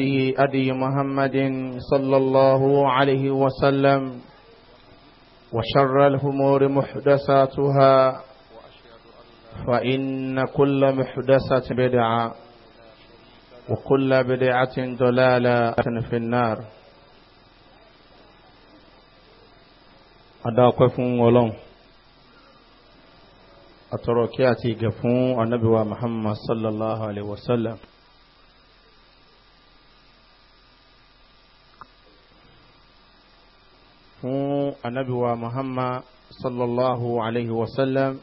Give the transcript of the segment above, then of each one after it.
هدي أدي محمد صلى الله عليه وسلم وشر الهمور محدثاتها فإن كل محدثة بدعة وكل بدعة دلالة في النار أداك فون ولون أتركياتي قفون النبي محمد صلى الله عليه وسلم fun anabiwa muhammad sallallahu alaihi wasallam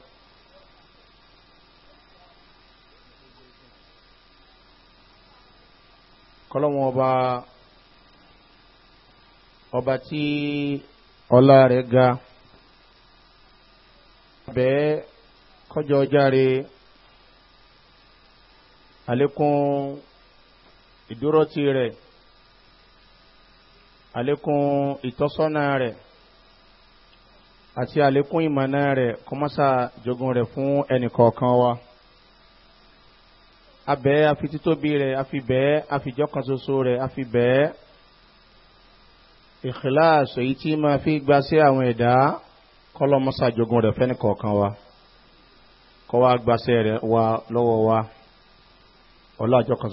kolomo ba ọba tí ọlá rẹ ga bẹẹ kọjọ járe alekun iduro tirẹ. àlékún ìtọ́sọ́nà rẹ̀ àti àlékún ìmọ̀nà rẹ̀ kọmọ́sà jogun rẹ̀ fún ẹnìkọ̀ọ̀kan wa abẹ́ afitítóbi rẹ̀ afibẹ́ afijọ́kan soso rẹ̀ afibẹ́ ìkìláàsọ èyí tí máa fi gba sí àwọn ẹ̀dá kọlọmọ́sà jogun rẹ̀ fẹ́nìkọ̀ọ̀kan wa kọ́ wa gbaṣẹ́ rẹ̀ wa lọ́wọ́ wa ọlọ́ àjọkan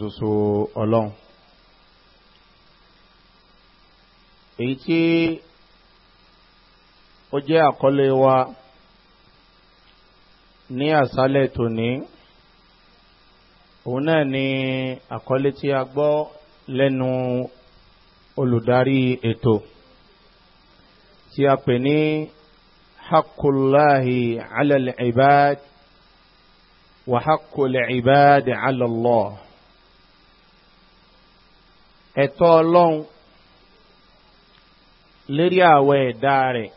ọlọ́run. èyí tí ó jẹ́ àkọlé wa ní àṣálẹ̀ tòní òun náà ni àkọlé tí a gbọ́ lẹ́nu olùdarí ètò tí a pè ní hakulahi alẹ́lẹ̀ ibad wa hakulẹ̀ ibad alọ́lọ́ ẹ̀tọ́ ọlọ́run Leri awa ẹ̀dá rẹ̀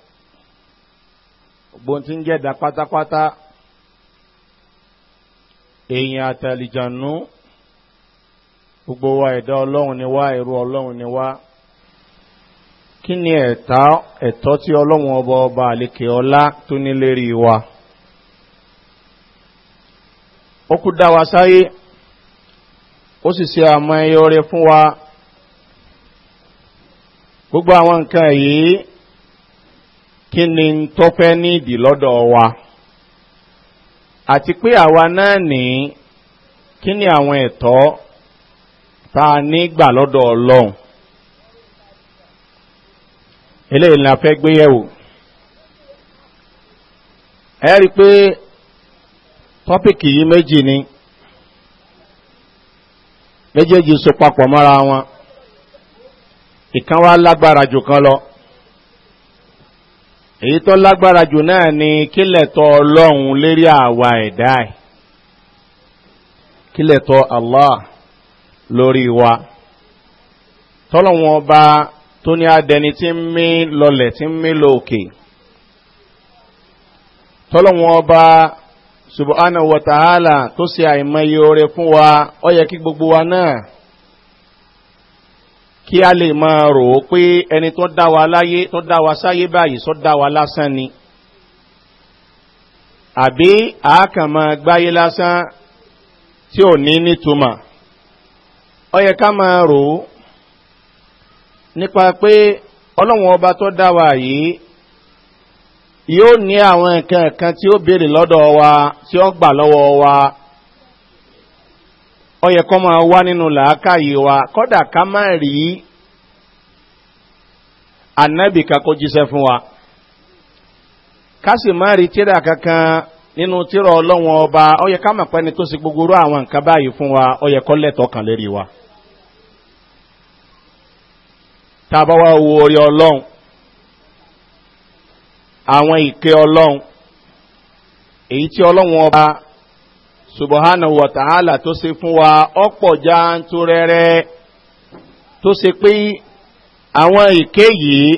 gbóhùn ti ń jẹ́dá pátápátá èèyàn àtàlìjànú gbogbo wa ẹ̀dá ọlọ́run ni wá ẹ̀rú ọlọ́run ni wá kí ni ẹ̀tọ́ tí ọlọ́run ọba ọba àlekè ọlá tó ní lérí wa ó kú dá wa sáyé ó sì ṣe àmọ́ ẹyọ rẹ fún wa. gbogbo àwọn nǹkan yìí kí ni tó fẹ́ ní ìdí lọ́dọ̀ wa àti pé àwa náà ní kí ni àwọn ẹ̀tọ́ tá a ní gbà lọ́dọ̀ ọlọ́run eléyìí la fẹ́ gbé yẹ̀wò ẹ rí i pé tọ́pìkì yìí méjì ni méjèèjì so papọ̀ mọ́ra wọn. ìkan wá lágbára jù kan lọ èyí tó lágbára jù náà ni kílẹ̀tọ̀ ọlọ́run lérí àwà ẹ̀dá ẹ̀ kílẹ̀tọ̀ allah lórí wa tọ́lọ̀wọ́n ọba tó ní adẹni tí ń mí lọlẹ̀ tí ń mí lóòkè ọba subhanahu wa ta'ala tó ṣe àìmọye oore ọ yẹ kí gbogbo wa náà kí a lè máa rò ó pé ẹni tó dá wa láyé tó dá wa sáyé báyìí tó dá wa lásán ni àbí àákàn máa gbáyé lásán tí ò ní nítumọ̀ ọ yẹ ká máa rò ó nípa pé ọlọ́run ọba tó dá wa yìí yóò ní àwọn nǹkan kan tí ó béèrè lọ́dọ̀ wa tí ó gbà lọ́wọ́ wa. ọ yẹ kọ́ máa wá nínú làákàyè wa kọ́dà ká má rí ànábì kakó jíṣẹ́ fún wa ká sì má rí tíra kankan nínú tíra ọlọ́wọ́n ọba ọ yẹ ká mà pẹ́ni tó sì gbogbo rú àwọn nǹkan báyìí fún wa ọ yẹ kọ́ lẹ́tọ̀ọ́ kan lérí wa. tá a wá wo orí ọlọ́run àwọn ìké ọlọ́run èyí tí ọlọ́wọ́n ọba. subahana wataala tó ṣe fún wa ọ̀pọ̀ jantorẹ́rẹ́ tó ṣe pé àwọn ìké yìí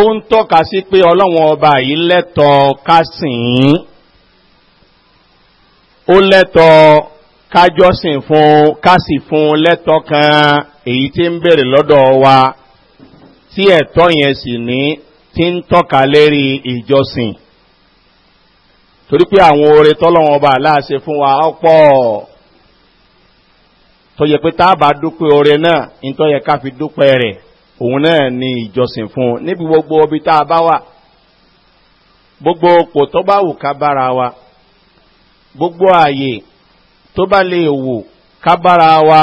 ó ń tọ́ka sí pé ọlọ́wọ̀n ọba yìí lẹ́tọ̀ọ́ kásìn ó lẹ́tọ̀ọ́ kájọ́sìn fún kásì fún lẹ́tọ̀ọ́ kan èyí tí ń bèrè lọ́dọ̀ wa tí ẹ̀tọ́ yẹn sì ní tí ń tọ́ka lérí ìjọsìn. E torí pé àwọn oore tọ́lọ́wọ́n ọba aláàṣẹ fún wa ọ̀pọ̀ tó yẹ pé tá a bá dúpẹ́ oore náà nítorí yẹ ká fi dúpẹ́ rẹ̀ òun náà ni ìjọsìn fún níbi gbogbo ibi tá bá wà gbogbo òpò tó bá wù ká bára wa gbogbo ààyè tó bá lè wù ká bára wa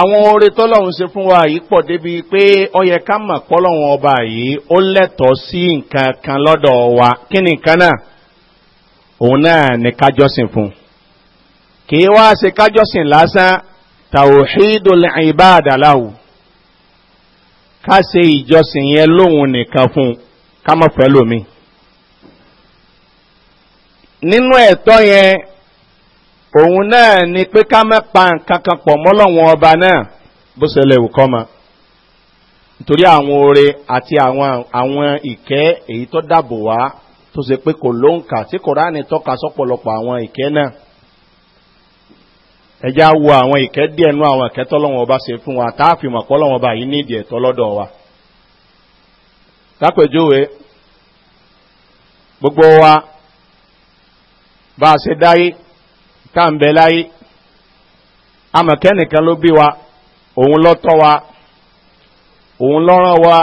àwọn oore tọ́lọ́run ṣe fún wa yìí pọ̀ débi pé ọ yẹ ká mọ̀ pọ́lọ́run ọba yìí ó lẹ́tọ̀ọ́ sí nǹkan kan lọ́dọ̀ wa kí ni nǹkan náà òun náà ní kájọ́sìn fún kìí wá ṣe kájọ́sìn lásán tàwòhídò ìbá àdàláwò ká se ìjọsìn yẹn lóhun nìkan fún ká nínú ẹ̀tọ́ yẹn òun náà ni pé ká má pa nǹkan ọba náà bó ṣe lè wù oore àti àwọn ìkẹ́ èyí tó tó ṣe pé kò ló ń kà tí kòránì tọ́ka sọ́pọ̀lọpọ̀ àwọn ìkẹ́ náà ẹjá wo àwọn ìkẹ́ díẹ̀ nú àwọn ìkẹ́ tọ́lọ́wọ́n ọba ṣe fún wa táàfin mọ̀ pọ́lọ́wọ́n ọba yìí nídìí ẹ̀tọ́ lọ́dọ̀ wa lápèjúwe gbogbo wa bá a ṣe dáyé tá à ń bẹ láyé amọ̀kẹ́nìkan ló bí wa òun lọ́ wa òun lọ́ràn wa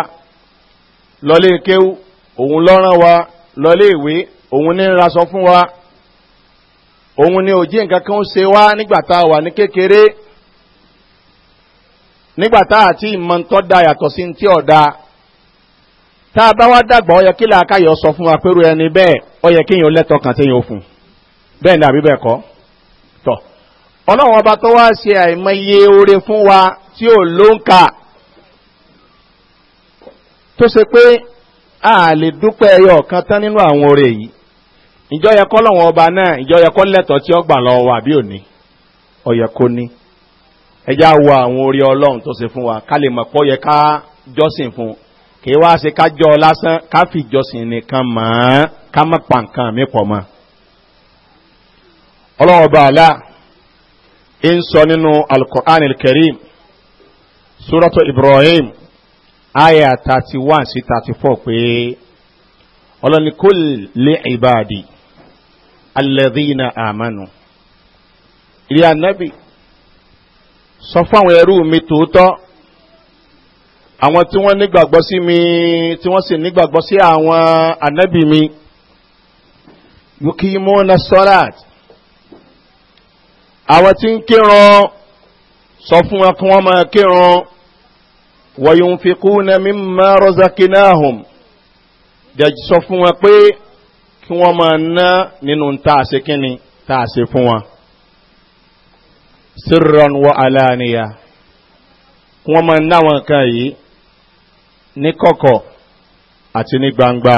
lọ́lé kéwú òun lọ́ràn wa lọlé ìwé òun ní raṣọ fún wa òun ni òjí nǹkan kan ṣe wá nígbàtá wà ní kékeré nígbàtá àti ìmọ̀ntọ́ da yàtọ̀ sí ti ọ̀dà tá a bá wá dàgbà ọyẹ kí làákàyọ̀ sọ fún wa pẹ̀lú ẹni bẹ́ẹ̀ ọyẹ kí yẹn lẹ́tọ̀ kan téyàn fún bẹ́ẹ̀ ni àbí bẹ́ẹ̀ kọ́ tọ̀ ọlọ́run ọba tó wá ṣe àìmọye oore fún wa tí ò ló tó ṣe pé a lè dúpẹ́ ẹyọ ọ̀kan tán nínú àwọn oore yìí ìjọ yẹ kọ́ lọ́wọ́ ọba náà ìjọ yẹ kọ́ lẹ́tọ̀ọ́ tí ó gbà lọ́wọ́ àbí òní ọ̀yẹ̀ kò ní ẹjá wo àwọn orí ọlọ́run tó ṣe fún wa ká lè mọ̀ pọ́ yẹ ká jọ́sìn fún kì í wá ṣe ká jọ lásán ká fi jọ́sìn nìkan mọ̀ án ká mọ̀ pa nǹkan mi pọ̀ mọ́ ọlọ́wọ́ ọba àlá ń sọ nínú alukur'an kẹrim ibrahim aya thirty one sí thirty four pé ọlọ́ni kò lè ìbàdí alẹ́dínà àmánu ilé anábì sọ fáwọn ẹrú mi tòótọ́ àwọn tí wọ́n nígbàgbọ́ sí mi tí wọ́n sì nígbàgbọ́ sí àwọn anábì mi yókì mọ́nà sọ́láàtì àwọn tí ń kírun sọ fún wọn kí kírun wọ̀yùnfikúnà mímọ́ rọ́zakínáhùn dẹ̀jì sọ fún wọn pé kí wọ́n máa ná nínú tààsí kíni tààsí fún wọn sírran wọ aláàníyà kí wọ́n máa ná wọn kan yìí ní kọ̀kọ̀ àti ní gbangba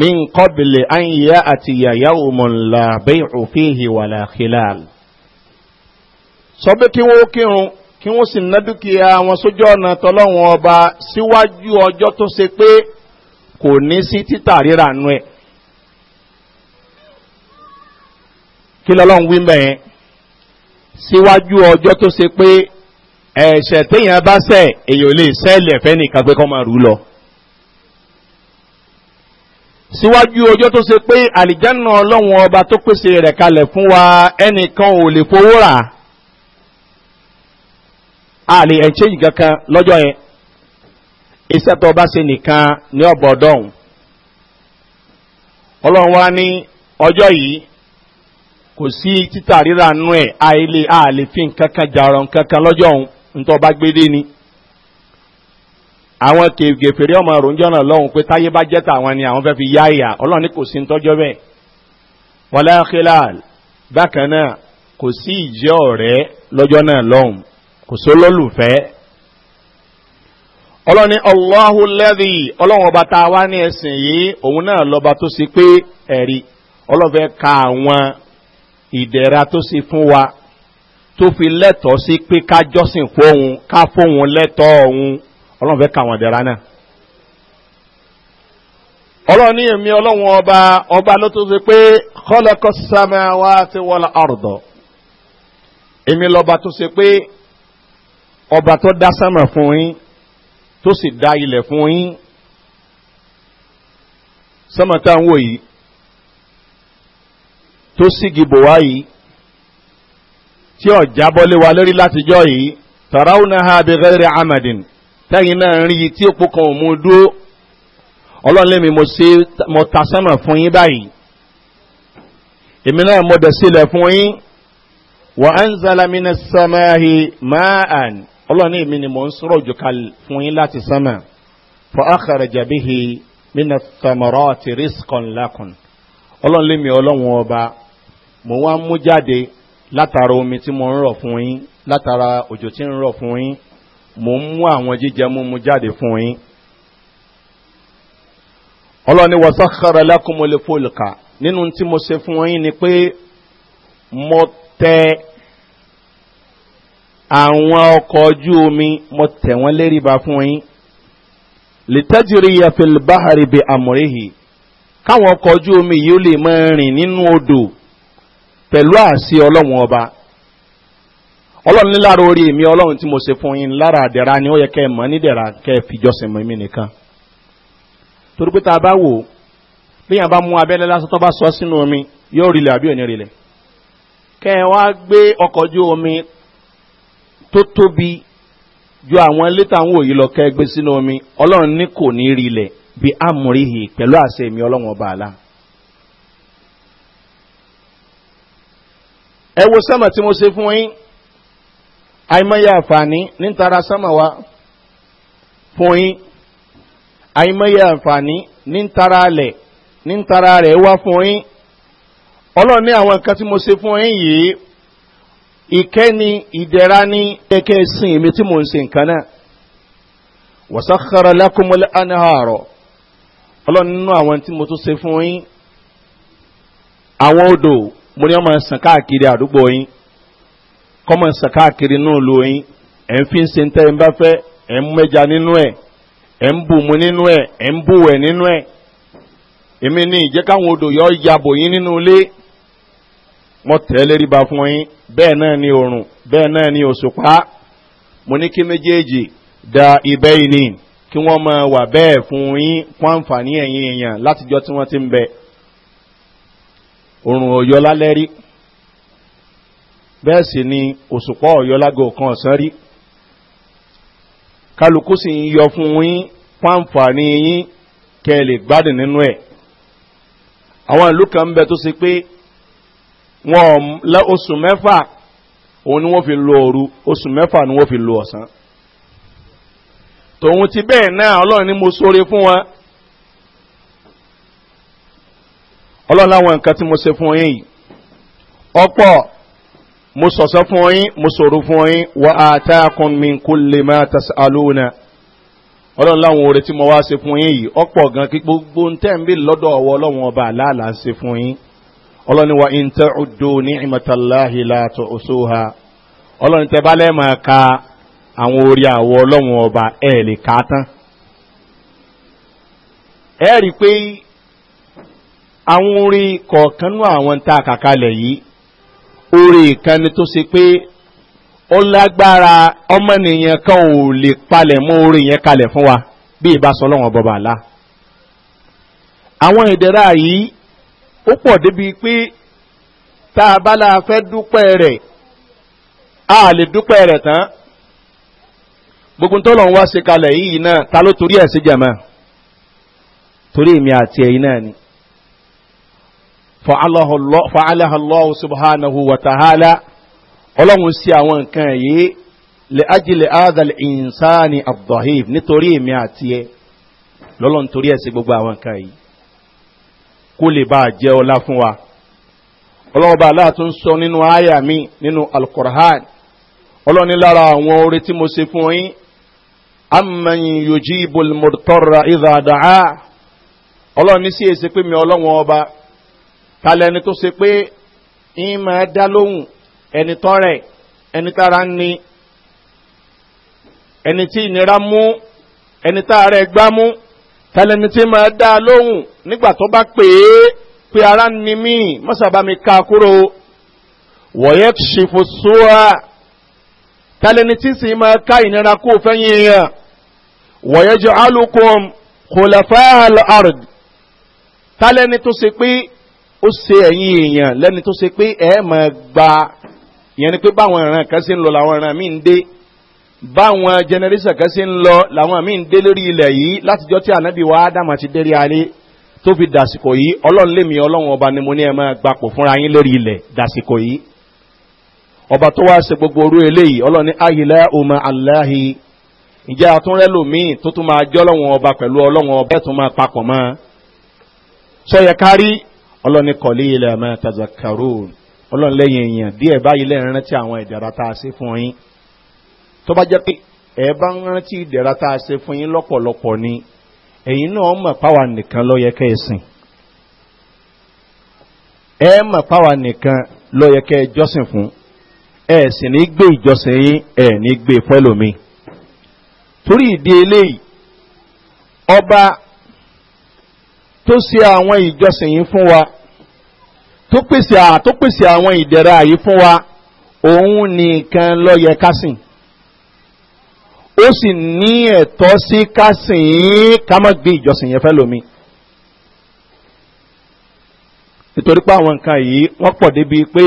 min kọ́bìlì àyíyá àti yàyà òmùnlà bẹ́ẹ̀ òfin ìwàlà hilal sọ pé kí wọ́n ó kírun kí wọ́n sì ná dúkìá wọn sójú ọ̀nà tọ́lọ́wọ́n ọba síwájú ọjọ́ tó ṣe pé kò ní sí títà ríra nú ẹ̀. kí lọ́lọ́run wí mẹ́yẹn síwájú ọjọ́ tó ṣe pé ẹ̀ṣẹ̀ téèyàn bá ṣẹ̀ èèyàn lè sẹ́ẹ̀lì ẹ̀fẹ́ nìkan pé kọ́ máa rú lọ. síwájú ọjọ́ tó ṣe pé àlìjáná ọlọ́run ọba tó pèsè rẹ̀ kalẹ̀ fún wa ẹnìkan ò lè fowó rà á. a lè ẹ̀ńchéjì kankan lọ́jọ́ yẹn iṣẹ́ tó bá ṣe nìkan ní ọ̀bọ̀ dọ́hùn ọlọ́run wá ní ọjọ́ yìí kò sí títà ríra nú ẹ̀ a àlè fi nǹkan kan jàrọ̀ nǹkan kan lọ́jọ́ òun nítorí ọba gbédé ni àwọn kèfèrè ọmọ òrùnjọ́ náà lọ́hùn pé táyé bá jẹ́ tàwọn ni àwọn fẹ́ fi yá ọlọ́run ní kò sí bẹ́ẹ̀ wọlé bákan náà kò sí ìjẹ́ ọ̀rẹ́ lọ́jọ́ náà lọ́hùn kò só lólùfẹ́ ọlọ́ni ọlọ́hu lẹ́dí ọlọ́run ọba tá a wá ní ẹ̀sìn yìí òun náà lọ́ba tó ṣe pé ẹ̀rí ọlọ́fẹ́ ka àwọn ìdẹ̀ra tó ṣe fún wa tó fi lẹ́tọ̀ọ́ sí pé ká jọ́sìn fóun ká fóun lẹ́tọ̀ọ́ òun ọlọ́fẹ́ ka àwọn ìdẹ̀ra náà ọlọ́ni èmi ọlọ́run ọba ọba ló tó ṣe pé kọ́lọ́kọ́ sámẹ́ ti wọ́lá ọ̀rọ̀dọ̀ èmi lọ́ba tó ṣe pé ọba tó dá sánmà fún yín tó sì dá ilẹ̀ fún yín sánmà tá à ń wò yìí tó sígi bò wá yìí tí ọ̀já bọ́lé wa lórí látijọ́ yìí tàràwùnà ha abẹ́rẹ́ amadin táyìn náà rí i tí òpó kan ò mú dúró ọlọ́ọ̀lẹ́mi mo ṣe mo ta sánmà fún yín báyìí èmi náà mo dẹ̀ sílẹ̀ fún yín wọ́n á ń zalamina samáhi máa àn ọlọ́ni mi ni mò ń sọ̀rọ̀ jù kalẹ̀ fún yín láti sánmà fọ àkàrà jàbíhi mina tẹmọ̀rọ̀ ti rìskọ̀n lákùn ọlọ́ni mi ọlọ́run ọba mò ń wá mú jáde látara omi tí mo ń rọ̀ fún yín látara òjò tí ń rọ̀ fún yín mò ń mú àwọn jíjẹ múmu jáde fún yín ọlọ́ni wọ́n sọ́kàrà lákùnmọ́lẹ̀ fólùkà nínú tí mo ṣe fún yín ni pé mo tẹ́ àwọn ọkọ̀ ojú omi mo tẹ̀ wọ́n lérìbá fún yín lìtẹ́jìrì yafil bahari bi amúrihì káwọn ọkọ̀ ojú omi yìí ó lè máa rìn nínú odò pẹ̀lú àṣẹ ọlọ́run ọba ọlọ́run ní lára orí èmi ọlọ́run tí mo ṣe fún yín lára àdẹ̀ra ni ó yẹ kẹ́ ẹ mọ̀ nídẹ̀ra kẹ́ ẹ fìjọsìn mọ́ mi nìkan torí pé tá a bá wò bíyàn bá mú abẹ́lẹ́ lásán tó bá sọ sínú omi yóò rilẹ̀ àbí òní rilẹ̀ kẹ́ ẹ wá gbé ọkọ̀ ojú omi tó tóbi ju àwọn ilé táwọn lọ kẹgbẹ sínú omi ọlọ́run ní kò ní rí ilẹ̀ bí amúríhì pẹ̀lú àṣẹ mi ọlọ́run ọba àlá. ẹ wo tí mo ṣe fún yín àìmọye àǹfààní nítara sámà wa fún yín àìmọye àǹfààní nítara alẹ̀ nítara rẹ̀ wá fún yín ọlọ́run ní àwọn nǹkan tí mo ṣe fún yín yìí ìkẹ́ni ìdẹ̀ra ní sin èmi ti mo se nǹkan náà wàsákàrà lákòmọ́lẹ́ anáhàrọ̀ ọlọ́run nínú àwọn tí mo tún se fún yín àwọn odò mo ní ọmọ sàn káàkiri àdúgbò yín kọ́mọ sàn káàkiri náà lò yín ẹ̀ ń fi ń se ń tẹ́ ẹ bá fẹ́ ẹ̀ ń mẹ́ja nínú ẹ̀ ẹ̀ ń bùnmu nínú ń nínú èmi ní odò yọ yín nínú mo tẹ́lẹ̀ rí ba fún yín bẹ́ẹ̀ náà ni òrùn bẹ́ẹ̀ náà ni òṣùpá mo ní kí méjèèjì da ibẹ́ yìí ni kí wọ́n máa wà bẹ́ẹ̀ fún yín fún àǹfààní ẹ̀yìn èèyàn látijọ́ tí wọ́n ti ń bẹ òrùn ọ̀yọ́ lálẹ́ rí bẹ́ẹ̀ sì ni òṣùpá ọ̀yọ́ lágọ̀ kan ọ̀sán rí kálukú sì ń yọ fún yín fún àǹfààní yín kẹ́ ẹ lè gbádùn nínú ẹ̀ àwọn ìlú kan ń bẹ tó ṣe pé wọn lẹ oṣù mẹ́fà òun ni wọ́n fi lo òru oṣù mẹ́fà ni wọ́n fi lo ọ̀sán tòun ti bẹ́ẹ̀ náà ọlọ́run ni mo sóore fún wọn ọlọ́run láwọn nǹkan tí mo ṣe fún yín yìí ọ̀pọ̀ mo sọ̀sọ́ fún yín mo sòrò fún yín wà á táàkùn mi kó lè máa tàṣà alóòna ọlọ́run láwọn oore tí mo wá ṣe fún yín yìí ọ̀pọ̀ gan kí gbogbo ń ń bí lọ́dọ̀ ọwọ́ ọlọ́run ọba àlàálà ṣe fún yín ọlọ́ni wa in tẹ́ ọdọ ní ìmọ̀tàláhì látọ̀ òṣòha ọlọ́ni tẹ́ bá lẹ́mọ̀ ka àwọn orí àwọ ọlọ́wọ̀n ọba ẹ̀ lè ká tán ẹ rí i pé àwọn orin kọ̀ọ̀kan nú àwọn tá a kàkalẹ̀ yìí orin ìkànnì tó ṣe pé ó lágbára ọmọnìyàn kan ò lè palẹ̀ mọ́ orin yẹn kalẹ̀ fún wa bí ìbá sọ ọlọ́wọ̀n bọ̀bà àwọn ìdẹ́ra yìí ó pọ̀ débi pé tá a bá la fẹ́ dúpẹ́ rẹ̀ a lè dúpẹ́ rẹ̀ tán gbogbo tó lọ ń wá ṣe kalẹ̀ yìí náà ta ló torí ẹ̀ sí jẹ̀mọ́ torí èmi àti ẹ̀yin náà ni fa'alahallọ́ subhanahu wa ta'ala ọlọ́run sí àwọn nǹkan yìí lè ajílẹ̀ adal insani abdullahi nítorí èmi àti ẹ lọ́lọ́n torí ẹ̀ sí gbogbo àwọn nǹkan yìí kó lè bá a jẹ́ ọlá fún wa. ọlọ́ọ̀bá aláàtún sọ nínú àyà mi nínú alukur'an ọlọ́ni lára àwọn orí tí mo ṣe fún yín amẹ́yìn yòjí ibùl mọ̀tọ́ra ìdàdàá ọlọ́ni sì èsì pé mi ọlọ́wọ́n ọba kalẹ̀ tó ṣe pé yín máa dá lóhùn ẹni tọ́rẹ̀ ẹni tára ni ẹni tí ìnira mú ẹni tá a gbá mú tẹlẹni tí máa dá a lóhùn nígbà tó bá pè é pé ara ni mí mọ́sàbámi ká kúrò wọ̀nyẹ́ ṣèfò sóà tẹlẹni tí sì máa ká ìnira kó fẹ́yìn èèyàn wọ̀nyẹ́ jẹ́ alukom kòlẹ́fẹ́ àlọ́rd tẹlẹni tó ṣe pé ó ṣe ẹ̀yìn èèyàn lẹ́ni tó ṣe pé ẹ̀ máa gba ìyẹn ni pé báwọn ìran kan ṣe ń lọ làwọn ìran míì ń dé báwọn jẹnẹrẹsẹ̀ kan ṣe ń lọ làwọn míì ń dé lórí ilẹ̀ yìí látijọ́ tí ànábì wa ádámà ti dérí alé tó fi dàsìkò yìí ọlọ́run lèmi ọlọ́run ọba ni mo ní ẹ máa gbapò fúnra yín lórí ilẹ̀ dàsìkò yìí ọba tó wá ṣe gbogbo orú eléyìí ọlọ́run ní ayílẹ̀ ọmọ aláhi ìjẹ́ àtúnrẹ́ lòmíì tó tún máa jẹ́ ọlọ́run ọba pẹ̀lú ọlọ́run ọba ẹ̀ tún máa papọ̀ mọ́ sọyẹ kárí ọlọ́run kọ̀lé ilẹ̀ ọmọ tazakaru ọlọ́run lẹ́yìn èèyàn díẹ̀ báyìí lẹ́rìn rántí àwọn a ṣe fún tó bá jẹ́ pé ẹ bá ń rántí ìdẹ̀ra tá a ṣe fún yín lọ́pọ̀lọpọ̀ ni ẹ̀yin náà mọ̀ páwa nìkan ló yẹ kẹ́ ẹ sìn ẹ mọ̀ páwa nìkan ló yẹ kẹ́ ẹ jọ́sìn fún ẹ sì ní gbé ìjọsìn yín ẹ ní gbé fẹ́lòmíì e torí ìdí eléyìí ọba tó ṣe àwọn ìjọsìn yìí fún wa tó pèsè àwọn ìdẹ̀ra yìí fún wa òun nìkan ló yẹ ká ó sì ní ẹ̀tọ́ sí kásìn ká má gbé ìjọsìn yẹn fẹ́ lómi nítorí pé àwọn nǹkan yìí wọ́n pọ̀ débi pé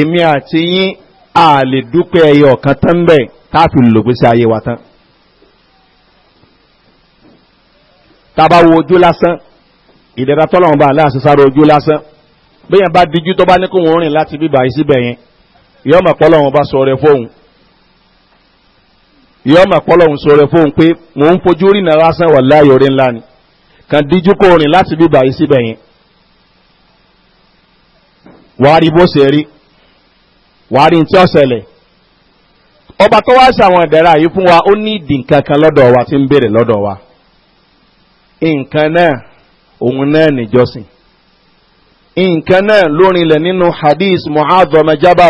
èmi àti yín a lè dúpẹ́ ẹyọ ọ̀kan tán bẹ́ẹ̀ káàfi lògbé sí ayé wa tán tába wo ojú lásán ìdẹ̀ra tọ́lọ́run bá aláàṣẹ sáré ojú lásán bẹ́ẹ̀ bá díjú tó bá ní kó wọ́n rìn láti bíbá yìí síbẹ̀ yẹn yọ́mọ̀ pọ́lọ́run bá sọ rẹ fóun yọ mà pọ́lọ́hún sọ̀rọ̀ fóun pé mò ń fojú lásán wà láàyò orí ńlá ni kàn díjú kó rìn láti bíbà yìí síbẹ̀ yẹn. wàá rí bó ṣe rí wàá rí tí ó ọba tó wá àwọn ìdẹ́ra yìí fún wa ó ní ìdì lọ́dọ̀ wa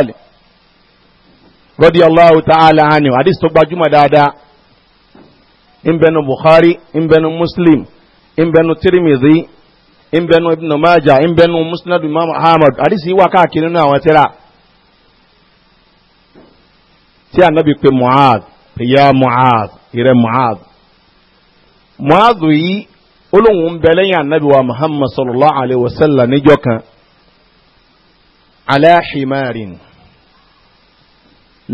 ń rọ́dí allahu ta'ala hàní hadith tó gbajúmọ̀ dáadáa ìbẹnu buhari ìbẹnu muslim ìbẹnu tirimizi ìbẹnu ibn maja ìbẹnu musnad imam ahmad hadith yìí wà káàkiri nínú àwọn tíra tí a nábì pé mu'ad ìyá mu'ad ìrẹ mu'ad mu'ad yìí olóhùn ń bẹ lẹ́yìn ànábì wa muhammad sallallahu alayhi wa sallam níjọ kan aláṣìmárin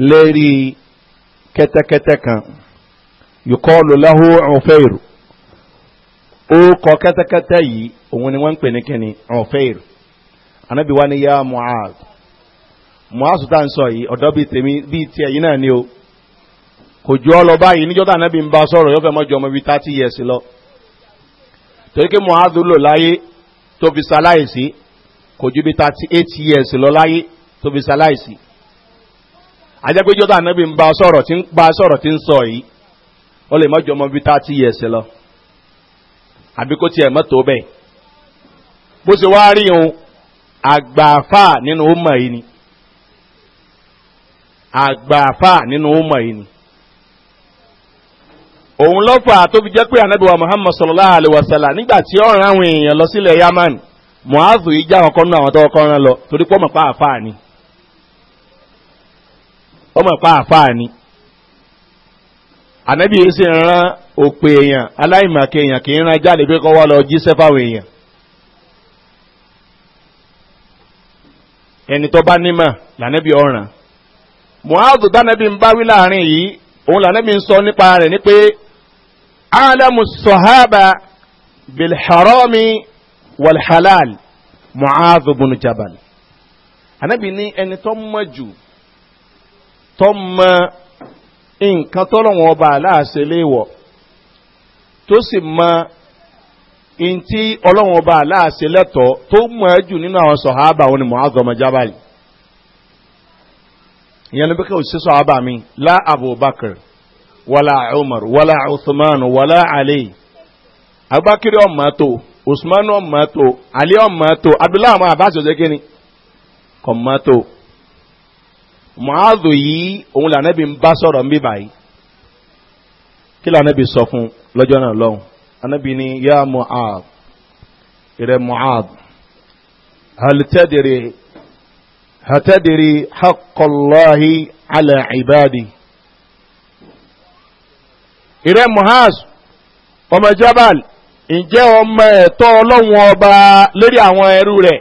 lérí kẹ́tẹ́kẹ́tẹ́ kan yòkọ́ọ̀lù láhó ọ̀fẹ́rù ó kọ kẹ́tẹ́kẹ́tẹ́ yìí òun ni wọ́n ń pè ní kíni ọ̀fẹ́rù anábì wá ní yá muaz muaz tá n sọ yìí ọ̀dọ́ bíi tèmi bíi tiẹ̀ yìí náà ni o kò ju ọ lọ báyìí níjọ́ tá anábì ń bá sọ̀rọ̀ yóò fẹ́ mọ́ ju ọmọ bíi thirty years lọ torí pé muaz lò láyé tó fi ṣaláìsí kò ju bíi thirty eight years lọ láyé tó fi ṣaláìsí àjẹpéjọ́ tó ànábì ń ba sọ̀rọ̀ tí ń pa sọ̀rọ̀ tí ń sọ yìí ó lè mọ́jọ́ ọmọ bíi thirty years lọ àbí kó tiẹ̀ mọ́tò bẹ́ẹ̀ bó ṣe wá rí òun àgbààfà nínú ọmọ yìí ni àgbààfà nínú ọmọ yìí ni òun lọ́fà tó fi jẹ́ pé ànábìwá muhammad sallallahu alayhi wa sallam nígbà tí ọ̀ràn àwọn èèyàn lọ sílẹ̀ yamani muhazu yìí já ọkọ̀ nínú àwọn tó kọ́ lọ torí pọ́ mọ̀ pa àfáà ni. Ọ ọmọ pa àfáà ni ànábì yìí sì ran òpè èèyàn aláìmọ̀kẹ́ èèyàn kì í ran jáde pé kọ́ wá lọ jíṣẹ́ fáwọn èèyàn ẹni tó bá nímọ̀ lànàbì ọ̀ràn muhammadu dánàbì ń báwí láàrin yìí òun lànàbì ń sọ nípa rẹ̀ ní pé alamu sọ̀hábà bilharomi walhalal muhammadu bunu jabal ní ẹni tó mọ̀ tó mọ nǹkan tọ́lọ́wọ́n ọba aláàṣẹ léèwọ̀ tó sì mọ ntí ọlọ́wọ́n ọba aláàṣẹ lẹ́tọ̀ọ́ tó mọ̀ ẹ́ jù nínú àwọn sọ̀hábà wọn ni muhammed ọmọ jábàlì ìyẹn bí kò sí sọ̀hábà mi lá abubakar wàlá umar wàlá usman wàlá ali abubakar ọmọ tó usman ọmọ tó ali ọmọ abdullahi ọmọ abáṣọ jẹ́ kí ni mọ́àdù yìí òun lànàbí ń bá sọ̀rọ̀ ń bí báyìí kí lànàbí sọ fún lọ́jọ́ náà lọ́hùn ni yá mọ́àd ìrẹ́ mọ́àd hàtẹ́dìrì hakọ̀lọ́hì alẹ́ ìbáàdì ìrẹ́ mọ́àd ọmọ ọmọ ẹ̀tọ́ ọba lórí àwọn ẹrú rẹ̀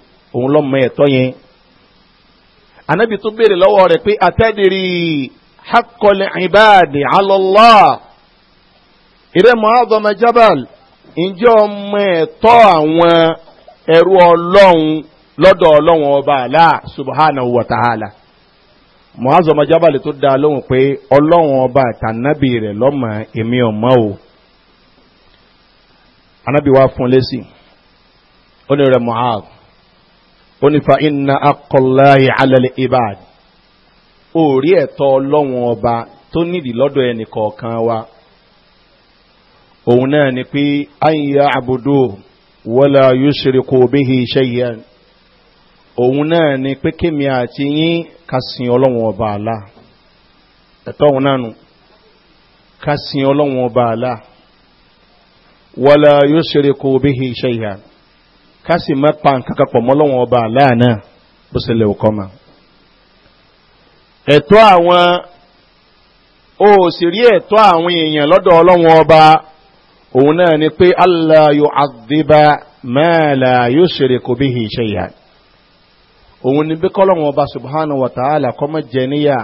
òun lọ́mọ ẹ̀tọ́ yẹn anabi tó béèrè lọ́wọ́ rẹ̀ pé atẹ́dìrì hakọlẹ̀ ìbáàdì alọ́lá ìrẹ́mọ̀ àdọ́mọ jabal ǹjẹ́ ọmọ ẹ̀tọ́ àwọn ẹrú ọlọ́run lọ́dọ̀ ọlọ́run ọba àlá subhana wa ta'ala mọ̀ázọ̀mọ̀ jábàlì tó dá lóhùn pé ọlọ́run ọba àtànábì rẹ̀ lọ́mọ èmi ọmọ o anábì fún lẹ́sìn ó ní ó ní fa iná akọláyé alẹ́lẹ́ ibad òórí ẹ̀tọ́ ọlọ́wọ́n ọba tó nídìí lọ́dọ̀ ẹnì kọ̀ọ̀kan wa òun náà ni pé àyà àbùdó wọlá yusuf kò bíhi iṣẹ́ yẹn òun náà ni pé kémi àti yín ka ọlọ́wọ́n ọba àlá ẹ̀tọ́ òun náà nù ka ọlọ́wọ́n ọba àlá wọlá yusuf kò bíhi iṣẹ́ yẹn ká sì má pa nǹkan kan pọ̀ mọ́ lọ́wọ́n ọba àláàánà bó ṣẹlẹ̀ ò kọ́mà. ẹ̀tọ́ àwọn o sì rí ẹ̀tọ́ àwọn èèyàn lọ́dọ̀ ọlọ́wọ́n ọba òun náà ni pé aláyọ̀ àdébà mẹ́ẹ̀lá yóò ṣeré kò bí hì ṣe òun ni bí kọ́lọ́wọ́n ọba subhanahu wa ta'ala kọ́mọ jẹ níyà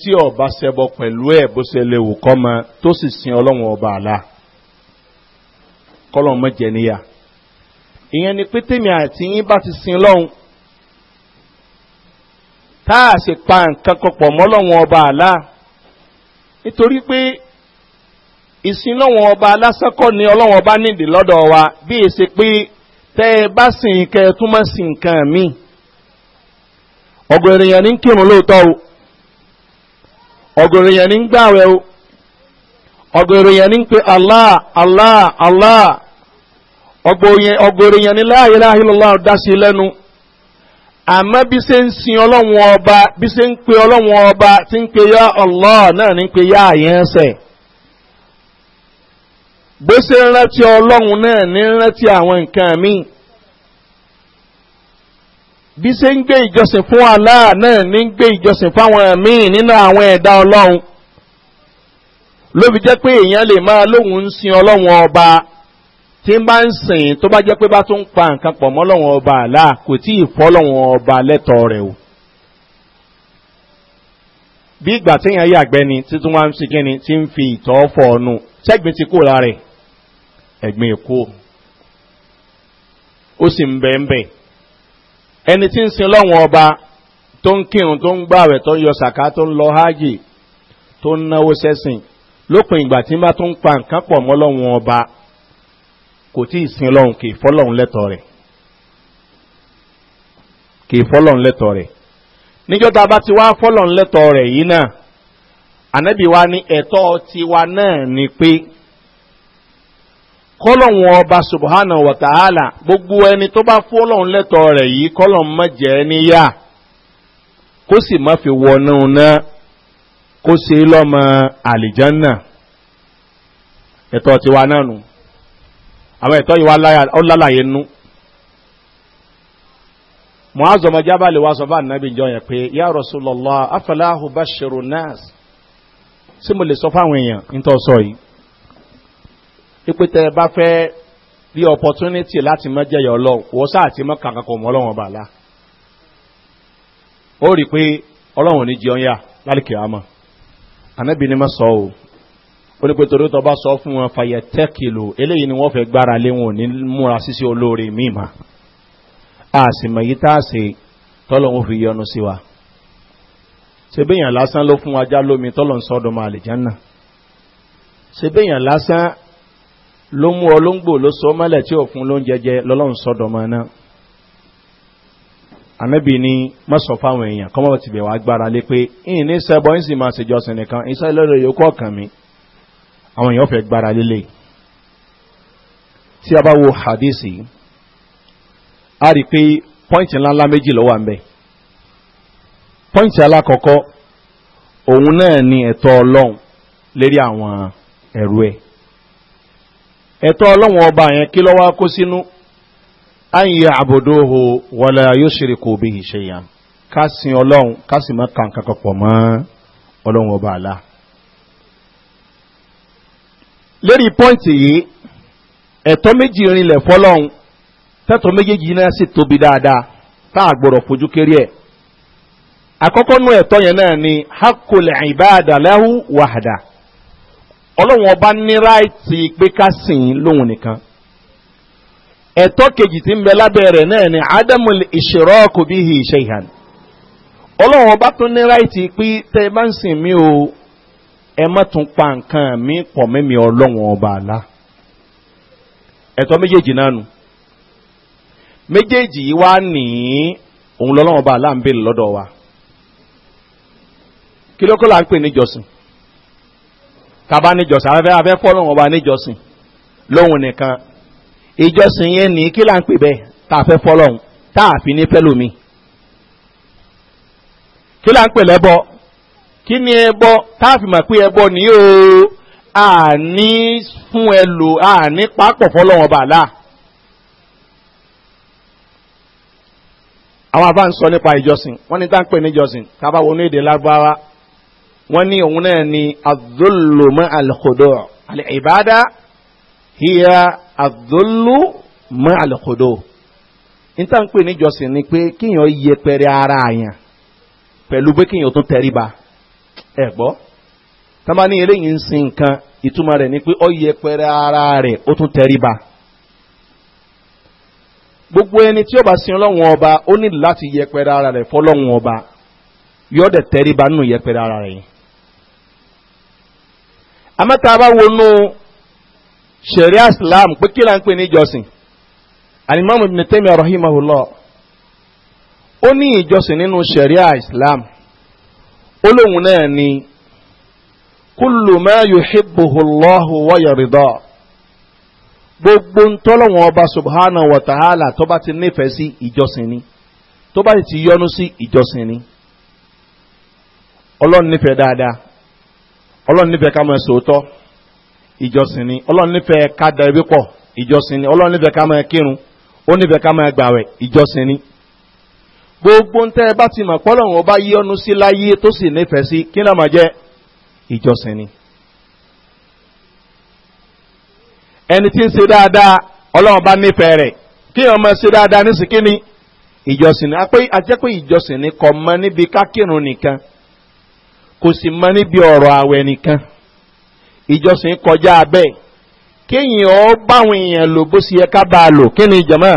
tí ọba ṣẹbọ pẹ̀lú ẹ̀ bó ṣẹlẹ̀ ò kọ́mà tó sì sin ọlọ́wọ́n ọba àlá kọ́lọ́wọ́n mọ jẹ ìyẹn ni pé tèmi àti yín bá ti sin lọ́hùn tá a sì pa nǹkan pọ̀ mọ́ lọ́wọ́n ọba àlá nítorí pé ìsìn lọ́wọ́n ọba alásánkọ́ ni ọlọ́wọ́n ọba nídìí lọ́dọ̀ wa bí e ṣe pé tẹ́ ẹ bá sin nǹkan ẹ tún sí nǹkan mi ọ̀gọ̀ ènìyàn ní kírun lóòótọ́ o ọ̀gọ̀ ènìyàn ní gbàwẹ̀ o ọ̀gọ̀ ènìyàn ní pé allah allah allah. ọgọrọ èèyàn ní la ilaha illallah dá sí lẹ́nu àmọ́ bí ṣe ń sin ọlọ́run ọba bí ṣe ń pe ọlọ́run ọba tí ń pe yá Allah náà ní pe yá àyẹn bó ṣe ń rántí ọlọ́run náà ní rántí àwọn nǹkan bí ń gbé ìjọsìn fún náà ní gbé ìjọsìn fáwọn ọba. tí ń bá ń sìn tó bá jẹ́ pé bá tún pa nǹkan pọ̀ mọ́ lọ́wọ́n ọba àlá kò tí ì fọ́ lọ́wọ́n ọba lẹ́tọ̀ọ́ rẹ̀ o. bí ìgbà téèyàn yàgbẹ́ ni títún wá ń sin kíni tí ń fi ìtọ́ fọ ọnu sẹ́gbin ti kó lára ẹ̀ ẹ̀gbin èkó ó sì ń bẹ̀ ń bẹ̀. ẹni tí ń sin lọ́wọ́n ọba tó ń kírun tó ń gbààwẹ̀ tó ń yọ sàká tó ń lọ hajj tó ń náwó sẹ́sìn lópin ìgbà tí bá tún pa nǹkan pọ̀ mọ́ lọ́wọ́n ọba kò tí ìsin ọlọ́run kì í fọ́lọ́run lẹ́tọ̀ rẹ̀ kì í fọ́lọ́run lẹ́tọ̀ rẹ̀ níjọ́ta bá ti wá fọ́lọ́run lẹ́tọ̀ rẹ̀ yìí náà ànábì wa ní ẹ̀tọ́ tiwa náà ni pé kọ́lọ̀hún ọba subhana wàtàhálà gbogbo ẹni tó bá fọ́lọ́run lẹ́tọ̀ rẹ̀ yìí kọ́lọ̀ mọ́ jẹ́ níyà kó sì má fi wọnú náà kó ṣe lọ́mọ àlìjánná ẹ̀tọ́ tiwa náà nù àwọn ẹ̀tọ́ yìí wá lálàyé nú muhazu ọmọ jábàlì wa sọ fún anabi ìjọ yẹn pé yà rọ̀ṣùlọ́lá afẹ́láhù bá ṣerú nas sí mo lè sọ fún àwọn èèyàn nítorí sọ yìí ipe bá fẹ́ bí opportunity láti mọ jẹyọ lọ wọ́n sáà ti mọ kàkà kò mọ ọlọ́wọ́n ó rí pé ọlọ́wọ́n ní jẹun yá lálùkì àmọ́ ó ní pé torí tó bá sọ fún wọn fàyẹ̀ tẹ́kìlò eléyìí ni wọ́n fẹ́ gbára lé wọn ní múra sísí olóore mímà a sì mọ̀ yí tá a ṣe tọ́lọ̀ ń fi yọnu sí wa ṣe béèyàn lásán ló fún ajá lómi tọ́lọ̀ ń sọ́dọ̀ máa lè jẹ́nà ṣe béèyàn lásán ló mú olóńgbò ló sọ mọ́lẹ̀ tí òfun ló ń jẹjẹ lọ́lọ́run sọ́dọ̀ máa ná ni má sọ fáwọn àwọn èèyàn fẹ́ gbára lélẹ̀ tí a bá wo hadisi a rí pé pọ́ìntì ńláńlá méjì lọ́wọ́ àmbẹ́ pọ́ìntì alákọ̀ọ́kọ́ òun náà ni ẹ̀tọ́ ọlọ́run lérí àwọn ẹ̀rú ẹ̀ ẹ̀tọ́ ọlọ́run ọba yẹn kí lọ́wọ́ kó sínú ayé àbòdóhò wọlé yóò ṣeré kò bí ìṣe yàn ọlọ́run ká sì pọ̀ mọ́ ọlọ́run ọba àlá Leri pọ́ǹtì yìí ẹ̀tọ́ méjì rinlẹ̀ fọlọ́hún tẹ́tọ̀ méjèèjì náà sì tóbi dáadáa tá a gbọ́dọ̀ fojú kéré ẹ̀ àkọ́kọ́ nú ẹ̀tọ́ ni hakulẹ̀ ìbáàdà lẹ́hu wàhádà ọlọ́run ọba ní ráìtì pé lóhun nìkan ẹ̀tọ́ kejì tí ń bẹ ni ọba ní ráìtì pé tẹ́ ẹ bá o ẹ má tún pa nǹkan mi pọ̀ mẹ́mi ọlọ́wọ̀n ọba àlá ẹ̀tọ́ méjèèjì náà nù méjèèjì yìí wá ní òun lọ́lọ́wọ̀n ọba àlá ń bèèrè lọ́dọ̀ wa kí ló kó là ń pè níjọsìn kaba níjọsìn afẹ́fẹ́ afẹ́ fọ́lọ́wọ̀n ọba níjọsìn lóhun nìkan ìjọsìn yẹn ní kí là ń pè bẹ́ẹ̀ tá a fẹ́ fọ́lọ́hun tá a fi ní fẹ́lòmíì kí là ń pè lẹ́bọ kí ni ẹbọ táàfì mọ̀ pé ẹbọ ní o àní fún ẹ lò àní pápọ̀ fọlọ́wọ́n bàálà. àwọn àbá ń sọ nípa ìjọsìn wọ́n ní táǹpẹ̀ níjọsìn tábà wọnú èdè lágbára wọ́n ní òun náà ni azolomọ alikodo alibada hiya azolomọ alikodo níta ń pè níjọsìn ni pé kíyàn yẹpẹrẹ ara àyàn pẹ̀lú pé kíyàn tó tẹríba ẹ̀gbọ́ tàbá ní eléyìí ń sin nǹkan ìtumọ̀ rẹ̀ ni pé ọ yẹpẹrẹ ara rẹ̀ ó tún tẹríba gbogbo ẹni tí ó bá sin ọlọ́run ọba ó ní láti yẹpẹrẹ ara rẹ̀ fọlọ́run ọba yọ́dẹ̀ tẹríba nínú yẹpẹrẹ ara rẹ̀ yìí àmọ́ta bá wọnú sẹ̀ríà islam pé kí là ń alimami ibn taymiyyah O ó ní ìjọsìn nínú islam. olóhùn náà ni kullu ma yuhibbuhu Allahu wa gbogbo ntọ́lọ́wọ́n ọba subhanahu wa ta'ala tó bá ti nífẹ̀ẹ́ sí ìjọsìn ni ti yọ́nú sí ìjọsìn ni ọlọ́run nífẹ̀ẹ́ dáadáa ọlọ́run nífẹ̀ẹ́ ká máa sòótọ́ ìjọsìn ni ọlọ́run nífẹ̀ẹ́ ká da pọ̀ ìjọsìn ni ọlọ́run nífẹ̀ẹ́ ká gbogbo ntẹ bá ti mọ̀ pọ́lọ́run ọba sí láyé tó sì nífẹ̀ẹ́ sí kí lọ́mọ jẹ́ ìjọsìn ni. ẹni tí ń ṣe dáadáa ọlọ́run bá nífẹ̀ẹ́ rẹ̀ kí ọmọ ṣe dáadáa ní ìjọsìn ni ìjọsìn ni kò mọ níbi kákìrún nìkan kò sì mọ níbi ọ báwọn èèyàn lò bó ṣe yẹ ká bá a lò kí ni ìjọmọ́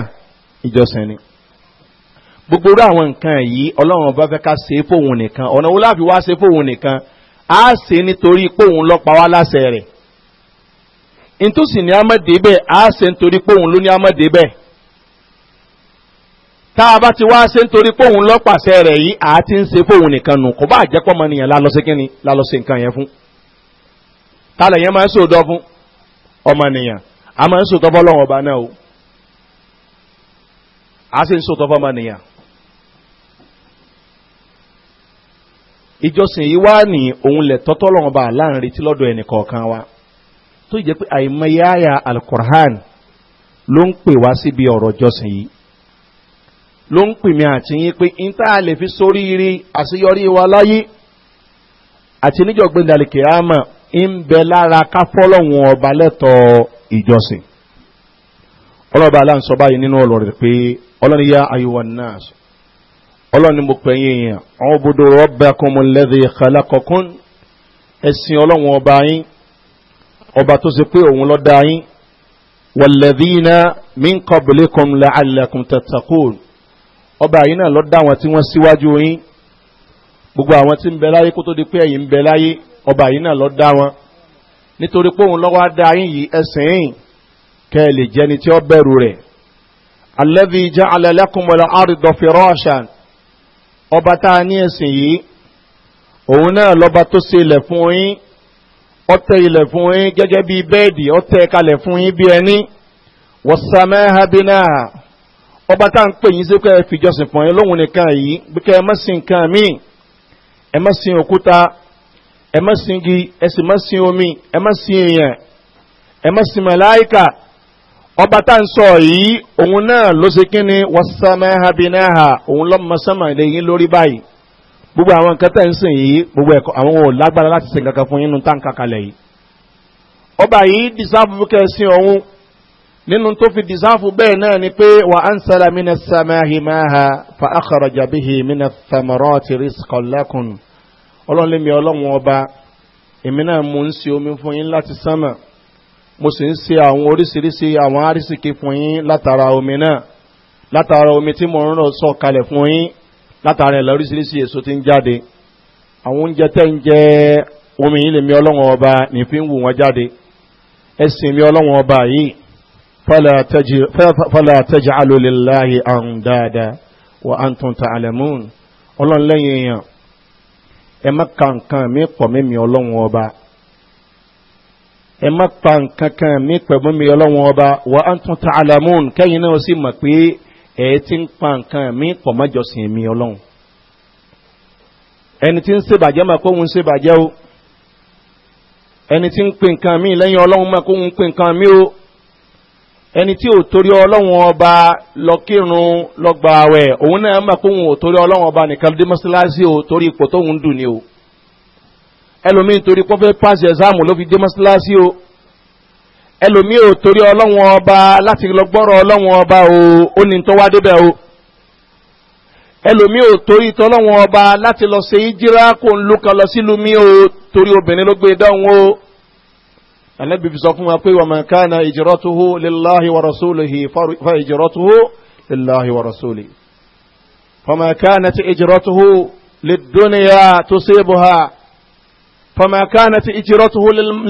gbogbo orú àwọn nǹkan yìí ọlọ́run bá fẹ́ ká ṣe é fóun nìkan ọ̀nà wo láfi wá ṣe fóun nìkan á ṣe nítorí póun lọ́pa wá láṣẹ rẹ̀ ìtòsí ní amọ̀dé bẹ́ẹ̀ á ṣe nítorí póun ló ní amọ̀dé bẹ́ẹ̀ tá a bá ti wá ṣe nítorí póun lọ́pàṣẹ rẹ̀ yìí á ti ń ṣe fóun nìkan nù kò bá jẹ́ pọ́mọ nìyẹn lálọ́ sí kínni lálọ́ sí nǹkan yẹn fún tálẹ̀ yẹn máa ń sòdọ́ fún ọmọ nìyẹn a máa ń sòdọ́ fọ́ ọba náà o a sì ń sòdọ́ fọ́ nìyẹn ìjọsìn yìí wá ní òun lẹ̀ tọ́tọ́ lọ́wọ́ bá láàrin retí lọ́dọ̀ ẹnì kọ̀ọ̀kan wa tó jẹ́ pé àìmọyáyà alukur'an ló ń pè wá síbi ọ̀rọ̀ jọsìn yìí ló ń pè mí àti yín pé n tá a lè fi sóríire àṣeyọrí wa láyé àti níjọ̀gbìn dàlìkẹ́ àmà ń bẹ lára káfọ́lọ́hún ọba lẹ́tọ̀ọ́ ìjọsìn ọlọ́ba aláǹsọ báyìí nínú ọ̀rọ̀ pé ọlọ́niyá ayọ̀wọ̀ náà ọlọ́ni mo pè yín yẹn àwọn obodò rọ́bà kan mo lẹ́dẹ̀ ìkàlà kọ̀ọ̀kan ẹ̀sìn ọlọ́run ọba yín ọba tó ṣe pé òun lọ́ da yín wàlẹ́dínà mínkọ̀bìlẹ̀ kan lẹ́ alẹ́kùn tẹ̀tẹ̀kùn ọba yín náà lọ́ da àwọn tí wọ́n síwájú yín gbogbo àwọn tí ń bẹ láyé kó tó di pé ẹ̀yìn ń bẹ láyé ọba yín náà lọ́ da wọn nítorí pé òun lọ́wọ́ da yín yìí ẹ̀sìn kẹ́ ẹ lè jẹ́ni tí ó bẹ̀rù rẹ̀ alẹ́dí ìjà alẹ́lẹ́kùn mọ́lá àrídọ̀fẹ́rọ́ṣàn ọba tá a ní ẹ̀sìn yìí òun náà lọ́ba tó ṣe ilẹ̀ fún yín ọtẹ ilẹ̀ fún yín gẹ́gẹ́ bí bẹ́ẹ̀dì ọtẹ kalẹ̀ fún yín bí ẹni wọ̀sàmẹ́ habina ọba tá à ń pè yín sí pé ẹ fìjọsìn fún yín lóhun nìkan yìí bí ẹ má sin nǹkan míì ẹ má sin òkúta ẹ má sin igi ẹ sì má sin omi ẹ má sin èèyàn ẹ má sin màláìkà ọba tá ń sọ yìí òun náà ló ṣe kí ni wasamaha binaha òun lọ́mọ sánmà ilé yín lórí báyìí gbogbo àwọn nǹkan tẹ̀ ń sìn yìí gbogbo ẹ̀kọ́ àwọn ò lágbára láti sìn kankan fún yínú táǹkà kalẹ̀ yìí ọba yìí dìsáàfù kẹsìn ọ̀hún nínú tó fi dìsáàfù bẹ́ẹ̀ náà ni pé wà á ń sára mina samahi maha fa akọrọ jàbíhi mina famarọ ti rí sikọlẹ́kùn ọlọ́run lé mi ọlọ́run ọba èmi náà mò ń sin omi fún yín láti sánmà mo sì ń se àwọn oríṣiríṣi àwọn arísìkí fún yín látara omi náà látara omi tí mo ń rọ sọ kalẹ̀ fún yín látara ẹ̀ lóríṣiríṣi èso tí ń jáde àwọn oúnjẹ tẹ́ ń jẹ omi yìí lèmi ọlọ́wọ́n ọba nìfín wù wọ́n jáde ẹ̀sìn mi ọlọ́wọ́n ọba yìí fọlá tẹ́jì alólèláyè àrùn dáadáa wà á ń tún ta àlẹ́mùn ọlọ́run lẹ́yìn èèyàn ẹ má ka nǹkan mi pọ̀ mímí ọlọ́wọ́n ọba ẹ má pa nǹkan kan mí pẹ̀lú mi ọlọ́wọ́n ọba wà á tún ta alamun kẹ́yìn náà sì mọ̀ pé ẹ ti ń pa nǹkan mí pọ̀ mọ́jọsìn mi ọlọ́run ẹni tí ń ṣèbàjẹ́ mà kó ń ṣèbàjẹ́ o ẹni tí ń pè nǹkan mí lẹ́yìn ọlọ́run mà kó ń pè nǹkan mí o ẹni tí ò torí ọlọ́run ọba lọ kírun lọ gbààwẹ̀ òun náà mà kó ń torí ọlọ́run ọba nìkan dé mọ́ṣáláṣí o torí ipò tóun dùn ni o ẹlòmíì torí pọ́fẹ́ pàṣẹ ẹ̀sáàmù ló fi dé mọ́síláṣí o ẹlòmíì ò torí ọlọ́wọ́n ọba láti lọ gbọ́rọ̀ ọlọ́wọ́n ọba o ó ní tó wá débẹ̀ o ẹlòmíì ò torí tọ́lọ́wọ́n ọba láti lọ ṣe ìjírá kó ń lùkà lọ sílùú mi o torí obìnrin ló gbé e dáhùn o ànábì fi sọ fún wa pé wà máa ká na ìjírọ́tuhu lillahi wa rasulihi fa ìjírọ́tuhu lillahi wa rasulihi fa máa ká na ti ìjírọ́tuhu lidúnìyà tó ṣe é bù ha. فما كانت إجرته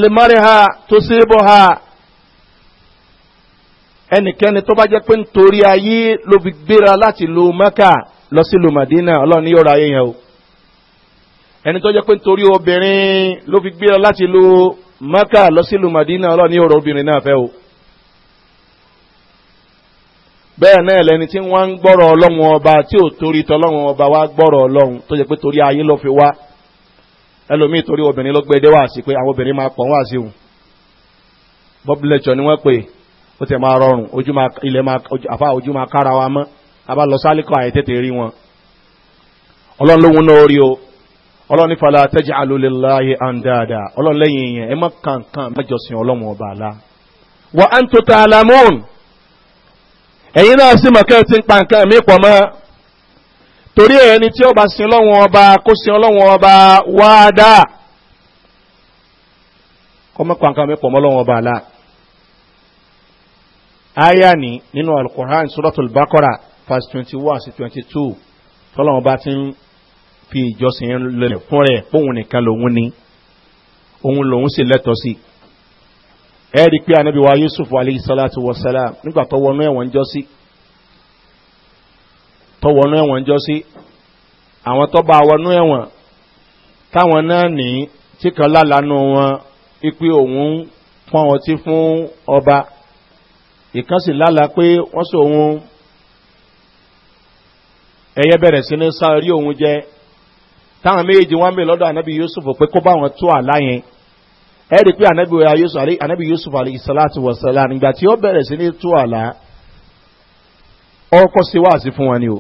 لمرها تصيبها ẹnikẹ́ni tó bá jẹ́ pé nítorí ayé ló fi gbéra láti lo mẹ́kà lọ sí lo madina ọlọ́run yóò ra ayé yẹn o ẹni tó jẹ́ pé nítorí obìnrin ló fi gbéra láti lo mẹ́kà lọ sí lo madina ọlọ́run yóò ra obìnrin náà fẹ́ o bẹ́ẹ̀ náà lẹni tí wọ́n ń gbọ́rọ̀ ọlọ́run ọba tí ò torí tọ́lọ́run ọba wa gbọ́rọ̀ ọlọ́run tó jẹ́ pé torí ayé ló fi wá ẹlòmíì torí obìnrin ló gbé dé wá sí pé àwọn obìnrin máa pọ̀ wá sí òun bọ́bùlẹ̀tsọ̀ ni wọ́n pè ó tẹ̀ máa rọrùn ojú máa ilẹ̀ máa àfa ojú máa kára wa mọ́ abá lọ sálíkọ̀ àìtètè rí wọn. ọlọ́run lóhun náà rí o ọlọ́run ní fàlà tẹ́jà alólèláyé àǹdáàdà ọlọ́run torí ẹni tí ọba sin ọlọ́wọ́n ọba kó sin ọlọ́wọ́n ọba wáadá kọ́mọ́pàá nǹkan mẹ́pọ̀ mọ́ ọlọ́wọ́n ọba àlá aya ni nínú alukur'an suratul bakora verse twenty one sí twenty two tọ́lọ́wọ́n bá ti ń fi ìjọsìn lọlẹ̀ fún rẹ̀ póun nìkan lòun ni òun lòun sì lẹ́tọ̀ọ́ sí ẹ̀ẹ́dì pé anabi yusuf alayhi salatu wa salam nígbà tó wọnú ẹ̀wọ̀n jọ́sí tó wọnú ẹ̀wọ̀n jọ sí àwọn tó bá wọnú ẹ̀wọ̀n táwọn náà ní tí kan lálàánú wọn wípé òun ń pọ́n ọtí fún ọba ìkan sì lálàá pé wọ́n sọ òun ẹyẹ bẹ̀rẹ̀ sí ní sá orí òun jẹ táwọn méjì wọn bè lọ́dọ̀ ànábì yusuf pé kó bá wọn tó àlá yẹn ẹ rí i pé ànábì yusuf àlẹ ànábì yusuf àlẹ ìsàlátì wọ̀sálà nígbà tí ó bẹ̀rẹ̀ sí ní tó àlá ọkọ̀ sí wáàsí fún wọn ni o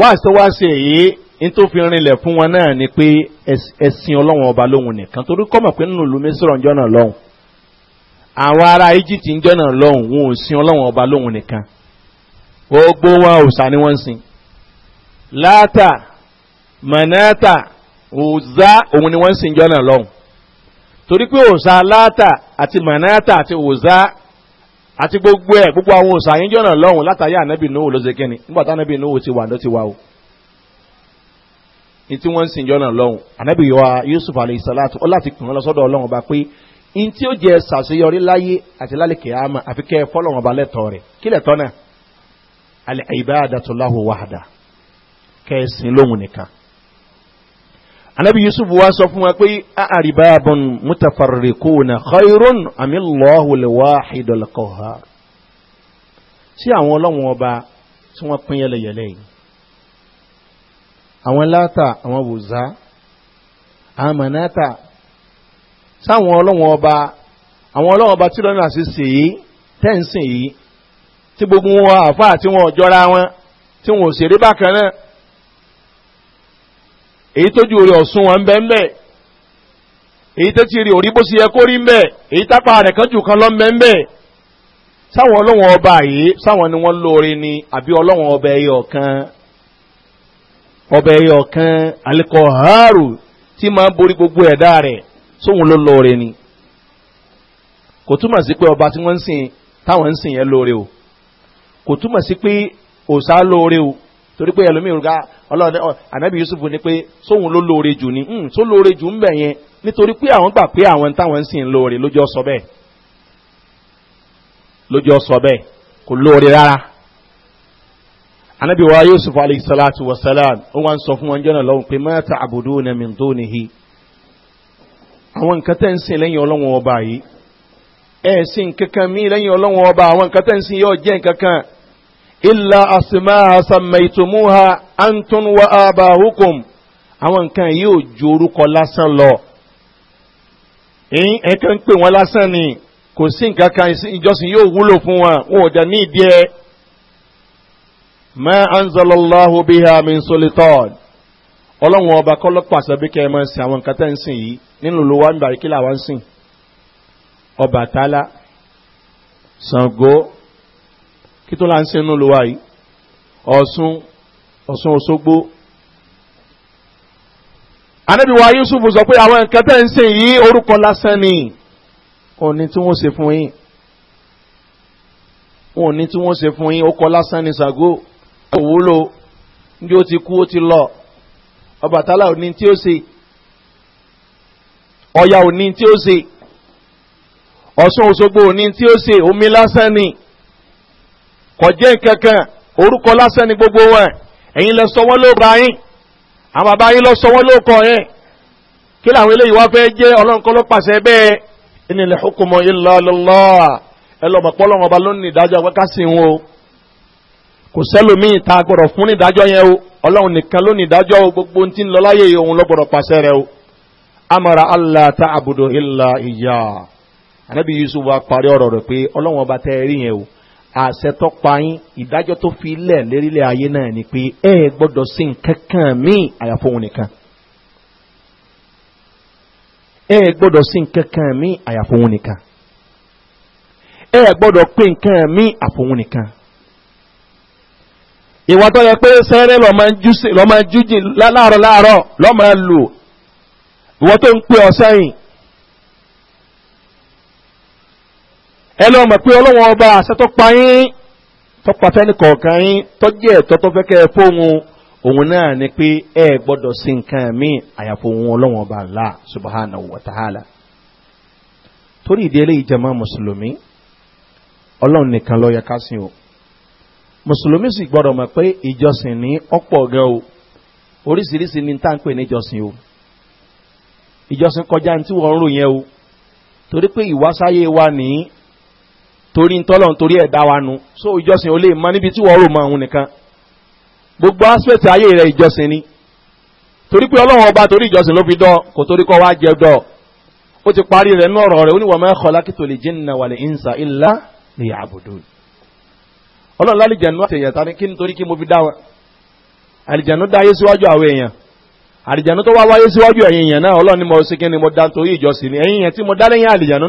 wáàsí wáàsí èyí ní tó fi rinlẹ̀ fún wọn náà ni pé ẹ̀sìn ọlọ́wọ́n ọba lóhun nìkan torí kọ́mọ̀ pé nínú ìlú mísírọ̀ ń jọ́nà lọ́hùn àwọn ará egypt ń jọ́nà lọ́hùn wọn ò sin ọlọ́wọ́n ọba lóhun nìkan gbogbo wọn òòsà ni wọ́n ń sin láàtà mọ̀nẹ́tà òòzá òun ni wọ́n ń sin jọ́nà lọ́hùn torí pé òòsà láàtà àti mọ̀nẹ́tà àti òòzá àti gbogbo ẹ̀ gbogbo àwọn òòsàn àyíjọ́ náà lọ́hùn látàyà ànábì nóò ló ṣe kíni nígbà tá ànábì nóò ti wà ló ti wà o ní tí wọ́n ń sìnjọ́ náà lọ́hùn ànábì yọ̀wá yusuf alayhi salatu ó láti kàn án lọ sọ́dọ̀ ọlọ́run ọba pé ní tí ó jẹ ṣàṣeyọrí láyé àti lálẹ́ kìámà àfi kẹ́ ẹ fọ́lọ́run ọba lẹ́tọ̀ọ́ rẹ̀ kí lẹ́tọ́ náà alẹ́ ibà àdàtúláhùn wàhádà kẹ́ ẹ sìn lóhùn nìkan anabi yusuf wa sọ fún wa pé àríbáàbọn mutafariko na khairun amílọ́hùlẹ̀wá ìdọ̀lẹ̀kọ̀ha sí àwọn ọlọ́wọ́n ọba tí wọ́n pín yẹlẹyẹlẹ yìí àwọn látà àwọn wòzá àmànátà sáwọn ọlọ́wọ́n ọba àwọn ọlọ́wọ́n ọba tí lọ́nà àti sè é tẹ́ǹsìn yìí tí gbogbo wọn àfáà tí wọn ọ̀jọ́ra wọn tí wọn ò ṣeré bákan náà èyí tójú rẹ̀ ọ̀sùn wọn bẹ́ẹ̀ èyí tó ti rí orí bó ṣe yẹ kó rí èyí rẹ̀ kan jù kan lọ bẹ́ẹ̀ sáwọn ọlọ́wọ́n ọba yìí sáwọn ni wọ́n lóore ni àbí ọlọ́wọ́n ọba ẹyẹ ọkan. ọba ẹyẹ ọ̀kan àlekọ̀ haaru tí máa borí gbogbo ẹ̀dá rẹ̀ sóhun ló lóore ni kò túmọ̀ sí pé ọba tí wọ́n ń sìn táwọn ń sìn yẹn o kò túmọ̀ sí pé òòṣà lóore o torí pé ẹlòmíì rúgá ah, ọlọ́ọ̀dẹ́ oh, ànábì yusuf ni pé sóhun ló lóore jù ni tó hmm, lóore jù ń bẹ̀ yẹn nítorí pé àwọn gbà pé àwọn táwọn ń sìn lóore lójọ́ sọ bẹ́ẹ̀ lójọ́ sọ bẹ́ẹ̀ kò lóore rárá ànábì wa yusuf aleyhisalatu wasalam ó wá ń sọ fún wọn jọ́nà lọ́wọ́ pé mẹ́ta àbùdó na mi tó nìyí àwọn nǹkan tẹ́ ń sìn lẹ́yìn ọlọ́wọ́n ọba yìí ẹ̀sìn kankan mí lẹ́yìn ọlọ́wọ́n ọba àwọn nǹkan tẹ́ ń sìn yóò jẹ́ nǹkan kan illa asimaha samaitumuha antun wa àwọn nǹkan yìí ò ju lásán lọ ẹ̀kan ń pè wọ́n lásán ni kò sí nǹkan kan ìjọsìn yóò wúlò fún wọn wọn ò dẹ̀ ní ìdí ẹ ma anzalallahu biha min solitan ọlọ́run ọba kọ́lọ́pọ̀ àṣàbí ẹ máa ń sin àwọn nǹkan tẹ́ ń sìn yìí nínú ló wá ń sango kí tó là ń ṣe nínú lówà yìí ọ̀sùn ọ̀sùn òṣogbo. anábìwá yusuf sọ pé àwọn nǹkan tẹ́ ń sìn yìí orúkọ lásán ni òní tí wọ́n ṣe fún yín òní tí wọ́n ṣe fún yín ó kọ lásán ni ṣàgó òwúlò ní ó ti kú ó ti lọ ọbàtálá òní tí ó ṣe ọya òní tí ó ṣe ọ̀sán òṣogbo òní tí ó ṣe omi lásán ni. kọjẹ́ nkankan orúkọ lásán ni gbogbo wọn ẹ̀yin lọ sọ wọn ló ra yín àwọn bàbá yín lọ sọ wọn ló kọ yín kí làwọn eléyìí wá fẹ́ jẹ́ ọlọ́nkọ́ ló pàṣẹ bẹ́ẹ̀ ẹni lè hukumọ ìlọlọlọ ẹ lọ mọ̀pọ́ lọ́wọ́ ọba lónìí ìdájọ́ wákà sí wọn o kò sẹ́lòmíì tá gbọ́dọ̀ fún ní ìdájọ́ yẹn o ọlọ́run nìkan lónìí ìdájọ́ o gbogbo rẹ o amara ala ta abudu illa iya anabi yusuf wa kpari ọrọ rẹ̀ pé ọlọ́run ọba tẹ́ ẹ o àṣẹ tó pa yín ìdájọ́ tó fi lẹ̀ lérílẹ̀ ayé náà ni pé ẹ gbọ́dọ̀ sí nǹkan kan míì àyàfóhun nìkan ẹ gbọ́dọ̀ sí nǹkan kan míì àyàfóhun nìkan ẹ gbọ́dọ̀ pé nǹkan míì àfóhun nìkan ìwà tó yẹ pé sẹ́rẹ́ lọ́mọ jújì láàárọ̀ láàárọ̀ lọ́mọ lò ìwà tó ń pè ọ sẹ́yìn ẹlọ́ mọ̀ pé ọlọ́wọ́n ọba àṣẹ tó pa yín tó pa fẹ́ni kọ̀ọ̀kan yín tó jẹ́ ẹ̀tọ́ tó fẹ́kẹ́ fóun òun náà ni pé ẹ gbọ́dọ̀ sí nǹkan míì àyàfo òun ọlọ́wọ́n ọba ńlá subahana wa ta'ala torí ìdílé ìjẹmọ́ mùsùlùmí ọlọ́run nìkan lọ́ọ́ yẹ ká sìn o mùsùlùmí sì gbọ́dọ̀ mọ̀ pé ìjọsìn ní ọ̀pọ̀ gan o oríṣiríṣi ní táǹpẹ̀ níjọsìn o ìjọsìn kọjá ní tí wọ́n ń rò yẹn o torí pé ìwásáyé wa nìyí torí ntọ́lọ̀ torí ẹ̀dá wa nu so ìjọsìn ò lè mọ níbi tí wọ́n rò mọ òun nìkan gbogbo aspect ayé rẹ̀ ìjọsìn ni torí pé ọlọ́run ọba torí ìjọsìn ló fi dọ́ kò torí kọ́ wá jẹ dọ́ ó ti parí rẹ̀ ní ọ̀rọ̀ rẹ̀ ó ní wọ́n máa ń kọ́ lákìtò lè jẹ́ nínú wàlẹ̀ ìnsà ìlà ní àbùdó ọlọ́run lálìjẹ̀nú àtẹ̀yẹ̀ta ni kí nítorí kí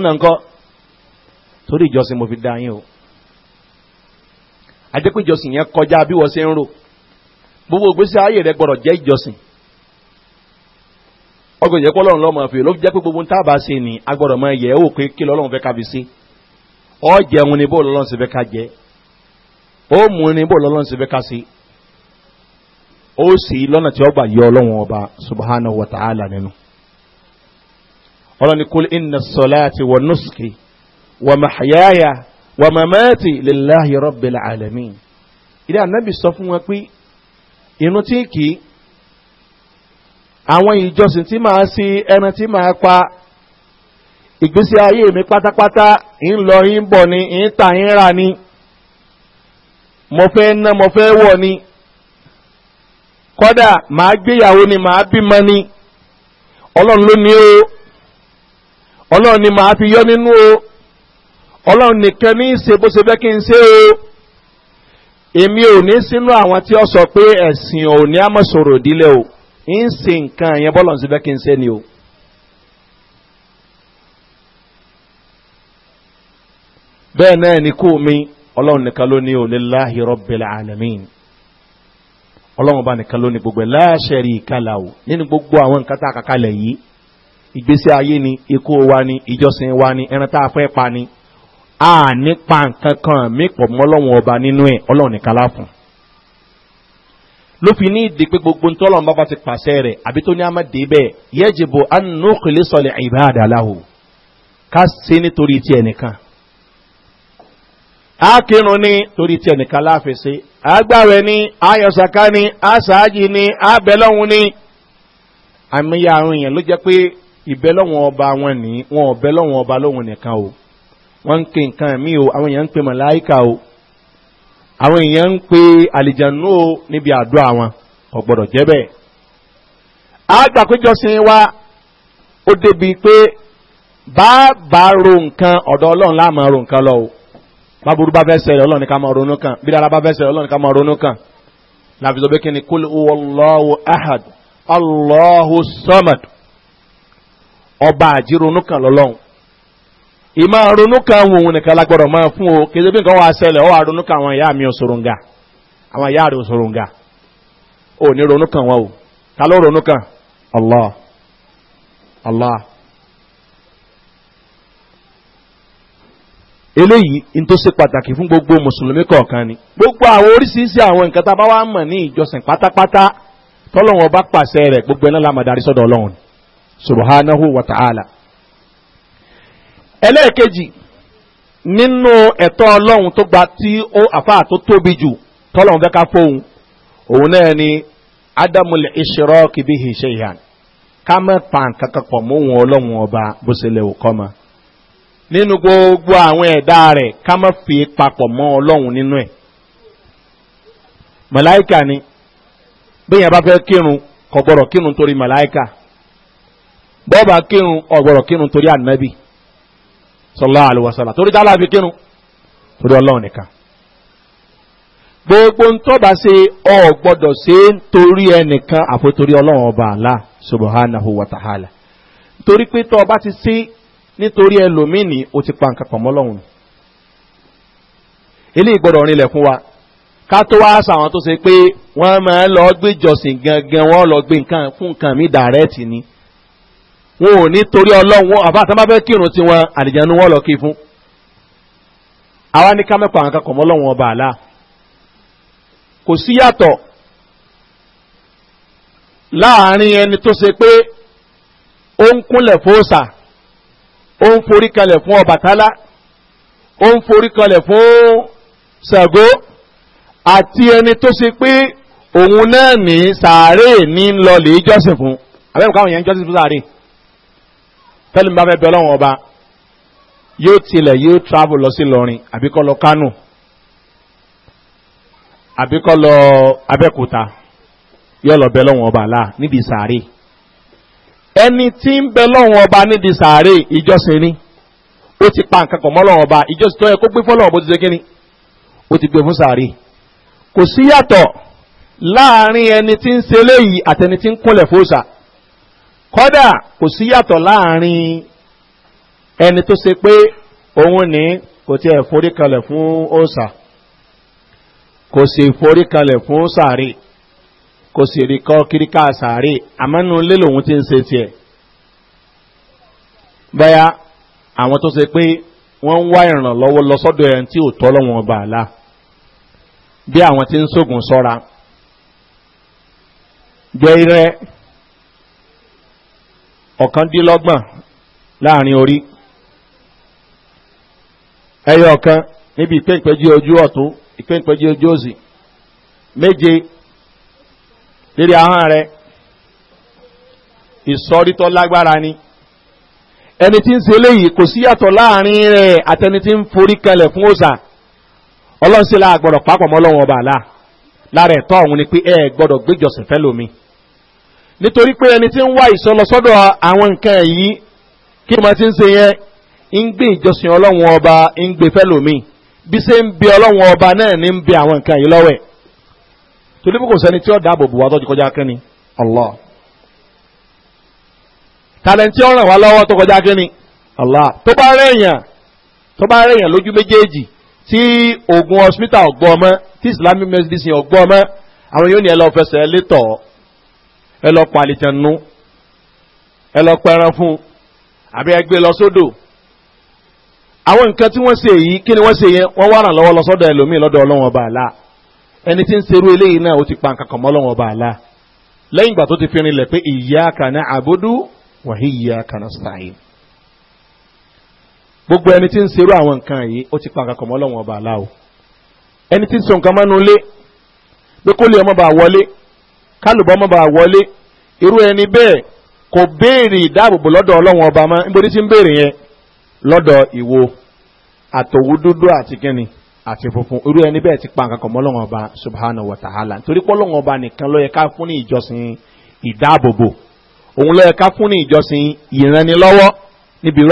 mo fi torí ìjọsìn mo fi dá yín o àjẹpẹ́ ìjọsìn yẹn kọjá bí wọ́n ṣe ń rò gbogbo ìgbésí ayé rẹ gbọ́dọ̀ jẹ́ ìjọsìn ọgbọ̀n ìjẹ́pọ̀ ọlọ́run lọ́mọ fi ló jẹ́ pé gbogbo ń tábà ṣe ni agbọ́dọ̀ mọ ẹ̀yẹ́ wò pé kí lọ́lọ́run fẹ́ ká fi sí ọ jẹun ni bó lọ́lọ́run sì fẹ́ ká jẹ ó mú ni bó lọ́lọ́run sì fẹ́ ká sí ó sì lọ́nà tí ó yọ ọlọ́run ọba subhanahu wa ta'ala nínú ọlọ́ni kúlẹ̀ ìnà sọlá àti wọnúsùkì ومحياي ومماتي لله رب العالمين ilé ànábì sọ fún wọn pé inú tí kì í àwọn ìjọsìn tí màá sí ẹran tí màá pa ìgbésí ayé mi pátápátá ń lọ ń bọ̀ ni ń tà ń rà ni mo fẹ́ ná mo fẹ́ wọ̀ ni kọ́dà màá gbéyàwó ni màá bímọ ni ọlọ́run ló ní o ọlọ́run ni màá fi yọ nínú o. ọlọ́run nìkan ní í ṣe bó ṣe fẹ́ kí n ṣe o èmi ò ní sínú àwọn tí ó sọ pé ẹ̀sìn ò ní àmọ̀sọ̀rọ̀ ìdílé o ń ṣe nǹkan yẹn bọ́lọ̀ ṣe fẹ́ kí n ṣe ni o. bẹ́ẹ̀ náà ni kú mi ọlọ́run nìkan ló ní o lè láàyè rọ́bìlà àlàmín ọlọ́run ọba nìkan ló ní gbogbo ẹ̀ láṣẹ̀rì ìkàlà o nínú gbogbo àwọn nǹkan tá a kàkálẹ̀ yìí ìgbésí ayé ni ikú wa ni ìjọsìn wa ni ẹran tá a fẹ́ pa ni a nípa nǹkan kan mí pọ̀ mọ́ ọlọ́run ọba nínú ẹ̀ ọlọ́run nìkan láfún ló fi ní ìdí pé gbogbo ntọ́lọ́n bá bá ti pàṣẹ rẹ̀ àbí tó ní a máa dé bẹ́ẹ̀ yẹ́jìbò anúkìlẹ̀ sọlẹ̀ ìbáàdà láhù ká ṣe nítorí tí ẹnìkan a kírun ní torí tí ẹnìkan láfẹsẹ̀ agbáwẹ̀ ní ayọ̀sàká ní aṣáájì ní abẹ́lọ́hún ní àmì àwọn èèyàn ló jẹ́ pé ìbẹ́lọ́hún ọba wọn ní wọn ò bẹ́lọ́hún ọba lóhun nìkan o. wọ́n ń pe nǹkan mi o àwọn èèyàn ń pe o àwọn èèyàn ń pe àlìjànú o níbi àdúrà wọn kò jẹ́ bẹ́ẹ̀. wa ó débi pé bàbá ro nǹkan ọ̀dọ̀ ọlọ́run láàmú ro nǹkan lọ o báburú bá fẹ́ sẹ̀rẹ̀ ọlọ́run ní ká máa ronú bí dára bá fẹ́ sẹ̀rẹ̀ ni ahad ìmọ̀ ronúkà wọn òun nìkan lágbọ́dọ̀ máa fún o kìí bí nǹkan wá ṣẹlẹ̀ ó wà ronúkà àwọn ìyá mi òṣòròǹgà àwọn ìyá rẹ̀ òṣòròǹgà ò ní ronúkà wọn o ta ló ronúkà allah allah eléyìí in tó ṣe pàtàkì fún gbogbo mùsùlùmí kọ̀ọ̀kan ni gbogbo àwọn oríṣiríṣi àwọn nǹkan tá a bá wá mọ̀ ní ìjọsìn pátápátá tọ́lọ́wọ́n bá pàṣẹ rẹ̀ gbogbo ẹ̀ náà lámàdarí subhanahu wa ta'ala ẹlẹ́ẹ̀kejì nínú ẹ̀tọ́ ọlọ́run tó gba tí ó àfáà tó tóbi jù tọ́lọ́run fẹ́ ká fóun òun náà ni adamule ìṣirọ́ kìbí ìṣe ìhàn ká mọ̀ tàn kankan pọ̀ mọ́ ọba bó ṣe nínú gbogbo àwọn ẹ̀dá rẹ̀ ká mọ̀ fi papọ̀ mọ́ ọlọ́run nínú ẹ̀ ni bẹ́yẹn bá fẹ́ kírun kírun torí bọ́ọ̀bà kírun kírun sallallahu alaihi wasallam torí tá a láàbí kírun torí ọlọ́run nìkan gbogbo ntọ́ba ṣe ọ gbọ́dọ̀ ṣe ń torí ẹnìkan àfotorí ọlọ́run ọba àlá subahánahu wàtàhálà torí pé tọ́ ọba ti ṣe nítorí ẹlòmíìnì o ti pa nǹkan pọ̀mọ́ lọ́hùn eléyìí gbọ́dọ̀ rinlẹ̀ fún wa ká tó wá sàwọn tó ṣe pé wọ́n máa ń lọ gbé jọ̀sìn gangan wọ́n lọ gbé nǹkan fún nǹkan mi dàrẹ́ẹ̀tì ni wọn ò ní torí ọlọ́run wọn àbá àtàwọn bá fẹ́ kírun tí wọn àlìjánu wọn lọ kí fún. àwa ní kámẹ́pà àwọn akẹ́kọ̀ọ́ mọ́lọ́run ọba àlá kò sí yàtọ̀ láàrin ẹni tó ṣe pé ó ń kúnlẹ̀ fóòsà ó ń forí kalẹ̀ fún ọbàtálá ó ń forí kalẹ̀ fún ṣàgó àti ẹni tó ṣe pé òun náà ní sàárè ní lọlẹ̀ ìjọsìn fún abẹ́rẹ́ káwọn yẹn ń jọ́sìn fún sàárè tẹ́lẹ̀ bá fẹ́ bẹ ọlọ́run ọba yóò tilẹ̀ yóò travel lọ sí lọrin àbí kọ́ lọ kánò àbí kọ́ lọ abẹ́kúta yóò lọ bẹ ọlọ́run ọba là nídìí sàárè ẹni tí ń bẹ ọlọ́run ọba nídìí sàárè ìjọsìn ni ó ti pa nǹkan kan mọ́ ọlọ́run ọba ìjọsìn tó yẹ kó gbé fún ọlọ́run bó ti ṣe kí ni ó ti gbé fún sàárè kò sí yàtọ̀ láàrin ẹni tí ń ṣe léyìí àtẹni tí ń kúnlẹ̀ fóòsà kọ́dà kò sí yàtọ̀ láàrin ẹni tó ṣe pé òun ní kò tí ẹ̀ forí kalẹ̀ fún òsà kò sì forí kalẹ̀ fún sàárè kò sì rí kọ́ kíríkà sàárè àmọ́nú lé lòun ti ń ṣe tiẹ̀ bẹ́yà àwọn tó ṣe pé wọ́n ń wá ìrànlọ́wọ́ lọ sọ́dọ̀ ẹ̀ tí ò tọ́ lọ́wọ́n ọba àlá bí àwọn ti ń sógun sọ́ra jẹ́ irẹ́ ọ̀kandínlọ́gbọ̀n láàrin orí ẹyọ ọ̀kan níbi ìpéǹpéjú ojú ọ̀tún ìpéǹpéjú ojú òsì méje lérí ahọ́n rẹ ìsọrítọ́ lágbára ni ẹni tí ń se eléyìí kò sí yàtọ̀ láàrin rẹ̀ àtẹni tí ń forí kalẹ̀ fún òòsà ọlọ́sẹ̀ la gbọ́dọ̀ pápọ̀ mọ́ ọlọ́run ọba àlá lára ẹ̀tọ́ ọ̀hún ni pé ẹ gbọ́dọ̀ gbéjọsìn fẹ́ lómi nítorí pé ẹni tí ń wá ìsọlọsọ́dọ̀ àwọn nǹkan yìí kí ló máa ti ń se yẹn ń gbé ìjọsìn ọlọ́run ọba ń gbé fẹ́lòmíì bí ṣe ń bẹ ọlọ́run ọba náà ní ń bẹ àwọn nǹkan yìí lọ́wẹ̀ torí kò sẹ́ni tí ó dáàbò bò wá tó kọjá kínní allah tàlẹ́ntì ọ̀ràn wá lọ́wọ́ tó kọjá kínní allah tó bá rẹ̀yàn tó bá rẹ̀yàn lójú méjèèjì tí oògùn hospital ọgbọ́n ọmọ tí islamic medicine ọgbọ́n ọmọ àwọn yóò ní ẹ lọ fẹsẹ̀ létọ̀ọ́ ẹ lọ pa àlìjẹnu ẹ lọ pẹran fún un àbí ẹ gbé lọ sódò àwọn nǹkan tí wọ́n ṣe yìí kí ni wọ́n ṣe yẹn wọ́n wá ràn lọ́wọ́ lọ sọ́dọ̀ ẹlòmíì lọ́dọ̀ ọlọ́wọ́n ọba àlá ẹni tí ń serú eléyìí náà ó ti pa nǹkan kan mọ́ ọlọ́wọ́n ọba àlá lẹ́yìn ìgbà tó ti fi rinlẹ̀ pé ìyá kana àbúdú wàhí ìyá kana sàáyé gbogbo ẹni tí ń serú àwọn nǹkan yìí ó ti pa nǹkan kan mọ́ ọlọ́wọ́n ọba àlá o ẹni tí ń sọ nǹkan mọ́nú lé pé kó lè ọmọ bá wọlé kálùbọ́ mọ́ bá wọlé irú ẹni bẹ́ẹ̀ kò béèrè ìdáàbòbò lọ́dọ̀ ọlọ́run ọba mọ́ níbo ní ti ń béèrè yẹn lọ́dọ̀ ìwo àtòwú àti kínni àti funfun irú ti pa nǹkan kan mọ́ ọlọ́run ọba subhanahu wa ta'ala torí ọba nìkan lọ́yẹ ká fún ní ìjọsìn ìdáàbòbò ìjọsìn ìrànilọ́wọ́ níbi irú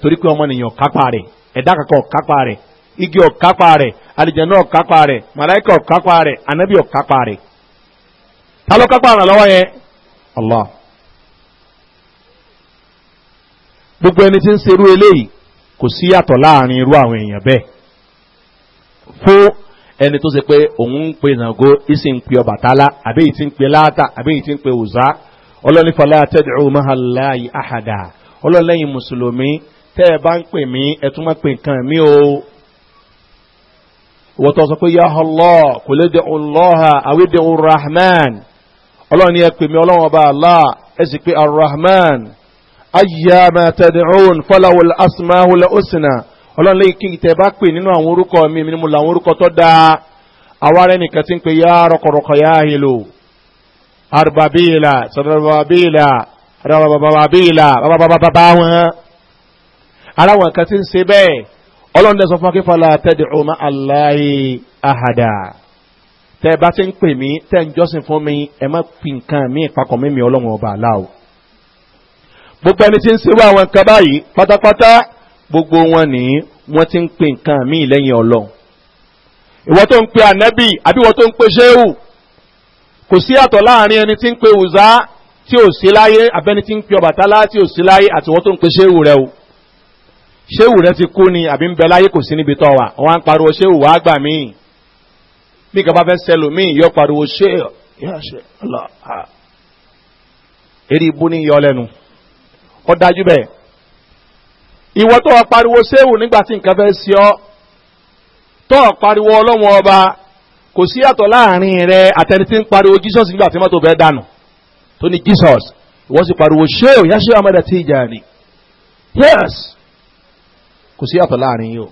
torí pé ọmọnìyàn kápá rẹ̀ ẹ̀dá kankan ta ló kápá àrànlọ́wọ́ yẹn allah gbogbo ẹni tí ń serú eléyìí kò sí yàtọ̀ láàrin irú àwọn èèyàn bẹ́ẹ̀ fún ẹni tó ṣe pé òun ń pe ìnàgó ìsì ń pe ọbàtálá àbí èyí tí ń pe láàtà àbí èyí tí ń pe òòzá ọlọ́nífọlá tẹ́jú mahaláyì àhàdà ọlọ́lẹ́yìn mùsùlùmí tẹ́ ẹ bá ń pè mí ẹ tún máa pè nǹkan mi o wọ́n tó sọ pé yahoo lọ́ọ̀ kò lè dẹ̀ ọ́ lọ́ha àwídẹ̀ rahman ọlọ́run ni ẹ pè mí ọlọ́run ọba allah ẹ sì pé arrahman ayyama tad'un falahu al-asmahu al-husna ọlọ́run lẹ́yìn kí n tẹ́ bá pè nínú àwọn orúkọ mi ni mo làwọn orúkọ tó dáa àwa nìkan ti ń pe yá rọkọrọkọ yá hilo arbabila sarababila rabababila bababababa wọn. ara kan ti ń se bẹ́ẹ̀ ọlọ́run dẹ́sọ̀ fún akínfàlà tẹ́dẹ̀ ọmọ aláì ahàdà tẹ́ ẹ bá ti ń pè mí tẹ́ ń jọ́sìn fún mi ẹ má fi nǹkan mi ìpakọ̀ mímí ọlọ́run ọba àlá o. gbogbo ẹni tí ń ṣerú àwọn nǹkan báyìí pátápátá gbogbo wọn ni wọ́n ti ń pè nǹkan mi lẹ́yìn ọlọ́run. ìwọ tó ń pe ànẹ́bì àbí ìwọ tó ń pe ṣéwù kò sí àtọ̀ láàrin ẹni tí ń pe ùzá tí ò sí láyé abẹ́ni tí ń pe ọ̀bàtálá tí ò sí láyé àti ìwọ tó ń pe ṣéwù rẹ o ṣéwù rẹ ti kú ni àbí ń bẹ láyé kò sí níbi tọ́ wa wọ́n á pariwo ṣéwù wàá gbà míì mi kaba fẹ́ sẹ́lò míì yọ pariwo ṣe yà ṣe ọlọ ha eré ibú ní yọ lẹ́nu ọ dájú bẹ́ẹ̀ ìwọ tó o pariwo séwù nígbà tí nǹkan fẹ́ sí ọ tó o pariwo ọlọ́wọ́n ọba kò sí yàtọ̀ láàrin rẹ àtẹni tí ń pariwo jesus nígbà tí mọ́tò fẹ́ dànù tó ní jesus ìwọ sì pariwo ṣe ò yá ṣe ọmọdé yes kò sí yàtọ̀ láàrin yìí o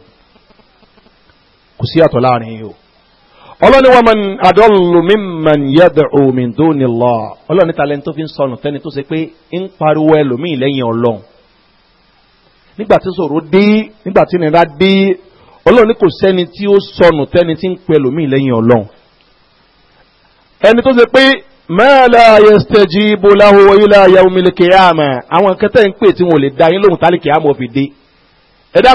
kò sí yàtọ̀ láàrin yìí o ọlọ́ni wọn mọ̀ àdọ́lù mímọ̀ yẹ́dẹ̀ omi tó ní lọ ọlọ́ni talẹ̀ tó fi ń sọnù tẹ́ni tó ṣe pé ń pariwo ẹlòmíì lẹ́yìn ọlọ́run nígbà tí sòrò dé nígbà tí nira dé ọlọ́ni kò sẹ́ni tí ó sọnù tẹ́ni tí ń pe ẹlòmíì lẹ́yìn ọlọ́run ẹni tó ṣe pé mẹ́ẹ̀lá yẹstẹ́jì bọ́láhùn ilé ayé omílì kìáàmà àwọn kẹtẹ́ ń pè lè da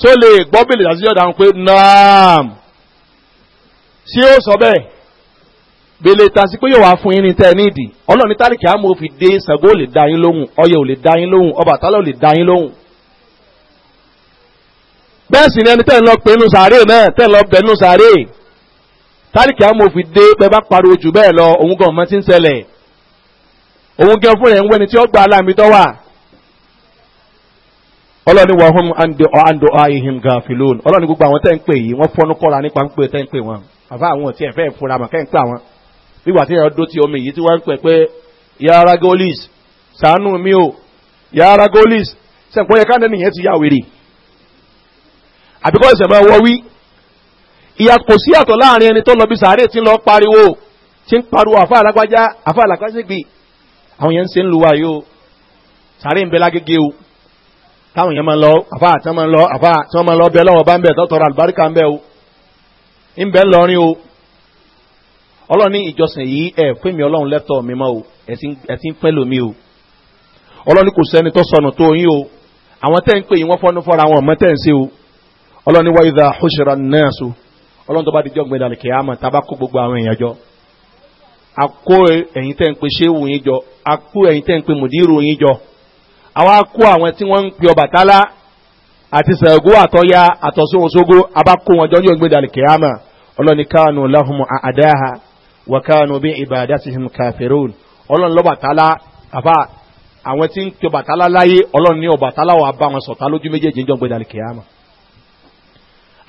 tó lè gbọ́ bèlè àti yọ̀dà ń pé naam ṣé ó sọ bẹ́ẹ̀ bèlè tàṣí pé yóò wá fún yín ní tẹ́ ẹ nídìí ọlọ́ọ̀ni tálíkì àmọ́ fi dé ṣàgó lè dá yín lóhùn ọyẹ ò lè dá yín lóhùn ọbàtálá ò lè dá yín lóhùn. bẹ́ẹ̀ sì ni ẹni tẹ́ ń lọ pé inú sàárè náà tẹ́ ń lọ bẹ inú sàárè tálíkì àmọ́ fi dé pé bá pariwo jù bẹ́ẹ̀ lọ òun gan ọmọ ti ń ṣẹlẹ̀ òun gan fúnra ẹ̀ ń wẹ́ni tí ó gba aláàmì tó wà ọlọ́ni wà hum andi andi ayihim gafilon ọlọ́ni gbogbo àwọn tẹ́ ń pè yìí wọ́n fọ́nú kọ́ra nípa ń pè tẹ́ ń pè wọn àfa àwọn tí ẹ̀ fẹ́ fura mà kẹ́ ń pè àwọn nígbà tí ẹ̀rọ dótì omi yìí tí wọ́n ń pè pé yàrá golis sànú mi o yàrá golis sẹ̀pọ̀ yẹ káńdẹ́ nìyẹn ti yà wèrè àbíkọ́ ìṣẹ̀mọ̀ ẹ̀wọ́ wí ìyà kò sí àtọ̀ láàrin ẹni tó táwọn yẹn máa lọ àfáà tí wọ́n lọ àfáà tí wọ́n máa lọ bẹ́ẹ̀ lọ́wọ́ bá ń bẹ̀ tọ́tọ̀rọ̀ àlùbáríkà ń bẹ̀ o ń bẹ̀ lọ́rin o ọlọ́run ìjọsìn yìí fún mi mi o ẹ̀sìn lómi o o àwọn tẹ́ ń pè yín wọ́n fọ́nú fọ́ra àwọn ọmọ tẹ́ o ọlọ́run wáyé dá húṣẹ́ra náà so tó bá di jọ́gbìn ìdàlẹ̀ kìámà tábà kó gbogbo àwọn èèyàn jọ ẹ̀yìn tẹ́ ń jọ àwa kó àwọn tí wọ́n ń pe ọbàtálá àti sẹ̀gó àtọ́yá àtọ̀sóhosógó abákó wọn jọ ní ògbédà kìámà ọlọ́ni káànù láhùnmọ̀ àdáhà wà bí ìbàdá sí him kàfẹ́rún ọlọ́ni lọ́bàtálá àfà àwọn tí ń pe ọbàtálá láyé ọlọ́ni ọbàtálá wà bá wọn sọ̀tá lójú méjèèjì jọ ògbédà kìámà.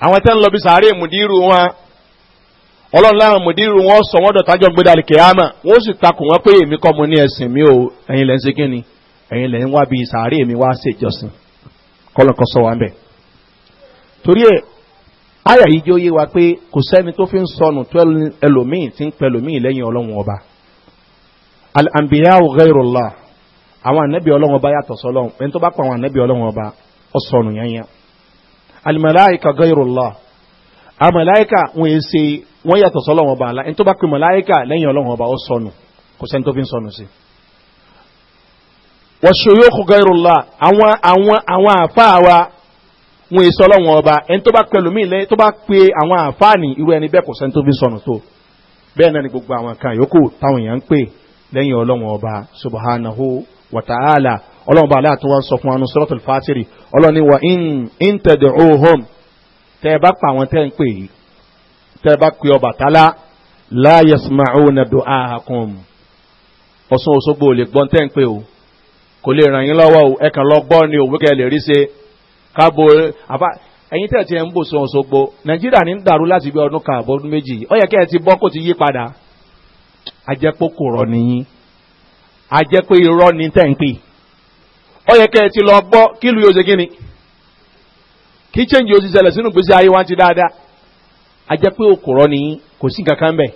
àwọn tẹ́ ń lọ bí sàárè mùdírù wọn láwọn mùdírù wọn sọ wọ́n dọ̀tájọ́ kìámà wọ́n sì ẹ̀yin lẹ́yìn wá bí sàárè mi wá sí ìjọsìn kọ́lọ́kọ́ sọ wa ń bẹ̀. torí ẹ̀ àyà yìí jẹ́ òye wa pé kò sẹ́ni tó fi ń sọnù tó ẹlòmíì ti ń pẹ́ ẹlòmíì lẹ́yìn ọlọ́run ọba. al-anbiyahu ghayrullah àwọn ànábì ọlọ́run ọba yàtọ̀ sọlọ́run ẹni tó bá pa àwọn ànábì ọlọ́run ọba ọ sọnù yányá. al-malaika ghayrullah àwọn màláíkà wọn yẹ ṣe wọn yàtọ̀ sọlọ́run ọba àlá tó bá pe màláíkà lẹ́yìn ọlọ́run ọba ọ sọnù kò sẹ́ni tó fi ń sọnù sí i wọ́ṣọ́yó kọ́gẹ́rùlá àwọn àwọn àwọn àfáà wa wọn èso ọlọ́wọ́n ọba ẹni tó bá pẹ̀lú mí lẹ́yìn tó bá pe àwọn àfáà ní irú ẹni bẹ́ẹ̀ kò sẹ́ni tó fi sọnù tó bẹ́ẹ̀ náà ni gbogbo àwọn kan yòókù táwọn èèyàn ń pè lẹ́yìn ọlọ́wọ́n ọba subahánahu wàtàhálà ọlọ́wọ́n ọba aláàtọ́ wa sọ fún wa in tẹ̀dẹ̀ ohom tẹ́ ẹ bá kò lè ràn yín lọ́wọ́ o ẹ̀kan lọ gbọ́ ni òwe lè rí ṣe káàbò e. àbá ẹ̀yin tẹ̀ ti ẹ̀ ń bò sọ ọ̀ṣọ́gbó nàìjíríà ní dàrú láti bí ọdún kan méjì yẹ ẹ ti bọ́ kó ti yí padà nìyí ni tẹ̀ ń pè yẹ lọ gbọ́ kí lu yóò ṣe kí ni kí chẹ́ǹjì ṣẹlẹ̀ sínú gbèsè ayé ti dáadáa nìyí kò sí nǹkan kan bẹ̀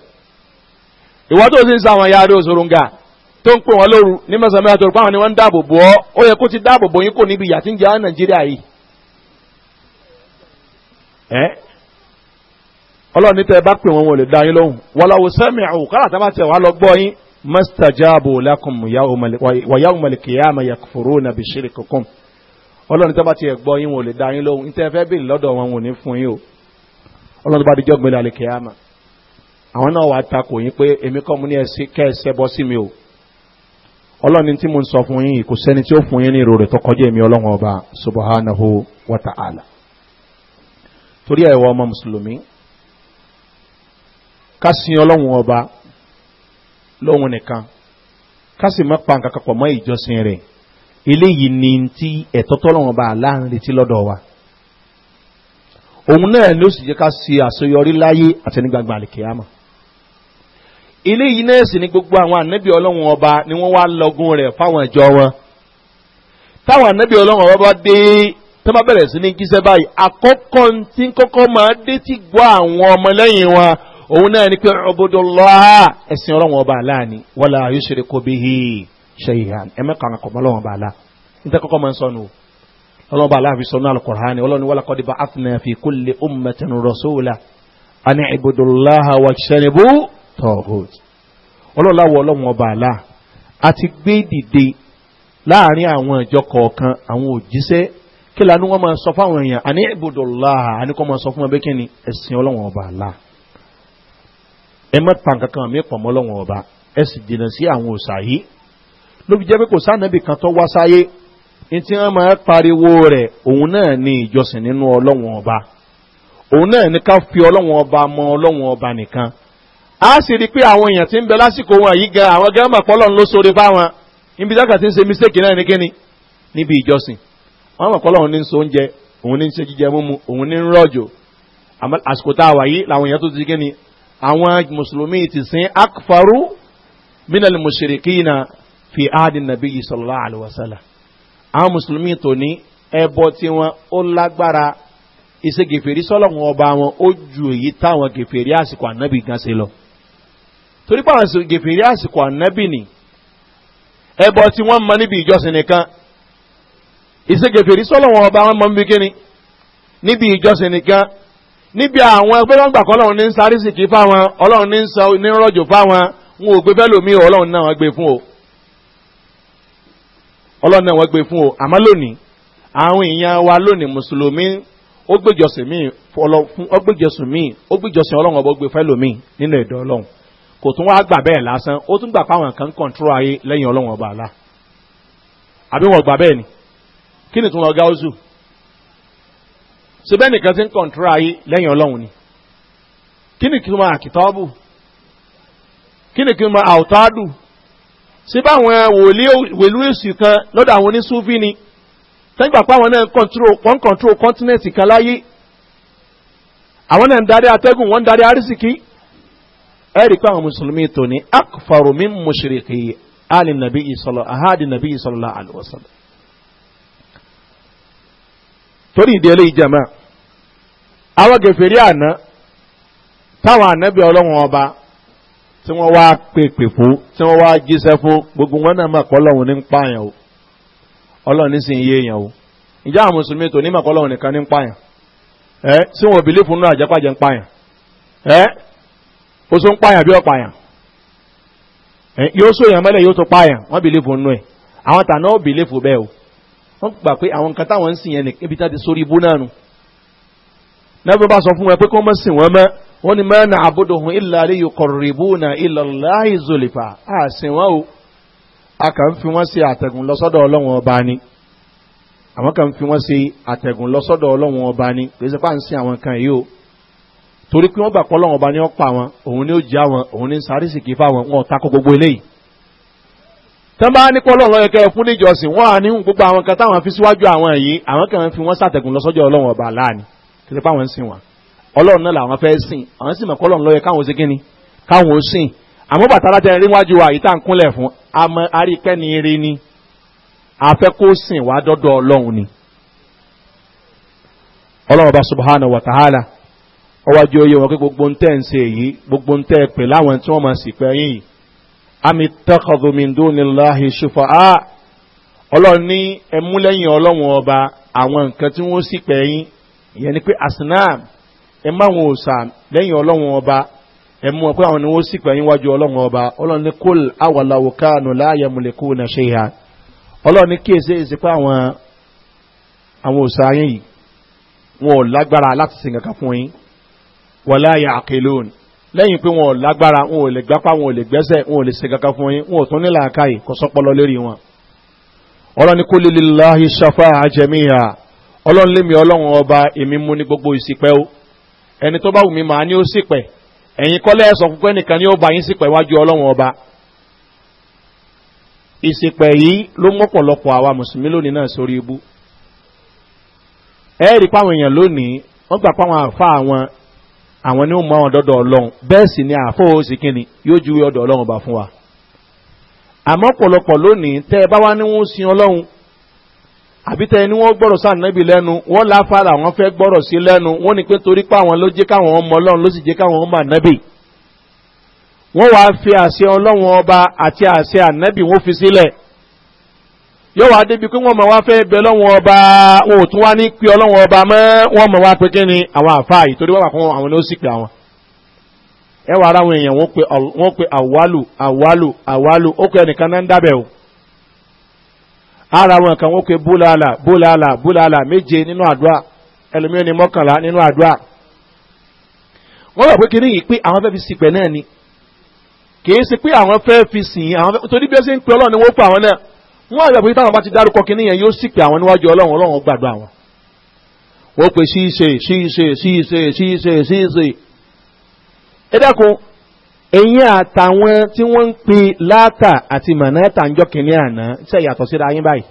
tó ń pè wọn lóru ní mẹ́sàn-án mẹ́ta tó rò páwọn ni wọ́n ń dáàbò bò ọ́ ó yẹ kó ti dáàbò bò yín kò níbi ìyà tí ń jẹ́ àwọn nàìjíríà yìí. ẹ tẹ́ ẹ bá pè wọn wọn lè dá yín lóhùn wàláwo sẹ́mi àwò kálá tá a bá tẹ̀ wá lọ gbọ́ yín mọ́sítàjáàbò lákùn wàyà òmàlìkìyà àmà yàkùfòrò nàbì ṣírí kankan ọlọ́run tó bá ti ẹ̀ gbọ́ yín wọn lè dá yín lóhùn ní ọlọ́ni tí mo ń sọ fún yín kò sẹ́ni tí ó fún yín ní ìrò rẹ̀ tó kọjá èmi ọlọ́run ọba subahánahu wàtàhálà torí ẹ̀wọ̀ ọmọ mùsùlùmí ká sin ọlọ́run ọba lóhun nìkan ká sì má pa nǹkan kan pọ̀ mọ́ ìjọsìn rẹ̀ eléyìí ni ti ẹ̀tọ́ tọ́lọ́run ọba láàrin retí lọ́dọ̀ wa òun náà ló sì jẹ́ ká ṣe àṣeyọrí láyé àtẹnigbàgbà àlìkèyàmọ̀ eléyìí náà sì ni gbogbo àwọn ànábì ọlọ́run ọba ni wọ́n wá lọ́gùn rẹ̀ fáwọn ìjọ wọn táwọn ànábì ọlọ́run ọba bá dé tó bá bẹ̀rẹ̀ sí ní kíṣẹ́ báyìí àkọ́kọ́ tí kọ́kọ́ máa dé tí gbọ́ àwọn ọmọlẹ́yìn wọn òun náà ni pé ọbọdọ lọ́à ẹ̀sìn ọlọ́run ọba aláàní wọlé ayọ́ṣẹ́rẹ́ kò bí i ṣe ìhàn ẹ̀mẹ́kàn àkọ́mọ́ ọlọ́run ọba tọ́hùt ọlọ́láwọ̀ ọlọ́wọ̀n ọba àlá a ti gbé dìde láàrin àwọn ìjọ kọ̀ọ̀kan àwọn òjíṣẹ́ kí lanú wọn máa sọ fáwọn èèyàn àní ìbòdò láà àní kọ́ máa sọ fún ẹbí kíni ẹ̀sìn ọlọ́wọ̀n ọba àlá ẹ má pa nǹkan kan àmì pọ̀ mọ́ ọlọ́wọ̀n ọba ẹ sì dènà sí àwọn òòsà yìí ló jẹ́ pé kò sánàbì kan tó wá sáyé ní tí wọ́n máa pariwo rẹ̀ òun náà ni ìjọsìn nínú ọlọ́wọ̀n ọba òun náà ni ká fi ọlọ́wọ̀n ọba mọ ọlọ́wọ̀n ọba nìkan a sì rí pé àwọn èèyàn ti ń bẹ lásìkò wọn yìí gan àwọn gẹ́mà pọ́lọ̀ ló sóore fáwọn níbi dákà tí ń ṣe mistake náà ní kíni níbi ìjọsìn wọn mọ̀ pọ́lọ̀ òun ní ń so oúnjẹ òun ní ń ṣe jíjẹ múmu òun ní ń rọ̀jò àsìkò tá a wà yìí làwọn èèyàn tó ti kíni àwọn mùsùlùmí ti sin akfaru minal mushrikina fi adin nabi sallallahu alaihi wasallam àwọn mùsùlùmí tó ní ẹbọ tí wọn ó lágbára iṣẹ́ gèfèrí sọ́lọ́wọ́n ọba wọn ó ju èyí táwọn gèfèrí àsìkò ànábì gan ṣe lọ torí pé àwọn gèfèrí àsìkò ànábì ni ẹbọ tí wọ́n mọ níbi ìjọsìn nìkan ìṣe gèfèrí sọ́lọ̀ wọn ọba wọn mọ níbi kíni níbi ìjọsìn nìkan níbi àwọn ẹgbẹ́ wọn gbàgbọ́ ọlọ́run ní ń sáré sì kí fáwọn ọlọ́run ní ń sọ ní rọ́jò fáwọn wọn ò gbé bẹ́ẹ̀ lómi ọlọ́run náà wọ́n gbé fún o ọlọ́run náà wọ́n gbé fún o àmọ́ lónìí àwọn èèyàn wa lónìí mùsùlùmí ó gbéjọsìn míì ó gbéjọsìn míì ó gbéjọsìn ọlọ́run ọba ó gbé fẹ́ lómi nínú ẹ̀dọ́ ọlọ́run kò tún wá gbà bẹ́ẹ̀ lásán ó tún gbà páwọn kan kọ̀ǹtúrò ayé lẹ́yìn ọlọ́wọ̀n ọba àlá àbí wọn gbà bẹ́ẹ̀ ni kí ni tún lọ gáúsù ṣe bẹ́ẹ̀ nìkan ti ń kọ̀ǹtúrò ayé lẹ́yìn ọlọ́wọ̀n ni kí ni kí n máa àkìtọ́bù kí ni kí n máa àwòtádù ṣe báwọn wèlú èsì kan lọ́dọ̀ àwọn oníṣúfì ni tẹ́gbà páwọn náà ń kọ̀ǹtúrò kọ́ńtínẹ̀tì kan láyé àwọn náà ń darí atẹ́gùn wọ́n ń darí arísìkí ẹ̀rí pé àwọn mùsùlùmí tó ní akfaru min mushriki ali nabi isọlọ ahadi nabi isọlọ alwasal torí ìdílé ìjàmá àwọn gẹ̀fẹ̀rí àná táwọn ànábì ọlọ́run ọba tí wọ́n wá pèpè fún tí wọ́n wá jíṣẹ́ fún gbogbo wọn náà mọ̀kọ́ ọlọ́run ní ń pààyàn o ọlọ́run ní sì ń yé èèyàn o ìjà àwọn mùsùlùmí tó ní mọ̀kọ́ ọlọ́run nìkan ní ń pààyàn ẹ tí wọn ò fún náà àjẹpàjẹ ń pààyàn ẹ ó tún pààyàn bí ọ̀pààyàn yóò sóyàn mọ́lẹ̀ yóò tún pààyàn wọ́n ẹ̀ o wọ́n gbà pé àwọn nǹkan táwọn ń sìn yẹn níbi tá ti sórí ibú náà nù nẹ́bí bá sọ fún wọn pé kó mọ́ sìn na àbúdòhun ìlàrí yòkọ̀rìbù na ìlàláì zòlìfà á sìn wọ́n o a kàn fi wọ́n sí àtẹ̀gùn lọ́sọ́dọ̀ ọlọ́wọ́n ọba ni àwọn kàn fi àtẹ̀gùn lọ́sọ́dọ̀ ọba ni o torí pé wọ́n gbà pọ́ lọ́wọ́ ọba ni wọ́n pa wọn òun ni ó já wọn òun ni sáré sì kì í fà wọn wọn takò gbogbo eléyìí. tán bá ní pọ́lọ́ ọ̀rọ̀ ẹ̀kẹ́ fún níjọsìn wọ́n á ní gbogbo àwọn kan táwọn fi síwájú àwọn yìí àwọn kan fi wọ́n sàtẹ̀gùn lọ́sọ́jọ́ ọlọ́wọ́n ọba láàánì kí ló pàwọn ń sìn wọn. ọlọ́run náà làwọn fẹ́ sìn àwọn sì mọ̀ pọ́lọ́ ọba subhanahu wa ta'ala ọwájú oyè wọn pé gbogbo ń tẹ́ ń se èyí gbogbo ń tẹ́ pè láwọn tí wọ́n máa sì pẹ́ yìí àmì tẹ́kọ̀dùmíndó níláhi ṣùfọ́ á ọlọ́run ní ẹmúlẹ́yìn ọlọ́run ọba àwọn nǹkan tí wọ́n sì pẹ́ yín ìyẹn ni pé asinam ẹ má wọn ò sà lẹ́yìn ọlọ́run ọba ẹ mú wọn pé àwọn ni wọ́n sì pẹ́ yín wájú ọlọ́run ọba ọlọ́run ní kól àwàláwò káànù láàyè mùlẹ̀kù ọlọ́run ní kíyèsí wọlá ya'qilun lẹ́yìn pé wọn ò lágbára wọn ò lè gbápá wọn ò lè gbẹ́sẹ̀ wọn ò lè ṣe kankan fún yín wọn ò tún ní làákàyè kò sọpọlọ lérí wọn. ọlọ́ni kó lè lillahi shafa'a jami'a ọlọ́run lémi ọlọ́run ọba èmi mú ní gbogbo ìsìpẹ́ o ẹni tó bá wù mí màá ní ó sìpẹ́ ẹ̀yin kọ́lẹ́ ẹ̀sọ̀ púpẹ́ nìkan ni ó bá yín sìpẹ́ wájú ọlọ́run ọba. ìsìpẹ́ yìí ló mọ́pọ̀lọpọ̀ àwa mùsùlùmí lónìí náà sórí ibú. ẹ̀ẹ́rì pàwọn èèyàn lónìí wọ́n gbà pàwọn àfa àwọn àwọn ní ó mọ àwọn dọ́dọ̀ ọlọ́run bẹ́ẹ̀ sì ni àfọwọ́ sí kínni yóò ju ọdọ̀ ọlọ́run bá fún wa àmọ́ pọ̀lọpọ̀ lónìí tẹ́ ẹ bá wá ní wọ́n sin ọlọ́run àbí tẹ́ ẹ ní wọ́n gbọ́rọ̀ sáà nábì lẹ́nu wọ́n láfàrà àwọn fẹ́ gbọ́rọ̀ sí lẹ́nu wọ́n ní pé torí pé àwọn ló jẹ́ káwọn ọmọ ọlọ́run ló sì jẹ́ káwọn ọmọ ànábì wọ́n wàá fi àṣẹ ọlọ́run ọba àti àṣẹ ànábì wọ́n fi sílẹ̀ yóò wá débi pé wọ́n mọ̀ wá fẹ́ bẹ lọ́wọ́n ọba wọn ò tún wá ní pé ọlọ́wọ́n ọba mọ́ wọ́n mọ̀ wá pé kí ni àwọn àfáà yìí torí wọ́n wà fún àwọn ló sì pé àwọn. ẹ wà ara àwọn èèyàn wọ́n pe àwálù àwálù àwálù ó pe ẹnìkan náà ń dábẹ̀ o. ara àwọn kan wọ́n pe búlàlà búlàlà búlàlà méje nínú àdúrà ẹlòmíràn ní mọ́kànlá nínú àdúrà. wọ́n wà pé kí ni yìí pé àwọn fẹ́ fi sìpẹ̀ náà ni kì í ṣe pé àwọn fẹ́ fi sìn àwọn fẹ́ torí bí ó ṣe ń pe ọlọ́run ni wọ́n pa àwọn náà wọ́n àgbà pé táwọn bá ti dárúkọ kí níyẹn yóò sì pé àwọn níwájú ọlọ́run ọlọ́run gbàgbọ́ àwọn. wọ́n pe ṣíṣe ṣíṣe ṣíṣe ṣíṣe ṣíṣe. ẹ dákun ẹ̀yin àtàwọn tí wọ́n ń pe láàtà àti mọ̀nẹ́tà ń jọ kìíní àná ṣe yàtọ̀ síra yín báyìí.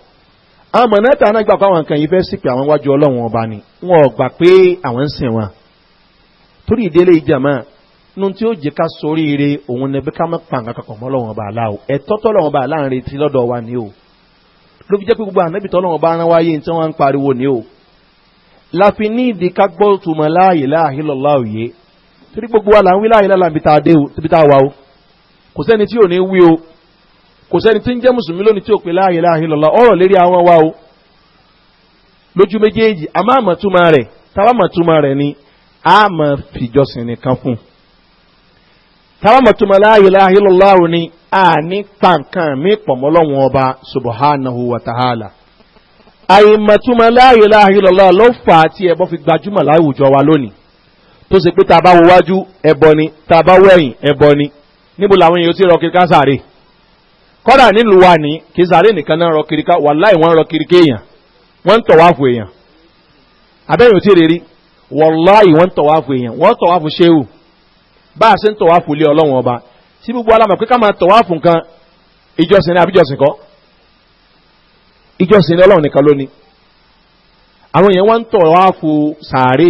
àwọn mọ̀nẹ́tà náà gbà pé àwọn nǹkan yìí fẹ́ sì pé àwọn níwájú ọlọ́run ọba ni wọn ò gbà pé àwọn ń sìn wọn. torí ìdílé ìjàmọ́ nu tí ó jẹ ká sóríire òun ni bí ká má pàǹkà kankan mọ́ lọ́wọ́n ọba aláwo ẹ̀tọ́ tọ́lọ́wọ́n ọba aláàrin ti lọ́dọ̀ wa ni o ló fi jẹ́ pé gbogbo ànábì tọ́lọ́wọ́n bá rán wáyé tí wọ́n ń pariwo ni o láfi ní ìdí kágbọ́ tùmọ̀ láàyè láàyè lọ́lá òye torí gbogbo wa là ń wí láàyè lọ́lá ibi tá a dé o ibi tá a wà o kò sẹ́ni tí ò ní wí o kò sẹ́ni tí ń jẹ́ mùsùlùmí lónìí tí ò pé láàyè láàyè lọ́lá ọ̀rọ̀ lérí àwọn wa o lójú méjèèjì àmọ́ àmọ̀túmọ̀ rẹ̀ táwọn àmọ̀túmọ̀ rẹ̀ ni a máa fìjọsìn nìkan fún un tábàmọ̀túnmọ̀ láàyè láàyè lọ́láhùn ni a ní kankan mí pọ̀mọ́lọ́wọ́n ọba subahánahu wàtàhálà àyèmọ̀túnmọ̀ láàyè láàyè lọ́láhùn ló fà á tí ẹbọ fi gbajúmọ̀ láwùjọ wa lónìí tó ṣe pé tá a bá wo wájú ẹbọ ni tá a bá wo ẹ̀yìn ẹbọ ni níbo làwọn èèyàn ti rọ kiri ká sáré kọ́dà nílùú wa ní kì nìkan náà rọ kiri ká wà láì wọ́n rọ kiri ké wọ́n ń tọ̀ wá èèyàn abẹ́yìn ò tí rí rí wọ́n láì wọ́n ń tọ̀ wá èèyàn wọ́n tọ̀ wá ṣéwù bá a ṣe ń tọ̀wá fòlé ọlọ́run ọba tí gbogbo alámọ̀ pé ká máa tọ̀wá fún kan ìjọsìn ní àbíjọsìn kọ́ ìjọsìn ní ọlọ́run nìkan lónìí àwọn èèyàn wọ́n ń tọ̀wá fún sàárè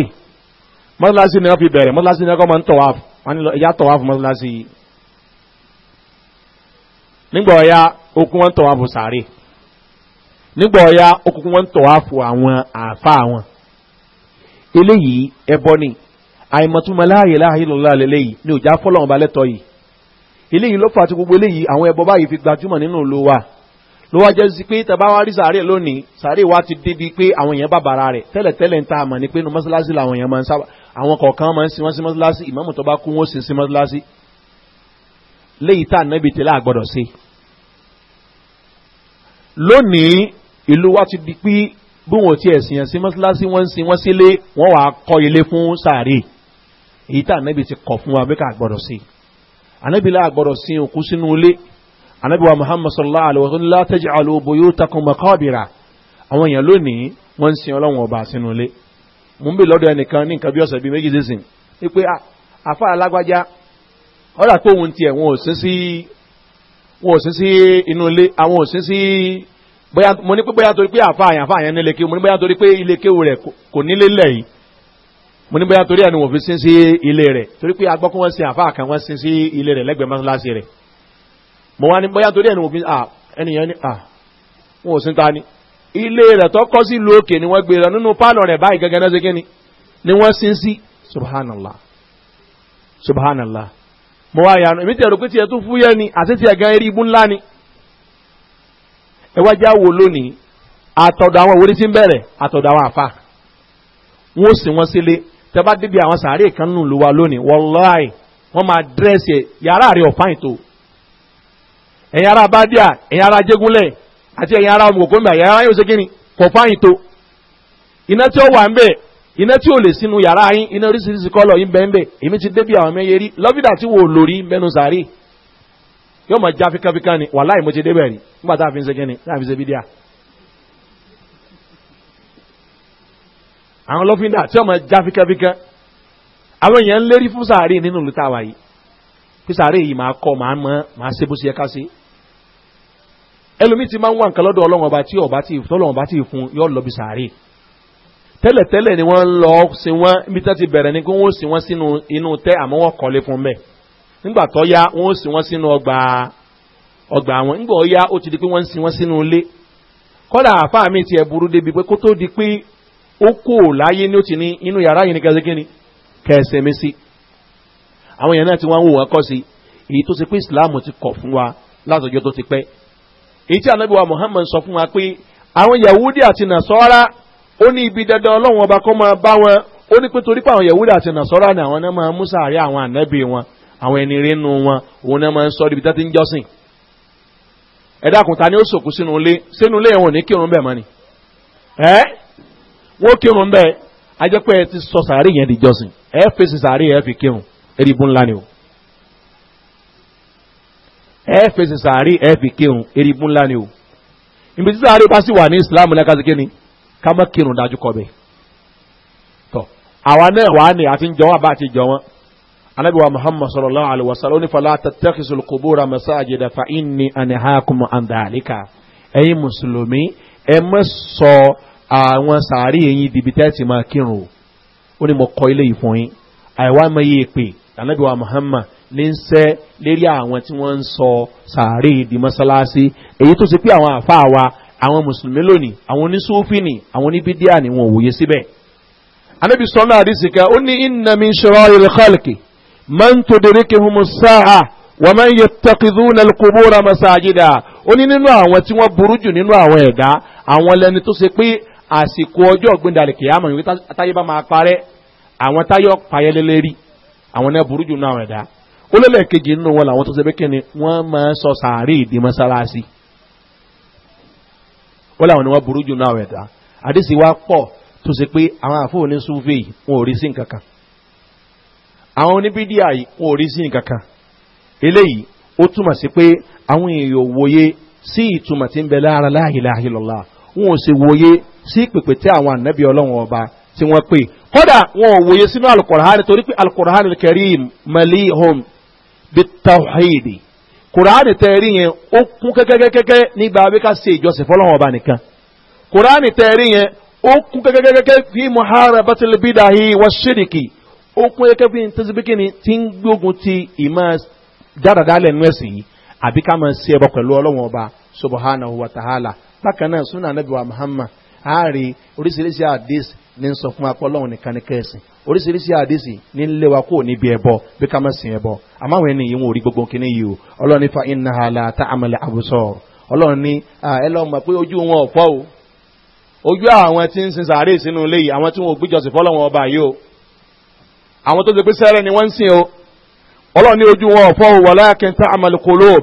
mọ́tòlásì ni wọ́n fi bẹ̀rẹ̀ mọ́tòlásì ni wọ́n máa ń tọ̀wá fún wọn ni ìyá tọ̀wá fún mọ́tòlásì yìí nígbà ọ̀ya okun wọn tọ̀wá fún sàárè nígbà ọ̀ya okun wọn tọ̀wá fún àwọn àáfàá wọn eléyìí ẹbọ ni àìmọ̀túnmọ̀ láàyè láàyè lọ́la lélẹ́ yìí ni òjá fọ́lọ́run ba lẹ́tọ̀ yìí eléyìí ló fà tí gbogbo eléyìí àwọn ẹbọ báyìí fi gbajúmọ̀ nínú ìlú wa ló wá jẹ́ sí pé tàbá wá rí sàárè lónìí sàárè wa ti débi pé àwọn èèyàn bá bàrà rẹ̀ tẹ́lẹ̀tẹ́lẹ̀ ń ta àmọ̀ ni pé nu mọ́sálásí làwọn èèyàn máa ń sábà àwọn kọ̀ọ̀kan máa ń sin wọ́n sí mọ́sálásí ìmọ̀mù tó bá kú wọ́n sì sin mọ́sálásí léyìí tá ànábì tẹ́lẹ̀ àgbọ̀dọ̀ sí. lónìí ìlú wa ti di pé bí wọn ò tiẹ̀ sìn yẹn sí mọ́sálásí wọ́n ń sin wọ́n sílé wọ́n wàá kọ́ ilé fún sàárè èyí tá ànábì ti kọ̀ fún wa pé ká gbọ́dọ̀ sí ànábì láà gbọ́dọ̀ sí òkú sínú ilé ànábì wa muhammad sallallahu alayhi wa sallam látẹ̀jẹ̀ àlòbò yóò takùn mọ́kàbìrà àwọn èèyàn lónìí wọ́n ń sin ọlọ́run ọba sínú ilé mo ń bè lọ́dọ̀ ẹnìkan ní nǹkan bí ọ̀sẹ̀ bíi méjì sísìn ni pé ah, àfa alágbájá ọ̀dà tó ohun tiẹ̀ wọn ò sí sí wọn ò sí sí inú ilé àwọn ò sí sí bóyá mo ní pé bóyá torí pé àfa àyàn àfa àyàn nílé kéwù mo ní bóyá torí pé ilé kéwù rẹ̀ kò nílé lẹ̀ mo ní bóyá torí ẹni wọ̀n fi sín sí ilé rẹ̀ torí pé agbọ́kún wọ́n sin àfáà kan wọ́n sin sí ilé rẹ̀ lẹ́gbẹ̀ẹ́ mọ́sálásí rẹ̀ mo wá ní bóyá torí ẹni wọ̀n fi ẹnìyàn ní à wọn ò sin ta ni ilé rẹ̀ tó kọ́ sí ìlú òkè ni wọ́n gbé lọ nínú pálọ̀ rẹ̀ báyìí gẹ́gẹ́ náà ṣe kí ni ni wọ́n sin sí subhanallah subhanallah mo wá yanu èmi tẹ̀rọ pé tiẹ̀ tún fúyẹ́ ni àti tiẹ̀ gan eré ibú ńlá ni ẹ wo lónìí àtọ̀dọ̀ àwọn òwúrí sí ń bẹ̀rẹ̀ àtọ̀dọ̀ àwọn àfà wọn ó sìn sílé tẹ́bá débi àwọn sàárè kan nù ló wa lónìí wọ́láì wọ́n máa dírẹ́sì ẹ̀ yàrá rẹ̀ ọ̀fáìn tó ẹ̀yin ara bàdíà ẹ̀yin ara jégúnlẹ̀ àti ẹ̀yin ara ọmọkòkò mẹ́ yàrá yóò ṣe kí ni kọ̀fáìn tó iná tí ó wà ń bẹ̀ iná tí ò lè sínú yàrá yín iná oríṣiríṣi kọ́lọ̀ yín bẹ́ẹ̀ bẹ́ẹ̀ èmi ti débi àwọn mẹ́yẹ rí lọ́fídà tí wò lórí mẹ́nu sàárè yóò máa já fíkàfíkà ni wàláì mo ti débẹ̀ rí nígbà tá a fi ń ṣe kí ni tá a fi ṣe bídíà àwọn lọ́fíńdà tí ọmọ já fíkẹ́fíkẹ́ àwọn èèyàn ń lérí fún sàárè nínú ìlú táwa yìí pé sàárè yìí máa kọ́ máa mọ́ máa ṣe bó ṣe ká sí ẹlòmíì ti máa ń wà nǹkan lọ́dọ̀ ọlọ́run ọba tí ọba tí tọ́lọ́run ọba tí fún yóò lọ bí sàárè tẹ́lẹ̀tẹ́lẹ̀ ni wọ́n ń lọ sí wọ́n ibi tí wọ́n ti bẹ̀rẹ̀ ni kí wọ́n sì wọ́n sínú inú tẹ́ àmọ́ wọ́n kọ́lé fún bẹ́ẹ̀ kọ́dà àfáà mi ti ẹ̀ burú débi pé kó di pé ó kò láyé ní ó ti ní inú yàrá yìí ní kẹsẹ̀ kíni kẹsẹ̀ mi sí àwọn èèyàn náà ti wá ń wò wọn kọ́ sí èyí tó ṣe pé ìsìláàmù ti kọ fún wa látọjọ́ tó ti pẹ́ èyí tí anábìwá muhammed sọ fún wa pé àwọn yahudi àti nasọ́ra ó ní ibi dandan ọlọ́run ọba kó máa bá wọn ó ní pé torí pé àwọn yahudi àti nasọ́ra ni àwọn náà máa mú sàárẹ̀ àwọn ànábì wọn àwọn ẹni rínú wọn òun náà máa ń sọ ibi tó ti ń jọ́sìn ẹ̀dá kùtà ni ó sòkú sínú ilé sínú ilé yẹn wọn ò ní kírun bẹ́ẹ̀ mọ́ ni wọ́n kírun bẹ́ẹ̀ ajẹ́pẹ́ ẹ ti sọ sàárè yẹn di jọ́sìn ẹ fèsì sàárè ẹ fi kírun eribu ńlá ni o ẹ fèsì sàárè ẹ fi kírun eribu ńlá ni o ìbí tí sàárè bá sì wà ní islam ní akásíké ni ká má kírun dájú kọ bẹ́ẹ̀ tọ́ àwa náà wàá ní àti ń jọ wọn àbá àti jọ wọn anabi wa muhammad sallallahu alaihi wa sallam onífàlà tẹtẹkìsì kòbóra masáàjì dàfà ìní àníhàkùnmọ̀ àndàlíkà ẹ̀yin mùsùlùmí ẹ mọ̀ sọ. So, àwọn sàárì yìí dìbí tẹ́ẹ̀tì máa kírun o ó ní mo kọ́ ilé yìí fún yín àìwá mẹ́yẹ pé tànàbíwá muhammad ní ń sẹ́ lérí àwọn tí wọ́n ń sọ sàárì di mọ́sálásí èyí tó ṣe pé àwọn àfáà wa àwọn mùsùlùmí lónìí àwọn oníṣòfin ni àwọn oníbídíà ni wọn wòye síbẹ̀ wọ́n máa yẹ tẹ́kìdú nàlùkùbóra masajida ó ní nínú àwọn tí wọ́n burú jù nínú àwọn ẹ̀dá àwọn lẹni tó ṣe pé àsìkò ọjọ́ ọ̀gbìndàlẹ̀ kìyàmọ̀ yìí táyé bá máa parẹ́ àwọn táyọ̀ payẹ́lẹ́lẹ́ rí àwọn náà burú jù náà ẹ̀dá olólèkejì nínú wọn làwọn tó ṣe bẹ́kẹ́ ni wọ́n máa sọ sàárè ìdí mọ́sálásí wọ́n làwọn ni wọ́n burú jù náà ẹ̀dá àdìsí wa pọ̀ tó ṣe pé àwọn àfóò ní súnfẹ́ yìí wọn ò rí sí nǹkan kan àwọn oníbídíà yìí wọn ò rí sí nǹkan kan eléyìí ó túmọ̀ sí pé àwọn èèyàn òwòye sí ìtumọ̀ tí ń bẹ lára láàyè láàyè lọ́la wọn ò sì wòye sí ìpèpè tí àwọn ànábì ọlọ́run ọba tí wọ́n pè kódà wọn ò wòye sínú alukọ̀rọ̀hánì torí pé alukọ̀rọ̀hánì kẹrìm mali hom bitahidi kùránì tẹ̀rí yẹn ó kún kẹ́kẹ́kẹ́kẹ́ nígbà abẹ́ká ṣe ìjọsìn fọlọ́run ọba nìkan kùránì tẹ̀rí yẹn ó kún kẹ́kẹ́kẹ́kẹ́ fi muhara batilibidahi wa ṣídìkì ó kún kẹ́kẹ́ fi tẹ́sibíkìnì tí ń gbógun ti ìmọ̀ dáradára ẹnu ẹ̀sìn yìí àbíká máa ṣe ẹbọ pẹ̀lú ọlọ́run ọba subhanahu wa ta'ala bákan náà sunan anabi wa muhammad àárí oríṣiríṣi àdìs ní sọ fún apọ́lọ́hún nìkan ní kẹ́sìn oríṣiríṣi àdìsì ní léwa kó níbi ẹ̀bọ bí ká má sìn ẹ̀bọ àmọ́ àwọn ènìyàn wọn ò rí gbogbo kínní yìí o ọlọ́run ní fa iná àlà tá àmàlà àbùsọ̀ ọlọ́run ní ẹ lọ́ mọ̀ pé ojú wọn ò fọ́ o ojú àwọn tí ń sin sàárè sínú ilé yìí àwọn tí wọn ò gbíjọsìn fọlọ́wọn ọba yìí o àwọn tó ti pé sẹ́rẹ̀ ni wọ́n ń sìn o ọlọ́run ní ojú wọn ò fọ́ o wọ́lá kẹta àmàlà kòló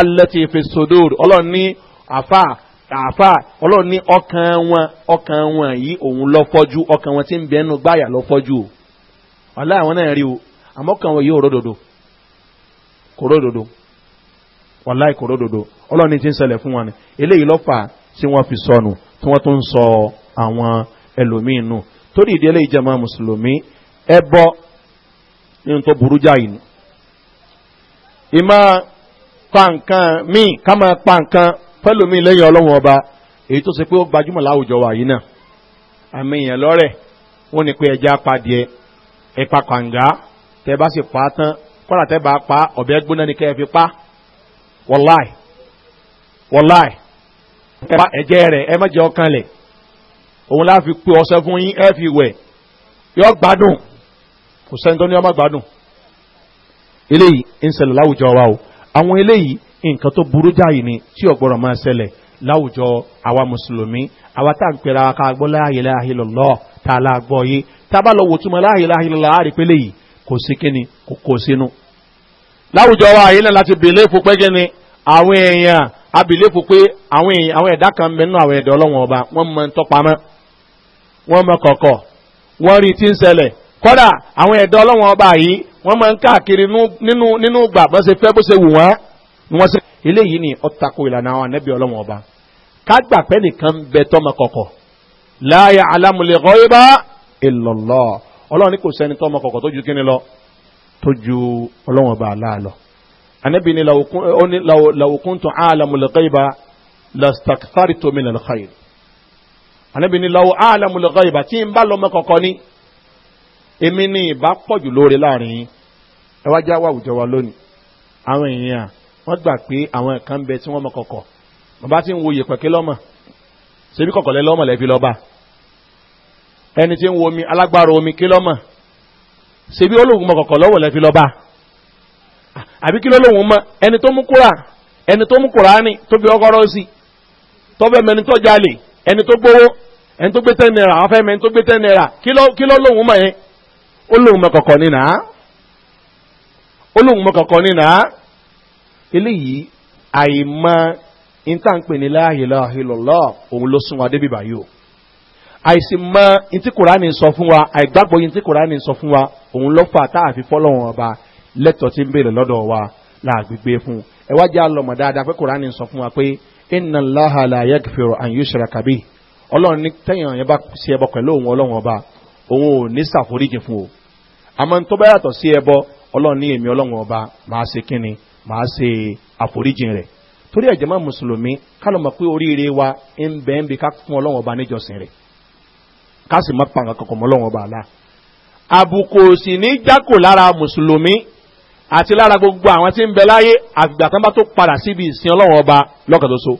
alẹ́ ti fi sòdòr ọlọ́run ní àfáà àfà ọlọ́run ní ọkàn wọn ọkàn wọn yìí òun lọ fọ́jú ọkàn wọn ti ń bẹnu gbáyà lọ fọ́jú o wàhálà àwọn náà rí o àmọ́ ọkàn wọn yìí ò ródòdó kò ródòdò wàhálà kò ródòdò ọlọ́run ní ti ń ṣẹlẹ̀ fún wọn ni eléyìí lọ́ fà tí wọ́n fi sọnù tí wọ́n tún ń sọ àwọn ẹlòmíín nù torí ìdílé ìjàmbá mùsùlùmí ẹ bọ́ nínú tó burú jáì ni ìmọ̀ pa nǹkan míì ká máa pa nǹkan fẹ́lòmíì lẹ́yìn ọlọ́run ọba èyí tó ṣe pé ó gbajúmọ̀ láwùjọ wà yìí náà àmì èèyàn lọ́rẹ̀ wọ́n ní pé ẹja padìẹ ẹ̀pà kànga tẹ́ bá sì pa á tán kọ́là tẹ́ bá pa ọ̀bẹ gbóná ni kẹ́ ẹ fi pa wọ́láì wọ́láì ẹ̀jẹ̀ rẹ̀ ẹ mọ̀jẹ̀ ọkàn lẹ̀ òun láà fi pe ọsẹ fún yín ẹ fi wẹ̀ yọ gbádùn kò sẹ́ni tó ní ọmọ gbádùn eléyìí ń ṣẹlẹ̀ láwùjọ wa o àwọn eléyìí nǹkan tó burú jáì ni tí ọ̀gbọ́rọ̀ máa ṣẹlẹ̀ láwùjọ àwa mùsùlùmí àwa tá à ń pera wa ká gbọ́ láàyè láàyè lọ́lọ́ tá a la gbọ́ yé tá a bá lọ wò túmọ̀ láàyè láàyè lọ́lọ́ á rí pélé yìí kò sí kíni kò kó sínú. láwùjọ wa àyè náà láti bèlè fún pé kíni àwọn èèyàn abèlè fún pé àwọn èèyàn àwọn ẹ̀dá kan mẹ́nu àwọn ẹ̀dọ́ ọlọ́wọ̀n ọba wọ́n mọ tọpamọ́ wọ́n mọ kọ̀kọ̀ wọ́n rí tí ń ṣẹlẹ̀ kọ́dà àwọn ẹ̀dọ́ ọlọ́wọ̀n ọba yìí wọ́n mọ káàkiri nínú nínú gbà bó fẹ́ bó ṣe wù wọ́n ni wọ́n sẹ́ eléyìí ni ọ̀tako ìlànà àwọn anẹ́bí ọlọ́wọ́n ọba kágbà pẹ́ nìkan bẹ tọ́mọ kọ̀kọ̀ láàyè alámúlẹ̀ rọ́ìbá ìlọ̀lọ́ ọlọ́run ní kò sẹ́ni tọ́mọ kọ̀kọ̀ tó ju kíni lọ tó ju ọlọ́wọ́n ọba aláàlọ́ anẹ́bí ni làwòkún tó alámúlẹ̀ rọ́ìbá lastakfari tó mi nàlọ́ xayir anẹ́bí ni làwò alámúlẹ̀ rọ́ìbá tí n bá lọ́mọ kọ̀kọ̀ ni èmi ni ìbá pọ̀jù lóore láàrin yín ẹ wá já wà wa lónìí àwọn èèyàn wọ́n gbà pé àwọn nǹkan ń bẹ tí wọ́n mọ kọ̀kọ̀ bàbá tí ń wo yèpẹ̀ kí lọ́mọ̀ ṣebí kọ̀kọ̀ lẹ́ lọ́mọ̀ lẹ́fi lọ́ba ẹni tí ń wo omi alágbára omi kí lọ́mọ̀ ṣebí olóhùn mọ kọ̀kọ̀ lọ́wọ́ lẹ́fi lọ́ba àbí kí lọ́lọ́hùn mọ ẹni tó mú kúrà ẹni tó mú kùránì tó fi ọkọ̀rọ̀ sí tọ́fẹ́ mẹni tó jalè ẹni tó gbowó ẹni tó gbé tẹ́ naira àwọn fẹ́ mẹni tó gbé tẹ́ naira kí lọ́lọ́hùn mọ yẹn olóhùn mọ kọ̀kọ̀ nínà olóhùn mọ kọ̀kọ̀ nínà eléyìí àìmọ ìtànpè ní láàyèláàhìlọ́lọ́ òun ló súnwà débi báyìí o àìsí mọ ìtí kùránì sọ fún wa àìgbàgbọ́ yìí tí kùránì sọ fún wa òun ló fà tá àfi fọ́lọ́wọ́n ọba lẹ́tọ̀ tí ń bèèrè lọ́dọ̀ wa láàgbègbè fún ẹ wá jẹ́ àlọ́mọ̀ dáadáa pé kùránì sọ fún wa pé iná láhàlà yẹ́gfẹ̀rọ̀ àyùsọ̀rọ̀ kàbí ọlọ́run ní tẹ́yàn yẹn bá sí ẹbọ pẹ̀lú òun ọlọ́run ọba òun ò ní sàforíjì fún o àmọ́ tó bá yàtọ̀ sí ẹbọ ọlọ́run ní èmi ọlọ́run ọba máa ṣe kíni màá se àforíjìn rẹ̀ torí ẹ̀jẹ̀ máa mùsùlùmí ká lọ mọ̀ pé oríire wa ń bẹ́ ń bi ká fún ọlọ́wọ́n ọba níjọsìn rẹ̀ ká sì má pa nǹkan kankan mọ́ ọlọ́wọ́n ọba àlá àbùkù sì ní jákò lára mùsùlùmí àti lára gbogbo àwọn tí ń bẹ láyé àgbà tán bá tó padà síbi ìsìn ọlọ́wọ́n ọba lọ́kàn tó so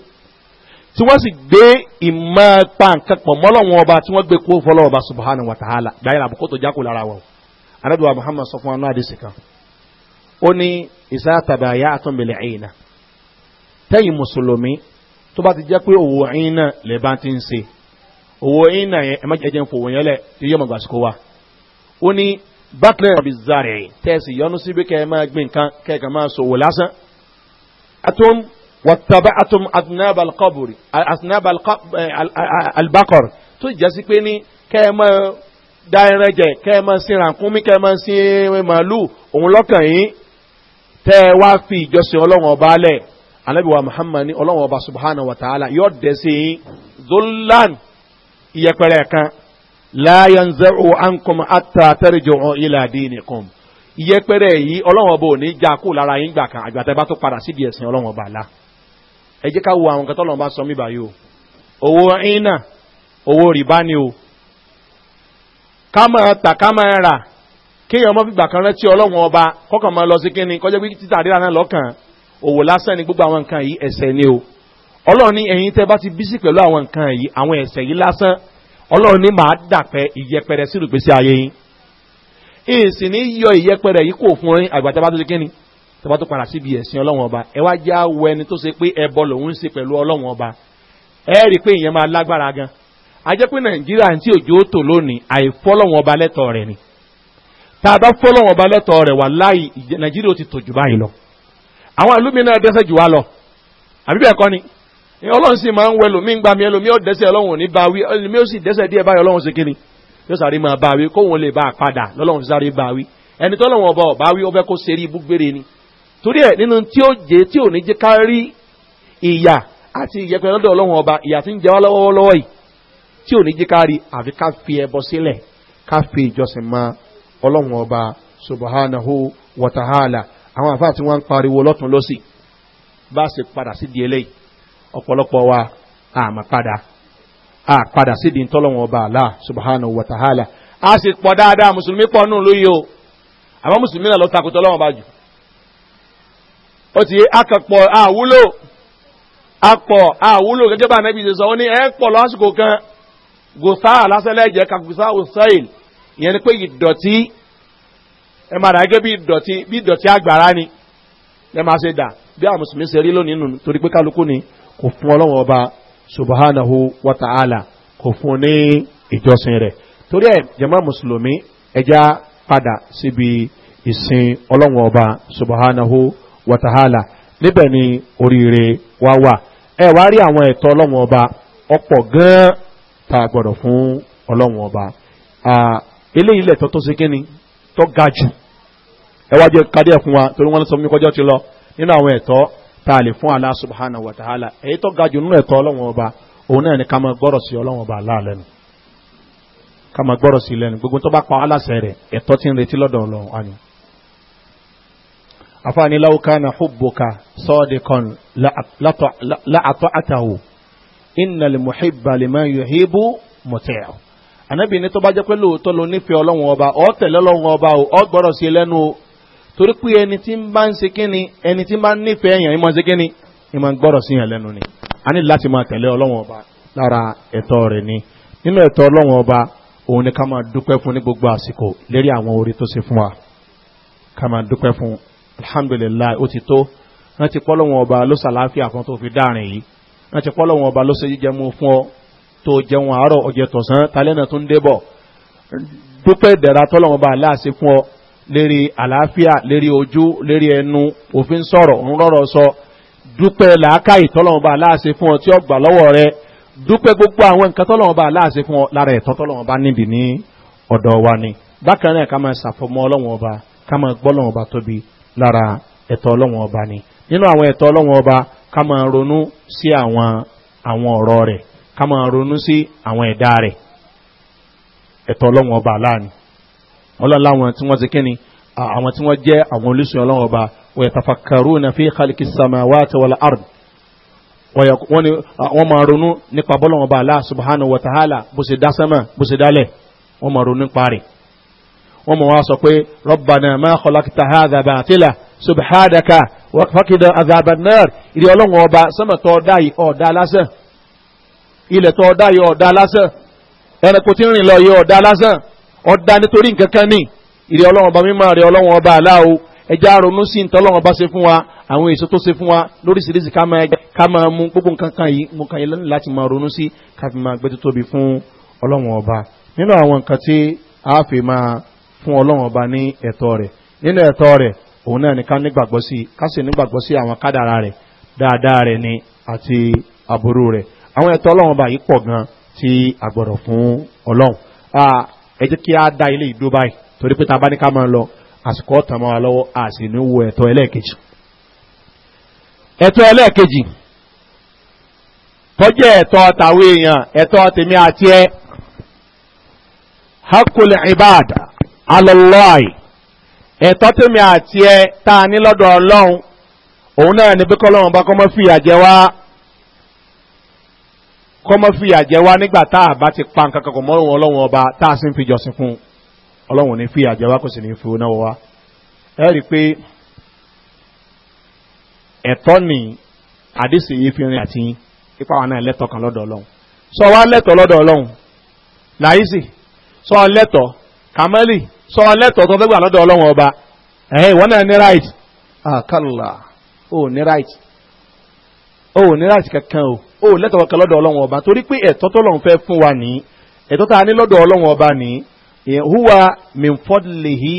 tí wọ́n sì gbé ìmọ̀ pa nǹkan pọ̀ mọ́ ọlọ́wọ́n ọba tí wọ́n gbé kó ìsáàtàdà ayá àtúnbẹ̀lẹ̀ ẹ̀yìnà tẹ́yìn mùsùlùmí tó bá ti jẹ́ pé òwò ẹ̀yìnà lè bá ti ń se òwò ẹ̀yìnà yẹn ẹ̀mọ́ jẹjẹ ń fòwò yẹn lẹ̀ tí yọmọ gbà síkó wa ó ní bákẹ́rẹ́ ọ̀bí zàrẹ̀ tẹ́sí yọnu sí bí kẹ́ẹ̀ máa gbé nǹkan kẹ́ẹ̀kà máa sòwò lásán atom wàtàbá atom adinabal albakor tó jẹ́ sí pé ní kẹ́ẹ̀ máa dá ẹran jẹ kẹ́ẹ̀ máa sin rànkúnmí kẹ́ẹ̀ máa sin màálù òun lọ́kàn yìí tẹ́ ẹ wá fi ìjọsìn ọlọ́run ọba alẹ̀ anábìwá muhammad ní ọlọ́run ọba subhanahu wa ta'ala yóò dẹ̀ yín zolan iyẹpẹrẹ kan láyọn zẹ́rù ankom ata tẹ́rìjọ ọ̀ ilà dínìkan iyẹpẹrẹ yìí ọlọ́run ọba ò ní já lára yín gbà kan àgbàtà bá tó padà di ẹ̀sìn ọlọ́run ọba la ẹ jẹ́ ká wo àwọn kan bá sọ mí báyìí o owó ẹ̀yìn náà owó rìbá ni kéèyàn mọ́ fìgbà kan rántí ọlọ́run ọba kọ́kàn máa lọ sí kínní kọjá pé títà àdéhà náà lọ́kàn òwò lásán ni gbogbo àwọn nǹkan yìí ẹ̀sẹ̀ ni o ọlọ́run ní ẹ̀yin tẹ́ bá ti bísí pẹ̀lú àwọn nǹkan yìí àwọn ẹ̀sẹ̀ yìí lásán ọlọ́run ní màá dàpẹ́ ìyẹpẹrẹ sí ìrùpèsè ayé yín ìsìn ní yọ ìyẹpẹrẹ yìí kò fún yín àgbà tẹ́ bá tó ṣe kínní tẹ́ bá tó padà síbi ẹ̀sìn ọlọ́run ọba ẹ wá já wọ ẹni tó ṣe pé ẹbọ lòun ṣe pẹ̀lú ọlọ́run ọba ẹ rí i pé ìyẹn máa lágbára gan a jẹ́ pé nàìjíríà tí òjò tò lónìí àìfọ́lọ́run ọba lẹ́tọ̀ọ́ rẹ̀ ni tá a bá fọ́lọ́ wọn bá lẹ́tọ̀ rẹ̀ wà láì nàìjíríà ti tòjú báyìí lọ àwọn àlùmí náà dẹ́sẹ̀ jù wá lọ àbí bẹ́ẹ̀ kọ́ ni ọlọ́run sì máa ń wẹ lómi ń gba mi ẹlòmí ó dẹ́sẹ̀ ọlọ́run ò ní bá wí ẹlòmí ó sì dẹ́sẹ̀ díẹ̀ báyìí ọlọ́run ṣe kíni yóò sáré máa bá wí kóun lè bá a padà lọ́lọ́run sáré bá wí ẹni tó lọ́wọ́ ọba ọba wí ó fẹ́ kó ṣeré ibú gbére ni torí ẹ̀ nínú tí ó jẹ́ tí ò ní jẹ́ ká rí ìyà àti ìyẹpẹ lọ́dọ̀ ọlọ́run ọba ìyà tí ń jẹ wá lọ́wọ́lọ́wọ́ yìí tí ò ní jẹ́ ká rí àfi ká fi ẹbọ sílẹ̀ ká fi ìjọsìn máa ọlọ́run ọba subahánahu wọ̀tàhálà àwọn àfáà tí wọ́n ń pariwo lọ́tún lọ́sì bá sì padà sí di eléyìí ọ̀pọ̀lọpọ̀ wa àmà padà a padà sí di ntọ́lọ́run ọba àlá subahánahu wọ̀tàhálà a sì pọ̀ dáadáa mùsùlùmí pọ̀ nù lóyè o àmọ́ mùsùlùmí náà lọ takùtọ̀ ọlọ́run ọba jù ó ti akọ̀pọ̀ gòsáà lásẹ̀lẹ̀ jẹ́ kàgùsá òsáìlì ìyẹn ni pé ìdọ̀tí ẹ máa dà gẹ́gẹ́ bí ìdọ̀tí bí ìdọ̀tí àgbàrá ni ẹ máa ṣe dà bí àwọn mùsùlùmí ṣe rí lónìí nù torí pé kálukú ni kò fún ọlọ́wọ́n ọba subahánahu wataala kò fún ní ìjọsìn rẹ̀ torí ẹ jẹ̀mọ́ mùsùlùmí ẹja padà síbi ìsìn ọlọ́wọ́n ọba subahánahu wataala níbẹ̀ ni oríire wá wà ẹ wá rí àwọn ẹ̀tọ́ ọlọ́wọ́n ọba ọ̀pọ̀ gan-an tá a gbọ́dọ̀ fún ọlọ́wọ́n ọba eléyìí lẹ̀tọ́ tó ṣe kíni tó ga jù ẹ wá jẹ́ kádé ẹ̀kún wa torí wọ́n sọ mi kọjá ti lọ nínú àwọn ẹ̀tọ́ tá a lè fún Allah subhanahu wa ta'ala èyí tó ga jù nínú ẹ̀tọ́ ọlọ́wọ́n ọba òun náà ni ká máa gbọ́rọ̀ sí ọlọ́wọ́n ọba aláàlẹ́nu ká máa gbọ́rọ̀ sí lẹ́nu gbogbo tó bá pa aláṣẹ rẹ̀ ẹ̀tọ́ ti ń retí lọ́dọ̀ ọlọ́run àná afaani law kana hubbuka sadiqan la ata'atahu innal muhibba liman yuhibbu muti'u ànábì ní tó bá jẹ́ pé lóòótọ́ ló nífẹ̀ẹ́ ọlọ́run ọba ọ̀ tẹ̀lé ọlọ́run ọba o gbọ́dọ̀ sí lẹ́nu o torí pé ẹni tí ń bá ń se kíni ẹni tí ń bá nífẹ̀ẹ́ yàn ìmọ̀ se kíni ìmọ̀ gbọ́dọ̀ sí yàn lẹ́nu ni a ní láti máa tẹ̀lé ọlọ́run ọba lára ẹ̀tọ́ rẹ̀ ni nínú ẹ̀tọ́ ọlọ́run ọba òun ni ká máa dúpẹ́ fún ní gbogbo àsìkò lérí àwọn orí tó ṣe fún wa ká máa dúpẹ́ fún alhamdulilayi ó ti tó wọ́n ti pọ́ lọ́wọ́n ọba ló ṣàlàáfíà fún tó fi dáàrin yìí wọ́n ti pọ́ lọ́wọ́n ọba ló ṣe jíjẹ mú fún ọ tó jẹun àárọ̀ ọjẹ́ tọ̀sán talẹ́nà tó ń débọ̀ dúpẹ́ ìdẹ̀ra tọ́lọ́mọba aláàṣẹ fún ọ lérí àlàáfíà lérí ojú lérí ẹnu òfin sọ̀rọ̀ ń rọ̀rọ̀ sọ dúpẹ́ làákàyè tọ́lọ́mọba aláàṣẹ fún ọ tí ó gbà lọ́wọ́ rẹ dúpẹ́ gbogbo àwọn nǹkan tọ́lọ́mọba aláàṣẹ fún ọ lára ẹ̀tọ́ tọ́lọ́mọba níbi ní ọ̀dọ̀ wa ni bákan náà ká máa ṣàfọmọ́ ọlọ́wọ́n ká máa gbọ́ ọlọ́wọ́n tóbi lára ẹ̀tọ́ ọlọ́wọ́n ni nínú àwọn ẹ̀tọ́ ọlọ́wọ́n ká máa ronú sí àwọn àwọn ọ̀rọ̀ rẹ̀ ká máa ronú sí àwọn ẹ̀dá rẹ̀ ẹ̀tọ́ ọlọ́run ọba láàánú ọlọ́run àwọn tí wọ́n ti kíni àwọn tí wọ́n jẹ́ àwọn olùsìn ọlọ́run ọba wọ́n yẹ tafakaru na fi xaliki samawa tawala ard wọ́n máa ronú nípa bọ́lọ́run ọba aláà subhanahu wa ta'ala bó ṣe dásánmà bó ṣe dálẹ̀ wọ́n máa ronú nípa rẹ̀ wọ́n mọ̀ wá sọ pé rọ́bànà máa kọlákítà ha àdàbà subhanaka wàkìdà àdàbà náà ìrì ọlọ́run ọba sọ́mọ̀tọ́ dáì ọ̀dá lásán ilẹ̀ tó ọ̀dá yọ ọ̀dá lásán ẹranko tí ń rìn lọ yọ ọ̀dá lásán ọ̀dá nítorí nǹkan kan ní ìrẹ̀ ọlọ́run ọba mímọ́ rẹ̀ ọlọ́run ọba aláwo ẹja ronú sí nǹkan ọlọ́run ọba ṣe fún wa àwọn èso tó ṣe fún wa lóríṣiríṣi ká máa mú gbogbo nǹkan kan yìí mo kàn yín láti máa ronú sí ká fi máa gbé títóbi fún ọlọ́run ọba nínú àwọn nǹkan tí a fi máa fún ọlọ́run ọba ní ẹ̀tọ́ rẹ̀ nínú ẹ̀tọ́ rẹ̀ òun náà ní ká nígbàgbọ́ sí ká sì nígbàgbọ́ sí àwọn kádàrà rẹ̀ dáadáa rẹ̀ ni àti àbúrò rẹ̀ àwọn ẹ̀tọ́ ọlọ́run bá yìí pọ̀ gan tí a gbọ́dọ̀ fún ọlọ́run ẹ jẹ́ kí a dá ilé ìdó báyìí torí pé ta bá ní ká máa lọ àsìkò ọ̀tàn máa lọ́wọ́ a sì ní wo ẹ̀tọ́ ẹlẹ́ẹ̀kejì ẹ̀tọ́ ẹlẹ́ẹ̀kejì tọ́jú ẹ̀tọ́ tàwé èèyàn ẹ̀tọ́ tèmi àti ẹ hakul ibad alọ́láì ẹ̀tọ́ tèmi àti ẹ tá ní lọ́dọ̀ ọlọ́run òun náà ní bí kọ́lọ́run bá kọ́ mọ́ fìyà jẹ wá kọ́mọ́ fi àjẹ́ wá nígbà tá a bá ti pa nǹkan kankan mọ́ òun ọlọ́run ọba tá a sì ń fi jọsìn fún un ọlọ́run ní fi àjẹ́ wá kò sì ní fi oná wá ẹ rí i pé ẹ̀tọ́ ni àdéṣe yìí fi rin àti ipa wa náà lẹ́tọ̀ kan lọ́dọ̀ ọlọ́run sọ wá lẹ́tọ̀ lọ́dọ̀ ọlọ́run láyísì sọ lẹ́tọ̀ kàmẹ́lì sọ lẹ́tọ̀ tó fẹ́ gbà lọ́dọ̀ ọlọ́run ọba ẹ̀hẹ́ ìwọ náà ní right ah kàlá oh ní right. o ò ní láti kankan o o ò lẹ́tọ̀ọ́ kan lọ́dọ̀ ọlọ́run ọba torí pé ẹ̀tọ́ tọ́lọ́run fẹ́ fún wa ní ẹ̀tọ́ tá a ní lọ́dọ̀ ọlọ́run ọba ní huwa minfọ́dìlìhì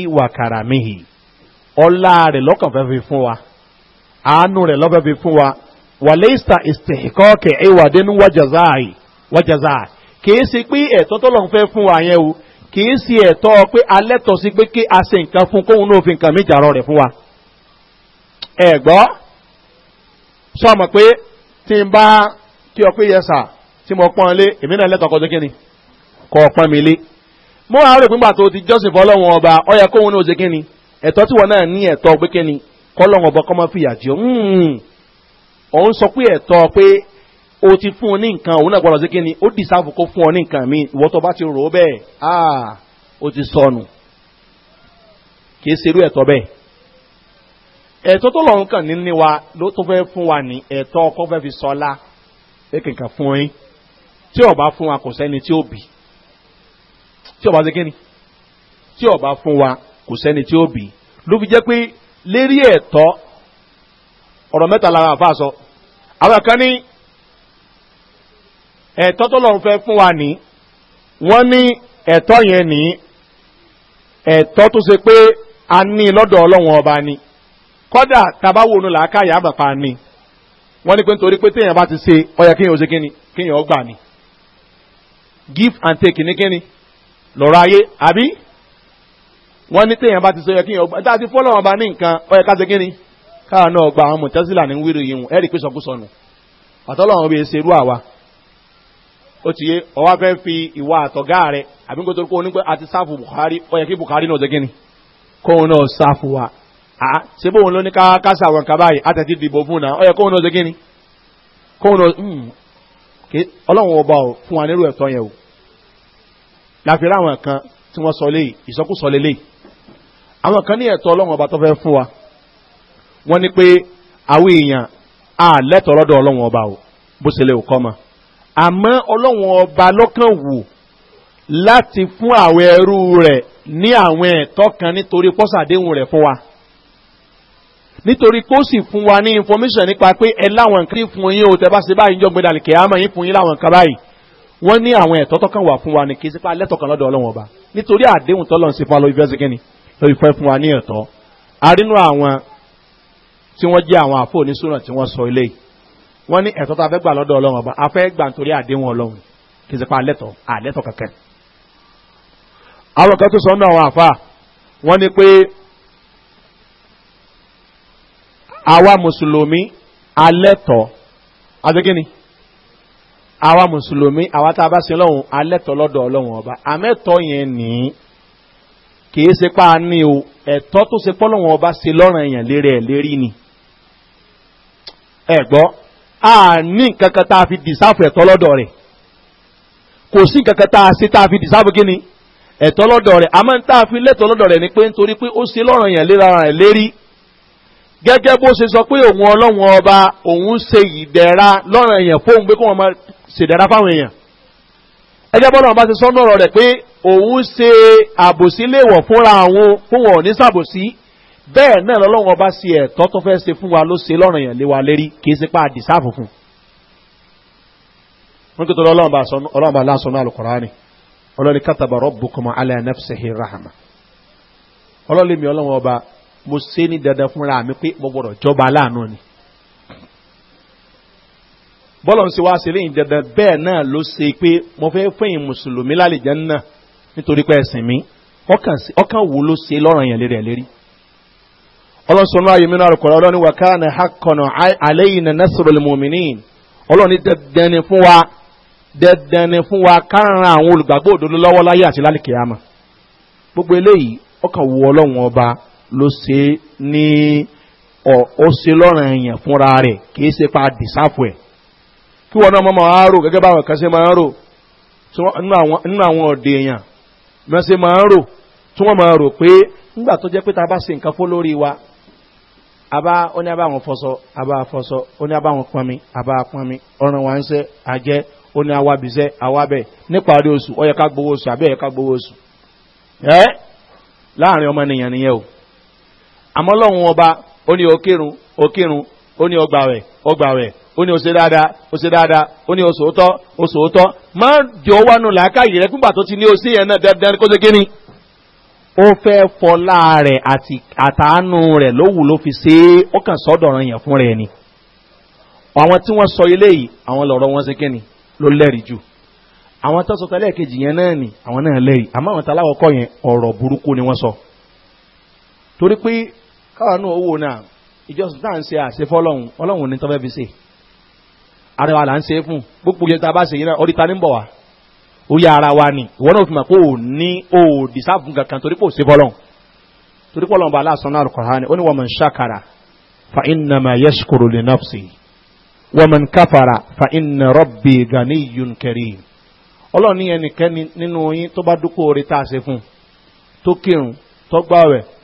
ọlá rẹ̀ lọ́kàn fẹ́ wa àánú rẹ̀ lọ́fẹ́ fi fún wa sí pé o kìí sí ẹ̀tọ́ pé alẹ́tọ̀ sí pé kí a se nǹkan fún kóhun wa ẹ̀gbọ́n sọ mọ̀ pé tí n bá kí ọ pé yẹ sà tí mo pọ́n lé èmi náà lẹ́tọ̀ọ́ kọjọ́ kíni kọ́ pọ́n mi lé mo wà rò pínpà tó ti jọ́sìn fọlọ́wọ́n ọba ọ kóhun náà ṣe kíni ẹ̀tọ́ tí wọn náà ní ẹ̀tọ́ pé kíni kọ́lọ́wọ́n ọba kọ́ mọ́ fìyà jẹ́ hmm. òun sọ pé ẹ̀tọ́ pé o ti fún un ní nǹkan òun náà gbọ́dọ̀ sí kíni ó dì sáfù kó fún ọ ní nǹkan mi ìwọ́ tó bá ti rò ó bẹ́ẹ̀ ah, ó ti sọnù kì í ṣerú ẹ̀tọ́ bẹ́ẹ̀ ẹ̀tọ́ tó lọ́n kàn ní ní wa ló tó fẹ́ fún wa ní ẹ̀tọ́ ọkọ fẹ́ fi sọlá ẹ̀kẹ̀kẹ̀ fún yín tí ọba fún wa kò sẹ́ni tí ó bì tí ọba ṣe ni tí ọba fún wa kò sẹ́ni tí ó bì ló fi jẹ́ pé lérí ẹ̀tọ́ ọ̀rọ̀ mẹ́ta lára àfa sọ àwọn kan ní ẹ̀tọ́ tó lọ́n fẹ́ fún wa ní wọ́n ní ẹ̀tọ́ yẹn ní ẹ̀tọ́ tó ṣe pé a ní lọ́dọ̀ ọlọ́run ọba ni. Etọ́ kọ́dà tàbá wo nu làákàyà àbàpà ni wọ́n ní pé nítorí pé téèyàn bá ti ṣe ọyà kéèyàn ó ṣe kíni kéèyàn ó gbà ni give and take ní kíni lọ́rọ̀ ayé àbí wọ́n ní téèyàn bá ti ṣe ọyà kéèyàn ó gbà tá a ti fọ́lọ́ wọn bá ní nǹkan ọyà ká ṣe kíni káà náà gba àwọn mọ̀tẹ́sílà ní wíìrì yìí hùn ẹ̀rí pé sọkúsọ nù àtọ́lọ́wọ́n bí ṣe irú àwa ó ti yé ọwá fẹ́ fi ìwà àtọ̀gá rẹ̀ àbí kó tó kó o ní pé àti sáfù buhari ọyà kí buhari náà ṣe kíni kóun náà sáfù wa Ah, ṣe bóun ló ní ká kásà àwọn kaba yìí àtẹ̀tí dìbò fún náà ọ̀yẹ̀ kóun ló ṣe kí ni kóun ló hmm. ọlọ́run ọba ò fún wa nírú ẹ̀tọ́ yẹn o láfi rí àwọn kan tí wọ́n sọ léyìí ìsọkúsọ lélẹ́yìí àwọn kan ní ẹ̀tọ́ ọlọ́run ọba tó fẹ́ fún wa wọ́n ní pé àwọn èèyàn á lẹ́tọ̀ọ́ lọ́dọ̀ ọlọ́run ọba o bó ṣe lè kọ́ mọ́ àmọ́ ọlọ́run ọba lọ́kàn wò láti nítorí pé ó sì fún wa ní information nípa pé ẹ láwọn nǹkan fún yín o tẹ bá ṣe báyìí jọ gbẹdàlì kẹhámà yín fún yín láwọn nǹkan báyìí wọ́n ní àwọn ẹ̀tọ́ tọ́kàn wà fún wa ní kí sípa alẹ́tọ̀kan lọ́dọ̀ ọlọ́wọ́n ọba nítorí àdéhùn tọ́lọ́ ń ṣe fún wa lórí fẹ́sẹ̀ kínní lórí fẹ́ fún wa ní ẹ̀tọ́ arínú àwọn tí wọ́n jẹ́ àwọn àfọ oníṣúná tí wọ́n sọ ilé wọ́n ní ẹ̀tọ́ tá a fẹ́ gbà lọ́dọ̀ ọlọ́wọ́n ọba a fẹ́ àwa mùsùlùmí alẹ́tọ̀ adékíní àwa mùsùlùmí àwa tá a bá sin lọ́hùn alẹ́tọ̀ lọ́dọ̀ ọlọ́hùn ọba àmẹ́tọ̀ yẹn nìyí kìí ṣe pa á ní o ẹ̀tọ́ tó ṣe pọ́lọ́wọ́n ọba ṣe lọ́rùn èèyàn lérí ẹ̀ lérí ni ẹ̀gbọ́ a ní nǹkan kan tá a fi dìsáfù ẹ̀tọ́ lọ́dọ̀ rẹ̀ kò sí nǹkan kan tá a ṣe tá a fi dìsáfù kí ni ẹ̀tọ́ lọ́dọ̀ rẹ̀ àmọ́ tá a fi lẹ́tọ̀ lọ́dọ̀ rẹ̀ ni pé nítorí pé ó ṣe lọ́rùn èèyàn léra rẹ̀ lérí gẹ́gẹ́ bó ṣe sọ pé òun ọlọ́run ọba òun ṣe ìdẹ̀ra lọ́rọ̀ èèyàn fóun pé kó wọn máa ṣèdẹ̀ra fáwọn èèyàn ẹgbẹ́ bọ́lá ọba ṣe sọ́nà ọ̀rọ̀ rẹ̀ pé òun ṣe àbòsí léèwọ̀ fúnra àwọn fún bẹ́ẹ̀ náà ọba ṣe ẹ̀tọ́ tó fẹ́ ṣe fún wa ló ṣe lọ́rọ̀ èèyàn lé wa lérí kì í ṣe pa mo ṣe ní dandan fúnra mi pé mo gbọdọ̀ jọba láàánú ni bọ́lọ̀ ń ṣe wá sílé ìdandan bẹ́ẹ̀ náà ló ṣe pé mo fẹ́ fẹ́yìn mùsùlùmí lálejẹ́ náà nítorí pé ẹ̀sìn mi ọkàn wo ló ṣe lọ́rọ̀ yẹn lérí ẹ̀ lérí ọlọ́sọ̀nù ayémínú àrùkọ̀rọ̀ ọlọ́ni wà ká ní hakọ̀nà àlẹ́yìn náà sọ̀rọ̀ lẹ́mọ̀mìnì ọlọ́ni dandan ni fún wa dandan ni fún wa kárànà ló ṣe ní ó ṣe lọ́rùn èèyàn fúnra rẹ̀ kì í ṣe pa dìsáfù ẹ̀ kí wọn náà máa máa gẹ́gẹ́ bá kan ṣe máa ń rò nínú àwọn ọ̀dẹ̀ èèyàn bí máa ń rò tí wọ́n máa rò pé nígbà tó jẹ́ pé bá lórí wa abá fọsọ abá fọsọ abáwọn pọnmi abá pọnmi ń oṣù o àmọ́ lọ́hùn ọba ó ní òkèrún òkèrún ó ní ọgbàwẹ̀ ọgbàwẹ̀ ó ní ose dáadáa ose dáadáa ó ní osòótọ́ osòótọ́ má jọ wánu làákàyè rẹ fúngbà tó ti ní ose yẹn náà dandan kó ṣe kí ni. ó fẹ́ fọlá rẹ̀ àti àtàánú rẹ̀ lówù ló fi ṣe é ó kàn sọ́dọ̀ ọ̀ràn yẹn fún rẹ̀ ni. àwọn tí wọ́n sọ ilé yìí àwọn lọ̀rọ̀ wọn ṣe kí ni ló lẹ́rìí jù àwọn tó sọ tẹ́lẹ̀ kejì yẹn náà ni àwọn náà lẹ́rìí àmọ́ àwọn taláwọ̀ yẹn ọ̀rọ̀ burúkú ni wọ́n sọ torí pé káwọn náà owó náà ìjọsìn tá à ń ṣe àṣẹ fọlọ́hún ọlọ́hún ní tọ́fẹ́ fi ṣe ara wa là ń ṣe fún gbogbo ìjọba tá a bá ṣe yìí náà orí ta ní bọ̀ wá orí ara wa ni ìwọ náà fi mọ̀ pé ò ní ò dìsáàfù kankan torí pé ṣe fọlọ́hún torí pé ọlọ́hún bá aláṣán náà kọ̀ hánì ó ní wọ́n mọ̀ ń ṣàkàrà fa iná ma yẹ ṣukuru lè nọ́ọ̀sì wọ́n mọ̀ ń káfàrà fa iná rọ́bì gani kẹrì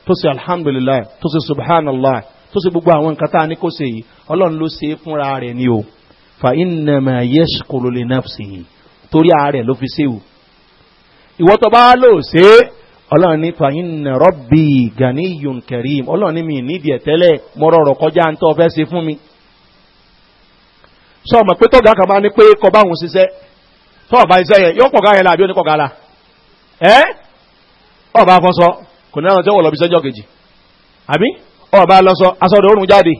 tó ṣe alhamdulilayi tó ṣe subhanallah tó ṣe gbogbo àwọn nǹkan tá a ní kó ṣe yìí ọlọ́run ló ṣe é fúnra rẹ̀ ni o fa innama yashkuru li nafsihi torí ààrẹ ló fi ṣéwù ìwọ́ tó bá lò ṣe é ọlọ́run ní fa inna rabbi ganiyun karim ọlọ́run ní mi nídìí ẹ̀tẹ́lẹ̀ mọ́rọ̀rọ̀ kọjá ń tọ́ fẹ́ ṣe fún mi sọ ma pé tọ́gà kan máa ní pé kọ báwọn ṣiṣẹ́ tọ́ọ̀bá iṣẹ́ yẹn yóò kọ̀gá kò ní àwọn tí wọ́n lọ bí sẹ́jọ́ kejì àbí ọba lọ́sọ asọ́dọ̀ òórùn jáde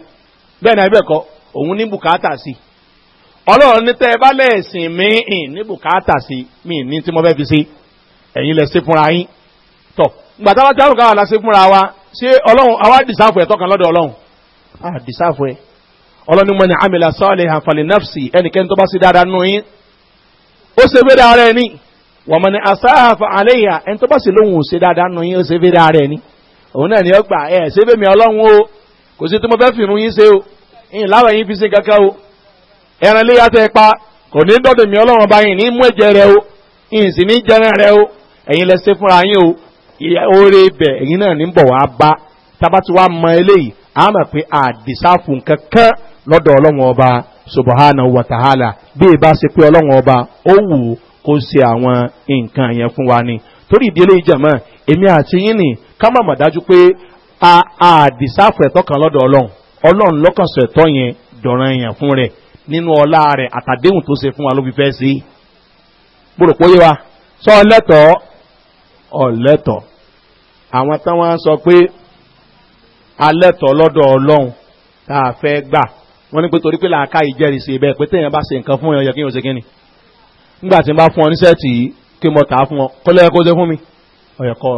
bẹ́ẹ̀ ni àbẹ́ẹ̀kọ́ òun ní bùkátà sí ọlọ́run ní tẹ́ ẹ bá lẹ́ẹ̀sìn ní bùkátà sí mí ní tí mo fẹ́ fi sí ẹ̀yin lẹ sí fúnra yín tọ̀ gbàtà la sí wa ṣé ọlọ́run àwa dìsáfù ẹ̀ tọ́kan lọ́dọ̀ ọlọ́run à dìsáfù ẹ̀ ọlọ́run mọ̀ ní amìlà sọ́ọ̀lì àǹfààní nọ́ọ̀sì ẹnikẹ́ni tó bá sí dáadáa ó ṣe fẹ́ dáadáa ẹ̀ wọ́n mọ̀ ní asáàfà àléyà ẹni tó bá sì lóhùn ṣe dáadáa nù yín ó ṣe fi ra rẹ̀ ni òun náà ni ó gbà ẹ̀ ṣe fèmí ọlọ́run o kò sí tí mo fẹ́ fìrun yín ṣe o ìyìn láwọn yín fi ṣe kankan o ẹran ilé yàtọ̀ pa kò ní dọ́dọ̀ mi ọlọ́run bá yìn ní mú ẹ̀jẹ̀ rẹ o ìyìn sì ní jẹran rẹ o ẹ̀yin lẹ ṣe fúnra yín o oore ibẹ̀ ẹ̀yin náà ní bọ̀ wá bá tábà tí mọ eléyìí a pé àdìsáfù kó ṣe àwọn nǹkan yẹn fún wa ni torí ìdílé ìjẹ̀mọ́ èmi àti yín ni ká má mọ̀ dájú pé a àdìsáfù ẹ̀tọ́ kan lọ́dọ̀ ọlọ́run ọlọ́run lọ́kànṣọ ẹ̀tọ́ yẹn dọ̀ràn èèyàn fún rẹ̀ nínú ọlá rẹ̀ àtàdéhùn tó ṣe fún wa ló fi fẹ́ sí i gbọ́dọ̀ pé yé wa sọ ọlẹ́tọ̀ ọlẹ́tọ̀ àwọn táwọn sọ pé alẹ́tọ̀ lọ́dọ̀ ọlọ́run tá a fẹ́ gbà wọ́n ní pé torí pé làákà ìjẹ́rìí sí ibẹ̀ pé téèyàn bá ṣe nǹkan fún ẹ̀yọ́ kí n ò ṣe kí ni nígbà tí n bá fún ọ ní sẹ́ẹ̀tì yìí kí mo tà á fún ọ kó lẹ́yìn ṣe fún mi ọ̀yẹ̀ kọ́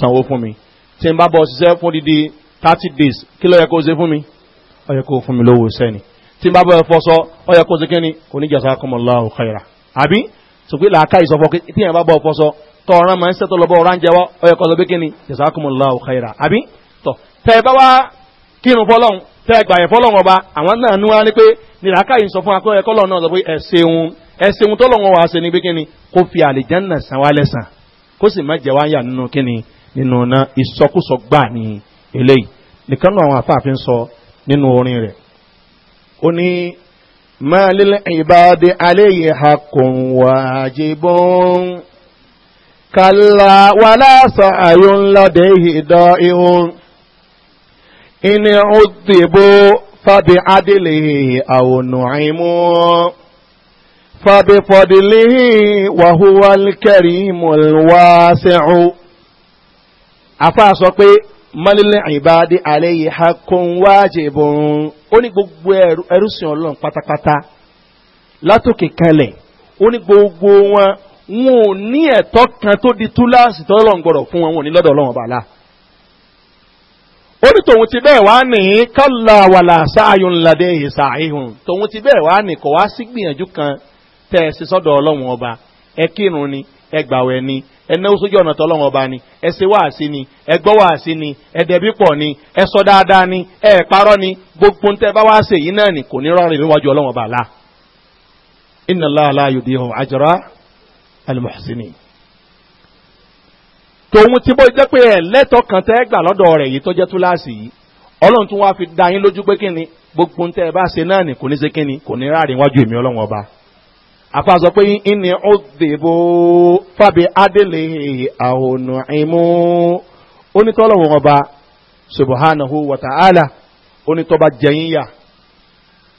sanwó fún mi tí n bá bọ̀ ṣiṣẹ́ fún dídí thirty days kí lọ́yẹ̀ kó ṣe fún mi ọ̀yẹ̀ kó fún mi lówó sẹ́ni tí n bá bọ̀ ẹ̀ fọṣọ ọ̀yẹ̀ kó ṣe kí ni oníjàsá kọ́mọlá òkàìrà àbí sùgbọ́n làákà ìsọ̀fọ́ tí yẹn bá bọ̀ fọṣọ tọ̀ọ̀rán máa ń sẹ́tọ̀ lọ́bọ̀ ọ̀rán jẹ́wọ́ ọ̀yẹ̀ ni jàsá kọ́mọlá òkàìrà àbí tọ̀ tẹ́ ẹ bá wá kírun fọlọ́run tẹ́ ẹ gbàyẹ̀ fọlọ́run ọba àwọn náà níwá ní pé ní làákà ìsọ̀fọ́ akọ́yẹ̀kọ́lọ́ náà ẹ̀sìn tó lọ́wọ́ wa ṣe ni pé kíni kó fi àlìjánà san wá lẹ́sàn kó sì má jẹ́ wá yà nínú kíni nínú náà ìsọkúsọ gbà ní eléyìí nìkan náà àwọn afáàfin sọ nínú orin rẹ̀ ó ní máa lílẹ̀ ìbáde aléyè hakùn wàjibọ́n kàlà wà láàṣọ àyò ńlá dé ìdọ́ ihun ìní ó dìbò fábí adélè àwòrán àìmọ́. فبفضله وهو الكريم الواسع afa sọ pé mọ́lẹ́lẹ́ ìbáde Aleyi hakun wájibun ó ní gbogbo ẹrúsìn ọlọ́run pátápátá látòkè kalẹ̀ ó ní gbogbo wọn wọn ò ní kan tó di túláàsì tọ́lọ́run gbọ́dọ̀ fún wọn wọn ní lọ́dọ̀ ọlọ́run bàlá ó ní tòun ti bẹ́ẹ̀ wá ní kọ́lá wàlà sáàyùn ládé ìsàáhùn tòun ti bẹ́ẹ̀ wá ní kan tẹ́ ẹ sí sọ́dọ̀ ọlọ́run ọba ẹ kírun ni ẹ gbàwẹ̀ ni ẹ náwó sójú ọ̀nà tọ́lọ́run ọba ni ẹ ṣe wáàsí ni ẹ gbọ́ wáàsí ni ẹ dẹ̀bí pọ̀ ni ẹ sọ dáadáa ni ẹ parọ́ ni gbogbo tẹ́ bá wá ṣe yìí náà ni kò ní rọrùn níwájú ọlọ́run ọba la iná láàlá yòdì hàn àjọra alimuhasini. tòun ti bó jẹ́ pé ẹ lẹ́tọ̀ọ́ kan tẹ́ gbà lọ́dọ̀ rẹ̀ yìí tó jẹ́ yìí ọlọ́run tún wá fi da yín lójú pé kíni gbogbo tẹ́ bá ṣe náà ni kò ní ṣe kíni kò ní ráàrin wájú èmi ọlọ́run ọba àfa sọ pé ìní ó dìbò fàbí adélé àhónú ìmú onítọ́lọ́wọ́n ọba subahánahu wàtàhálà onítọ́ba jẹ̀yìn yà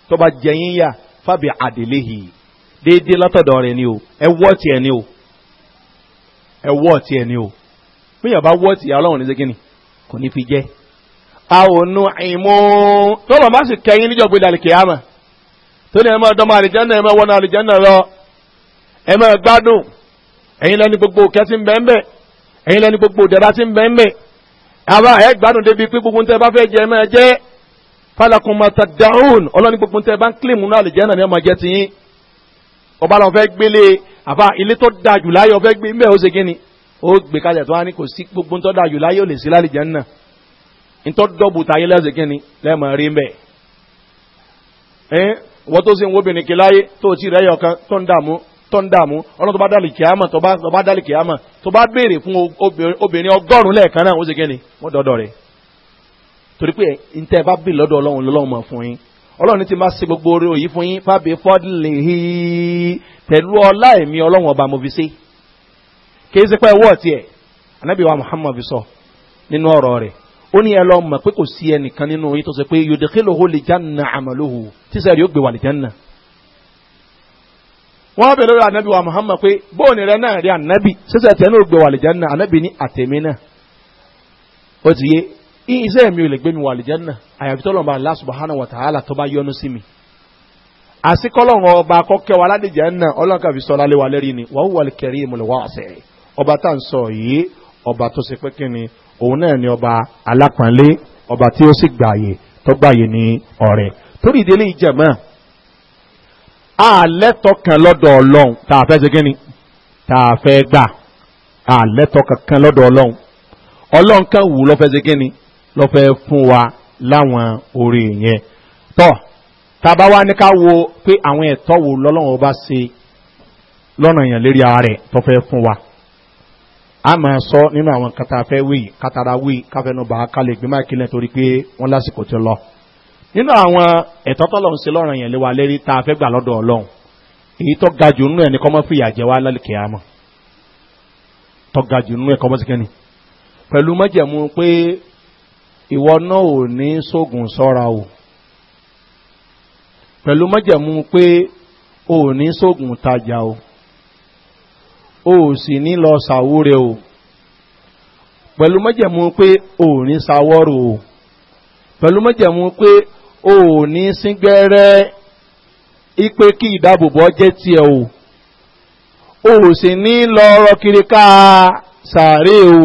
tọ́ba jẹ̀yìn yà fàbí adélé yìí déédéé látọ̀dọ̀ rẹ̀ ni o ẹ wọ́ tiẹ̀ ni o ẹ wọ́ tiẹ̀ ni o fíyàn bá wọ́ tiẹ̀ ọlọ́run ní sẹ́kìnì kò ní fi jẹ́ àhónú ìmú tọ́lọ̀ bá sì kẹ́yìn níjọ́ gbé dalẹ̀ kìámà tó ní ẹ máa dọ́mọ àlìjẹ́nà ẹ máa wọnà àlìjẹ́nà lọ ẹ máa gbádùn ẹ̀yin lẹ́ni gbogbo òkẹ́ tí ń bẹ ń bẹ ẹ̀yin lẹ́ni gbogbo òdẹ̀dá tí ń bẹ ń bẹ àbá ẹ gbádùn débi pé gbogbo tẹ bá fẹ́ jẹ ẹ máa fàlàkùn màtà dáhùn ọlọ́ni gbogbo tẹ bá ń kílìmù náà àlìjẹ́nà ni ẹ máa jẹ tiyín ọba lọ fẹ́ gbélé àbá ilé tó da jù láyé ọ fẹ́ gbé mbẹ́ ó ṣe kí ni ó gbé kalẹ̀ tó wá ní kò sí gbogbo tó da jù láyé ò lè sí lálìjẹ́nà ntọ́ dọ́bù táyé lẹ́sẹ̀ kí ni lẹ́ẹ̀mọ̀ rí mbẹ́ wọ́n tó sì ń wo obìnrin kí láyé tó ti rẹ̀ yọkan tó ń dààmú tó ń dààmú ọlọ́run tó bá dálì kìámà tó bá dálì kìámà tó bá béèrè fún obìnrin ọgọ́rùn-ún lẹ́ẹ̀kan náà ó sì kíni wọ́n dọ́dọ̀ rẹ̀ torí pé bá bì lọ́dọ̀ ti máa ṣe gbogbo orí òyìn fún yín fábí fọ́dìlì pẹ̀lú ọlá ẹ̀mí ọlọ́run ọba anábìwá muhammad sọ nínú ọ̀rọ̀ rẹ̀ ó ní ẹ lọ mọ̀ pé kò sí ẹnìkan nínú yín tó sọ pé yòdèkélòho lè jánà àmàlóhù tíṣẹ́ rí ó gbé wà lè jánà. wọ́n bẹ̀ lórí anabi wa muhammad pé bóòní rẹ náà rí anabi ṣẹṣẹ tẹ̀ náà ó gbé wà lè jánà anabi ní àtẹ̀mí náà. ó ti yé iṣẹ́ mi ò lè gbé mi wà lè jánà àyàfi tó lọ́nà Allah subhanahu wa ta'ala tó bá yọ́nú sí mi. àsìkọ́lọ́run ọba akọ́kẹ́ òun náà ni ọba alápọ̀nlé ọba tí ó sì gbààyè tó gbààyè ní ọ̀rẹ́ torí ìdílé ìjẹ̀mọ́ àlẹ́tọ̀ kan lọ́dọ̀ ọlọ́run tá a fẹ́ ṣe kí ni tá a fẹ́ gbà àlẹ́tọ̀ kan lọ́dọ̀ ọlọ́run ọlọ́run kan wù lọ́fẹ́ ṣe kí ni lọ́fẹ́ fún wa láwọn orí yẹn tọ́ tàbá wá ní ká wo pé àwọn ẹ̀tọ́ wo lọ́lọ́run ọba ṣe lọ́nà èèyàn lérí ara rẹ̀ tó fún wa a máa sọ nínú àwọn kata fẹ́ wí katara wí káfẹ́nu bá kálẹ̀ gbé máa kílẹ̀ torí pé wọ́n lásìkò ti lọ nínú àwọn ẹ̀tọ́ tọ́lọ̀ ń se lọ́rọ̀ yẹn léwa lérí tá a fẹ́ gbà lọ́dọ̀ ọlọ́run èyí tó ga jù nínú ẹ̀ ní kọ́mọ́ fìyà jẹ wá lálùkẹ́ àmọ́ tó ga jù nínú ẹ̀ kọ́mọ́ sí kẹ́ni pẹ̀lú mọ́jẹ̀mú pé ìwọ náà ò ní sógun sọ́ra o pẹ̀lú mọ́jẹ̀mú pé ò ní sógun tajà o. o sì ní lọ sàwó rẹ o pẹ̀lú mọ́jẹ̀mú pé o ní o pẹ̀lú mọ́jẹ̀mú pé o ní síngbẹ́rẹ́ ipe kí ìdáàbòbọ̀ jẹ́ tiẹ̀ o o sì ní lọ ọrọ̀ kiri ká sàárè o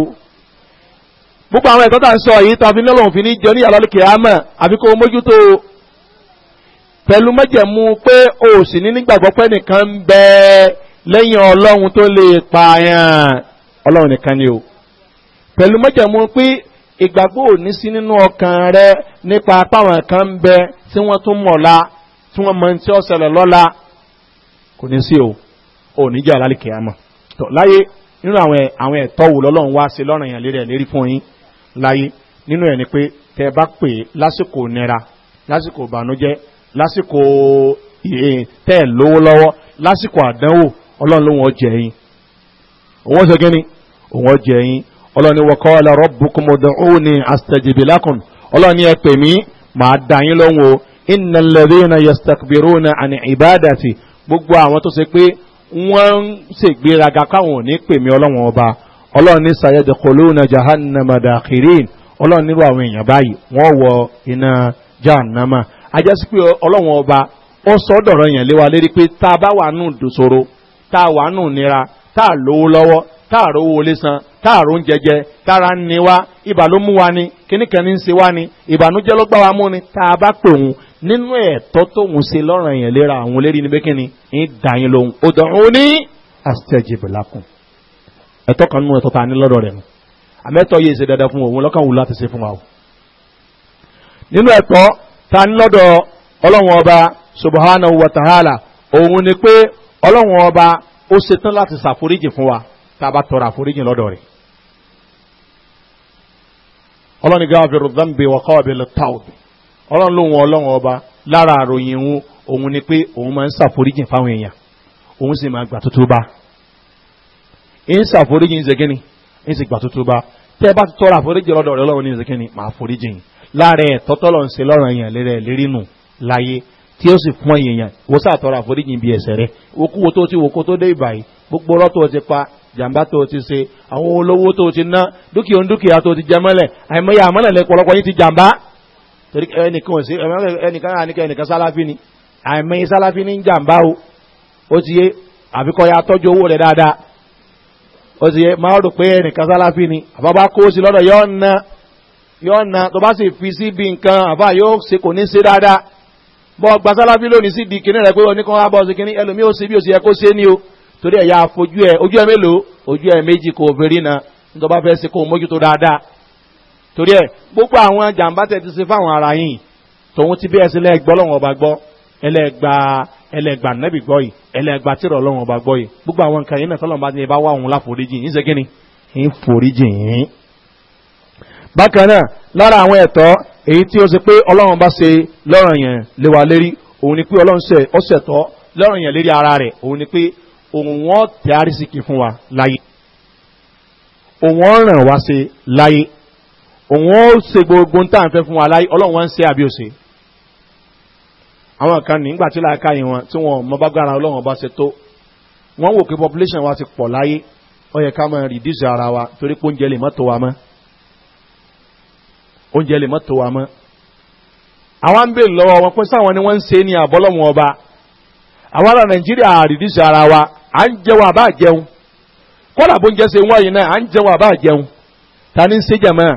púpọ̀ àwọn ẹ̀tọ́ ń sọ yìí tàbí fi ní ní mójútó pẹ̀lú mọ́jẹ̀mú o sì ní nígbàgbọ́ pẹ́ nìkan bẹ́ẹ̀ lẹ́yìn ọlọ́run tó lè pààyàn ọlọ́run nìkan ni o pẹ̀lú mọ́jẹ̀mú pé ìgbàgbọ́ òní sí nínú ọkàn rẹ nípa apáwọn kan ń bẹ tí wọ́n tún mọ̀lá tí wọ́n mọ̀ tí ó ṣẹlẹ̀ lọ́la kò ní sí o ò ní jẹ́ àlálìkè àmọ́ tọ́ láyé nínú àwọn ẹ̀tọ́ wò lọ́lọ́run wá sí lọ́rùn yàn lérí ẹ̀ lérí fún yín láyé nínú ẹ̀ ni pé tẹ́ bá pè é lásìkò nira lásìkò ìbànújẹ́ lásìkò eh, tẹ́ ẹ̀ lówó lọ́wọ́ lásìkò àdánwò ọlọ́run lóhun ọjẹ́ yín òun ọ̀sẹ̀ kínní òun ọjẹ́ yín ọlọ́run ni wa qala rabbukum ud'uni astajib lakum ọlọ́run ni ẹ pè mí màá dá yín lóhùn o innal ladhina yastakbiruna an ibadati gbogbo àwọn tó ṣe pé wọ́n ń ṣègbéraga káwọn ò ní pè mí ọlọ́run ọba ọlọ́run ní sayadkhuluna jahannama dakhirin ọlọ́run nírú àwọn èèyàn báyìí wọ́n wọ iná jahannama ajásí pé ọlọ́run ọba ó sọ dọ̀rọ̀ yẹn léwa lérí pé tá a bá wà nù dòṣòro tá a wà nù nira tá a lówó lọ́wọ́ tá a rówó olé san tá a rò ń jẹjẹ tára ń ni wá ibà ló mú wa ni kíníkan ní ń se wá ni ìbànújẹ́ ló gbá wa mú ni tá a bá pè òun nínú ẹ̀tọ́ tóun ṣe lọ́rọ̀ èèyàn léra àwọn olérí ni bẹ́kẹ́ni ń dà yín lóhun ó dọ̀ ó ní àṣẹjìbò lákùn ẹ̀tọ́ kan nínú ẹ̀tọ́ ta ní lọ́dọ̀ rẹ̀ nù àmẹ́tọ́ yìí ṣe dandan fún òun lọ́kàn wù láti ṣe fún wa o nínú ẹ̀tọ́ ta ní lọ́dọ̀ ọlọ́run ọba subhanahu wa ta'ala òun ni pé ọlọ́run ọba ó ṣetán láti ṣàforíjì fún wa tá a bá tọrọ àforíjì lọ́dọ̀ rẹ̀ ọlọ́run gáwọ́ fi rọ̀dán bí wọ́n káwọ́ bí lọ táwọn ọlọ́run lóhun ọlọ́run ọba lára àròyìn òun òun ni pé òun máa ń ṣàforíjì fáwọn èèyàn òun sì máa gbà tuntun bá ń ṣàforíjì ń ṣe kíni ń sì gbà tuntun bá tẹ́ bá tọrọ àforíjì lọ́dọ̀ rẹ̀ ọlọ́run ní ṣe kíni máa foríjì tí ó sì pọn èèyàn wọ́n sàtọ́ra àforíjì bí ẹ̀sẹ̀ rẹ̀ okúwo tó ti wòkó tó dé ìbàyí gbogbo ọ̀rọ̀ ti pa jàǹbá tó ti ṣe àwọn olówó tó ti ná dúkìá ń dúkìá tó ti jẹ mọ́lẹ̀ àìmọye àmọ́lẹ̀lẹ̀ pọ̀lọpọ̀ yín ti jàǹbá ẹnìkan sáláfí ni àìmọye sáláfí ní jàǹbá o ó ti yé àfikọ́ ya tọ́jú owó rẹ̀ dáadáa ó ti yé máa rò pé ẹnìkan sáláfí ni àbábá kó sí lọ́dọ̀ yọ́ọ̀na tó bá sì fi sí bí nǹkan àbá yóò ṣe kò ní ṣe dáadáa bọ́ ọgbà sálábí lónìí sí di kìnìún rẹ̀ pé oníkan wá bọ́ sí kìnìún ẹlòmí ó sí bí ó sì yẹ kó ṣe ní o torí ẹ̀ ya fojú ẹ̀ ojú ẹ̀ mélòó ojú ẹ̀ méjì kò obìnrin náà nítorí bá fẹ́ ṣe kó mójútó dáadáa torí ẹ̀ gbogbo àwọn jàǹbá tẹ̀ ti ṣe fáwọn ara yìí tòun ti bí ẹ sí lẹ́gbọ́ lọ́wọ́n ọba gbọ́ ẹlẹ́gba ẹlẹ́gba nẹ́bì gbọ́ yìí ẹlẹ́gba tìrọ̀ lọ́wọ́n ọba gbọ́ yìí gbogbo àwọn nǹkan yìí náà tọ́lọ́mọba ni ẹ bá wà òun láforíjì yìí ń ṣe kí ń foríjì yìí bákan náà lára àwọn ẹ̀tọ́ èyí tí ó ṣe pé ọlọ́run bá ṣe lọ́rọ̀ yẹn léwa lérí òun ni pé ọlọ́run ṣe ọ̀ṣẹ̀tọ́ lọ́rọ̀ yẹn lérí ara rẹ̀ òun ni pé òun wọ́n tẹ́ àrísìkì fún wa láyé òun wọ́n ràn wá ṣe láyé òun ó ṣe gbogbo ń tàn fún wa láyé ọlọ́run wọ́n ń ṣe àbí òṣè àwọn kan nígbà tí láàká yìí wọn tí wọn mọ bágbára ọlọ́run bá ṣe tó wọ́n wò pé population wa ti pọ̀ láyé ó yẹ ká máa reduce ara wa torí pé oúnjẹ lè mọ́tò wa mọ́ oúnjẹ lè má tó wa mọ́ àwọn ń bèèrè lọ́wọ́ wọn pé sáwọn ni wọ́n ń ṣe ní àbọ́lọ́wọ́n ọba àwọn ará nàìjíríà àrídìsí ara wa à ń jẹun àbá jẹun kọ́là bó ń jẹ́ ṣe wọ́n yìí náà à ń jẹun àbá jẹun ta ni ń ṣe jẹ̀mọ́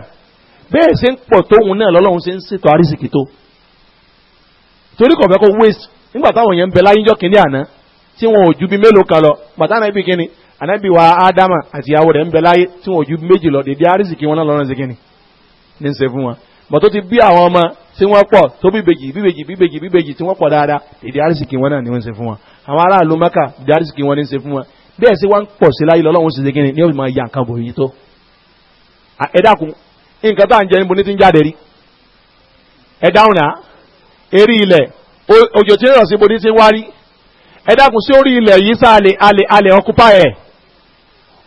bẹ́ẹ̀ ṣe ń pọ̀ tóun náà lọ́lọ́run ṣe ń ṣètò àrísìkì tó torí kò fẹ́ kó waste nígbà táwọn yẹn ń bẹ láyínjọ́ kìíní àná tí wọn ò ju bí mélòó kan lọ bàtà náà ibi kìíní ànábì wa ádámà àtìyàwó rẹ̀ ń bẹ láyé tí wọn ò ju méjì lọ dèdè àrísìkì wọn náà lọ́rùn sí kìíní ní ṣe fún wọn bọ̀ tó ti bí àwọn ọmọ tí wọ́n pọ̀ tó bíbejì bíbejì bíbejì bíbejì tí wọ́n pọ̀ dáadáa èdè àrísìkì wọn náà ni wọ́n ń ṣe fún wọn àwọn aráàlú mẹ́kà èdè àrísìkì wọn ni ń ṣe fún wọn bẹ́ẹ̀ sí láyé lọ́lọ́run ṣe ṣègìnrin ní ọ̀sùn máa ya nǹkan bòyí tó ẹ̀dàkùn nǹkan tá à ń jẹ níbo ní ti ń jáde rí ẹ̀dáhùn náà eré ilẹ̀ òjò tí ń rọ̀ sí ibo ní ti ń wárí ẹ̀dàkùn sí orí ilẹ̀ yìí sáà alẹ́ alẹ́ alẹ́ ọkùpá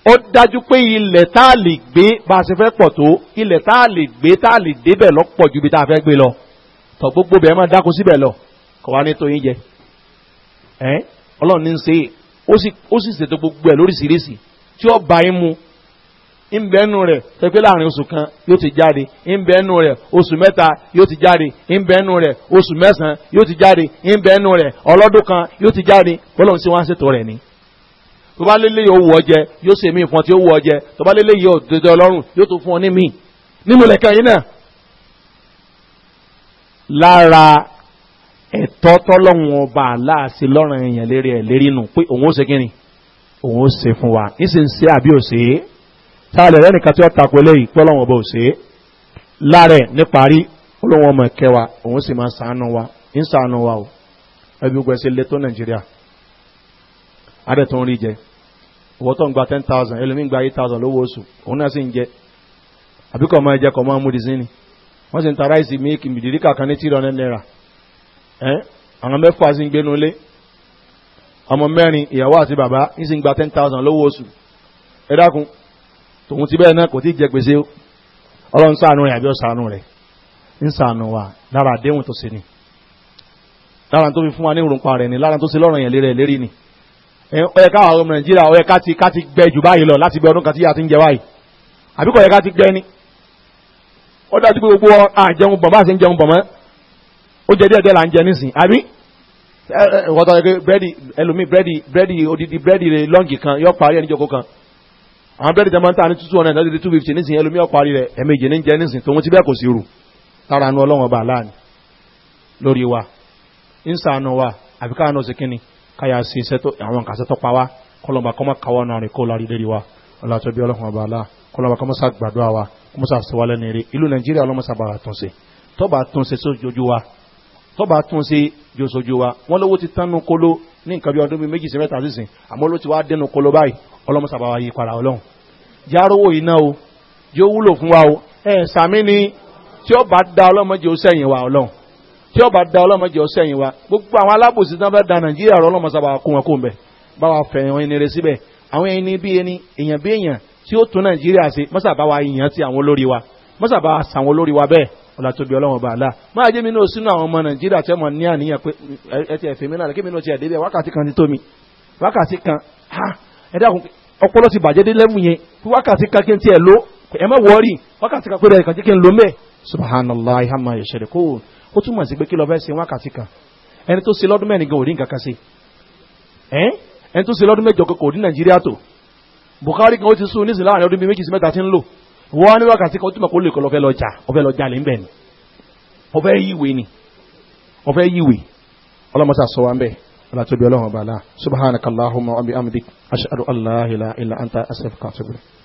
ó dájú pé ilẹ̀ tá a lè gbé bá a ṣe fẹ́ pọ̀ tó ilẹ̀ tá a lè gbé tá a lè débẹ̀ lọ́pọ̀ ju ibi tá a fẹ́ gbé lọ tọ̀ gbogbo bẹ̀rẹ̀ máa dákun síbẹ̀ lọ kọ̀ wá ní tó yín jẹ ẹ́ ọlọ́run ní ń ṣe ó sì ṣètò gbogbo ẹ̀ lóríṣiríṣi tí ó bá yín mu ìbẹ́nu rẹ̀ pẹ́pẹ́ láàrin oṣù kan yóò ti jáde ìbẹ́nu rẹ̀ oṣù mẹ́ta yóò ti jáde ìbẹ́nu rẹ̀ oṣù mẹ́sàn-án yóò ti jáde ìbẹ́nu rẹ̀ ọlọ́dún kan yóò ti jáde bọ́lọ́run sí wá ń ṣètò rẹ̀ ni tó bá lélẹ́ yóò wọ jẹ yóò ṣe mí fún ọ tí ó wọ jẹ tó bá lélẹ́ yóò dédé ọlọ́run yóò tó fún ọ ní mí nínú lẹ́kàn yìí náà lára ẹ̀tọ́ tọ́lọ́wọ̀n ọba aláàṣẹ lọ́rùn èèyàn lérí ẹ̀ lérí nù pé òun ó ṣe kíni òun ó ṣe fún wa ní sì ń ṣe àbí òṣè sáàlẹ̀ tí ó tako eléyìí tọ́lọ́wọ̀n ọba òṣè lára ẹ̀ níparí olóhùn ọmọ ìkẹwàá òun sì máa sàánú wa ń sàánú wa o ẹbí gbèsè lẹ́tọ́ nàìjíríà adẹ́tọ́ ń rí jẹ́ owó tó ń gba ten thousand ẹlòmíín gba eight thousand lówó oṣù òun náà sì ń jẹ àbí kò máa jẹ kò máa mú dizini wọ́n sì ń ta ráìsì míìkì mìdìrí kàkan ní three hundred naira ẹ́ àwọn mẹ́fà sì ń gbénu lé ọmọ mẹ́rin ìyàwó àti bàbá ń sì ń gba ten thousand lówó oṣù ẹ dákun tòun ti bẹ́ẹ̀ náà kò tí ì jẹ gbèsè ọlọ́run sànù rẹ̀ àbí ọ̀sànù rẹ̀ ń sànù wa lára àdéhùn tó ṣe ni lára tó fi fún wa ní òrùnpa rẹ̀ ni lára tó ṣe lọ́rọ̀ yẹn lérí ni ọyẹ eh, káwọn ọmọ nàìjíríà ọyẹ ká ti ká ti gbẹ jù báyìí lọ láti gbẹ ọdún kan tí a ti ń jẹ báyìí àbí kọ̀ọ̀yẹ ká ti gbẹ ni ó dájú pé gbogbo àjẹun bọ̀ bá ṣe ń jẹun bọ̀ mọ́ ó jẹ díẹ̀ díẹ̀ là ń jẹ nísìn àbí eh, eh, ìwọ́tọ̀ yẹ pé bírẹ́dì ẹlòmíì bírẹ́dì bírẹ́dì odidi bírẹ́dì rẹ lọ́ǹgì kan yọ parí ẹni jókòó kan àwọn bírẹ́dì tẹ́lẹ̀ máa ń ta ní two hundred and thirty two fifty nísìn ẹlòmíì ọ̀parí rẹ ẹ̀mejì ní jẹ nísìn tòun ti bẹ́ẹ̀ kò sí rù lára nu ọlọ́run ọba àlá lórí wa ń sànù wa àbíká náà ṣe Kaya sí iṣẹ́ tó àwọn kàṣẹ́ tó pa wá kọlọ́mà kọ́mọ́ káwọ́ náà rìn kó lórí lérí wa ọlọ́tọ́bí ọlọ́run ọba alá kọlọ́mà kọ́mọ́ sá gbàdúrà wa kọ́mọ́ sá sọ wa lẹ́nu eré ìlú nàìjíríà ọlọ́mọ sábà àtúnṣe tọ́ba àtúnṣe sójú wa tọ́ba àtúnṣe jò sójú wa wọ́n lówó ti tánú kóló ní nǹkan bí ọdún bíi méjì sí mẹ́ta sísìn àmọ́ ló ti wá dénú kóló báyìí ọlọ́mọ wa yí tí ọba da ọlọ́mọdé ọsẹ yìí wa gbogbo àwọn alábòsí tí wọ́n bá da nàìjíríà rọ ọlọ́mọ sábà kó wọn kó ń bẹ̀ bá wa fẹ̀ wọn ẹni rẹ síbẹ̀ àwọn ẹni bí ẹni èèyàn bí èèyàn tí ó tún nàìjíríà ṣe mọ́sà bá wa yìnyàn ti àwọn olórí wa mọ́sà bá wa sàn wọn olórí wa bẹ́ẹ̀ ọ̀là tóbi ọlọ́wọ̀n bá jẹ́ mi náà sínú àwọn ọmọ nàìjíríà tẹ́ mọ̀ ní àníyàn pé ẹ ti ẹ̀fẹ̀ mi mi náà ha ẹ dákun ọpọlọ ti bàjẹ́ dé lẹ́mú yẹn pé wákàtí kan kí n tiẹ̀ lo subhanallah ihamma yẹ̀ṣẹ̀rẹ̀ ó túmọ̀ sí pé kí lọ fẹ́ ṣe wákàtí kan ẹni tó ṣe lọ́dún mẹ́rin gan ò rí nǹkan kan ṣe ẹni tó ṣe lọ́dún mẹ́jọ kan kò rí nàìjíríà tó Buhari kan ó ti sún nísìnyí láàrin ọdún bíi méjì sí mẹ́ta ti ń lò wọ́n á ní wákàtí kan ó túmọ̀ kó lè kọ́ lọ fẹ́ lọ jà ọfẹ́ lọ jalè ńbẹ̀ ni ọfẹ́ yíwe ni ọfẹ́ yíwe ọlọ́mọta sọ wa ń bẹ̀ ọlá ọlọ́run ọba aláà subhanakallahumma wa illa anta astaghfiruka wa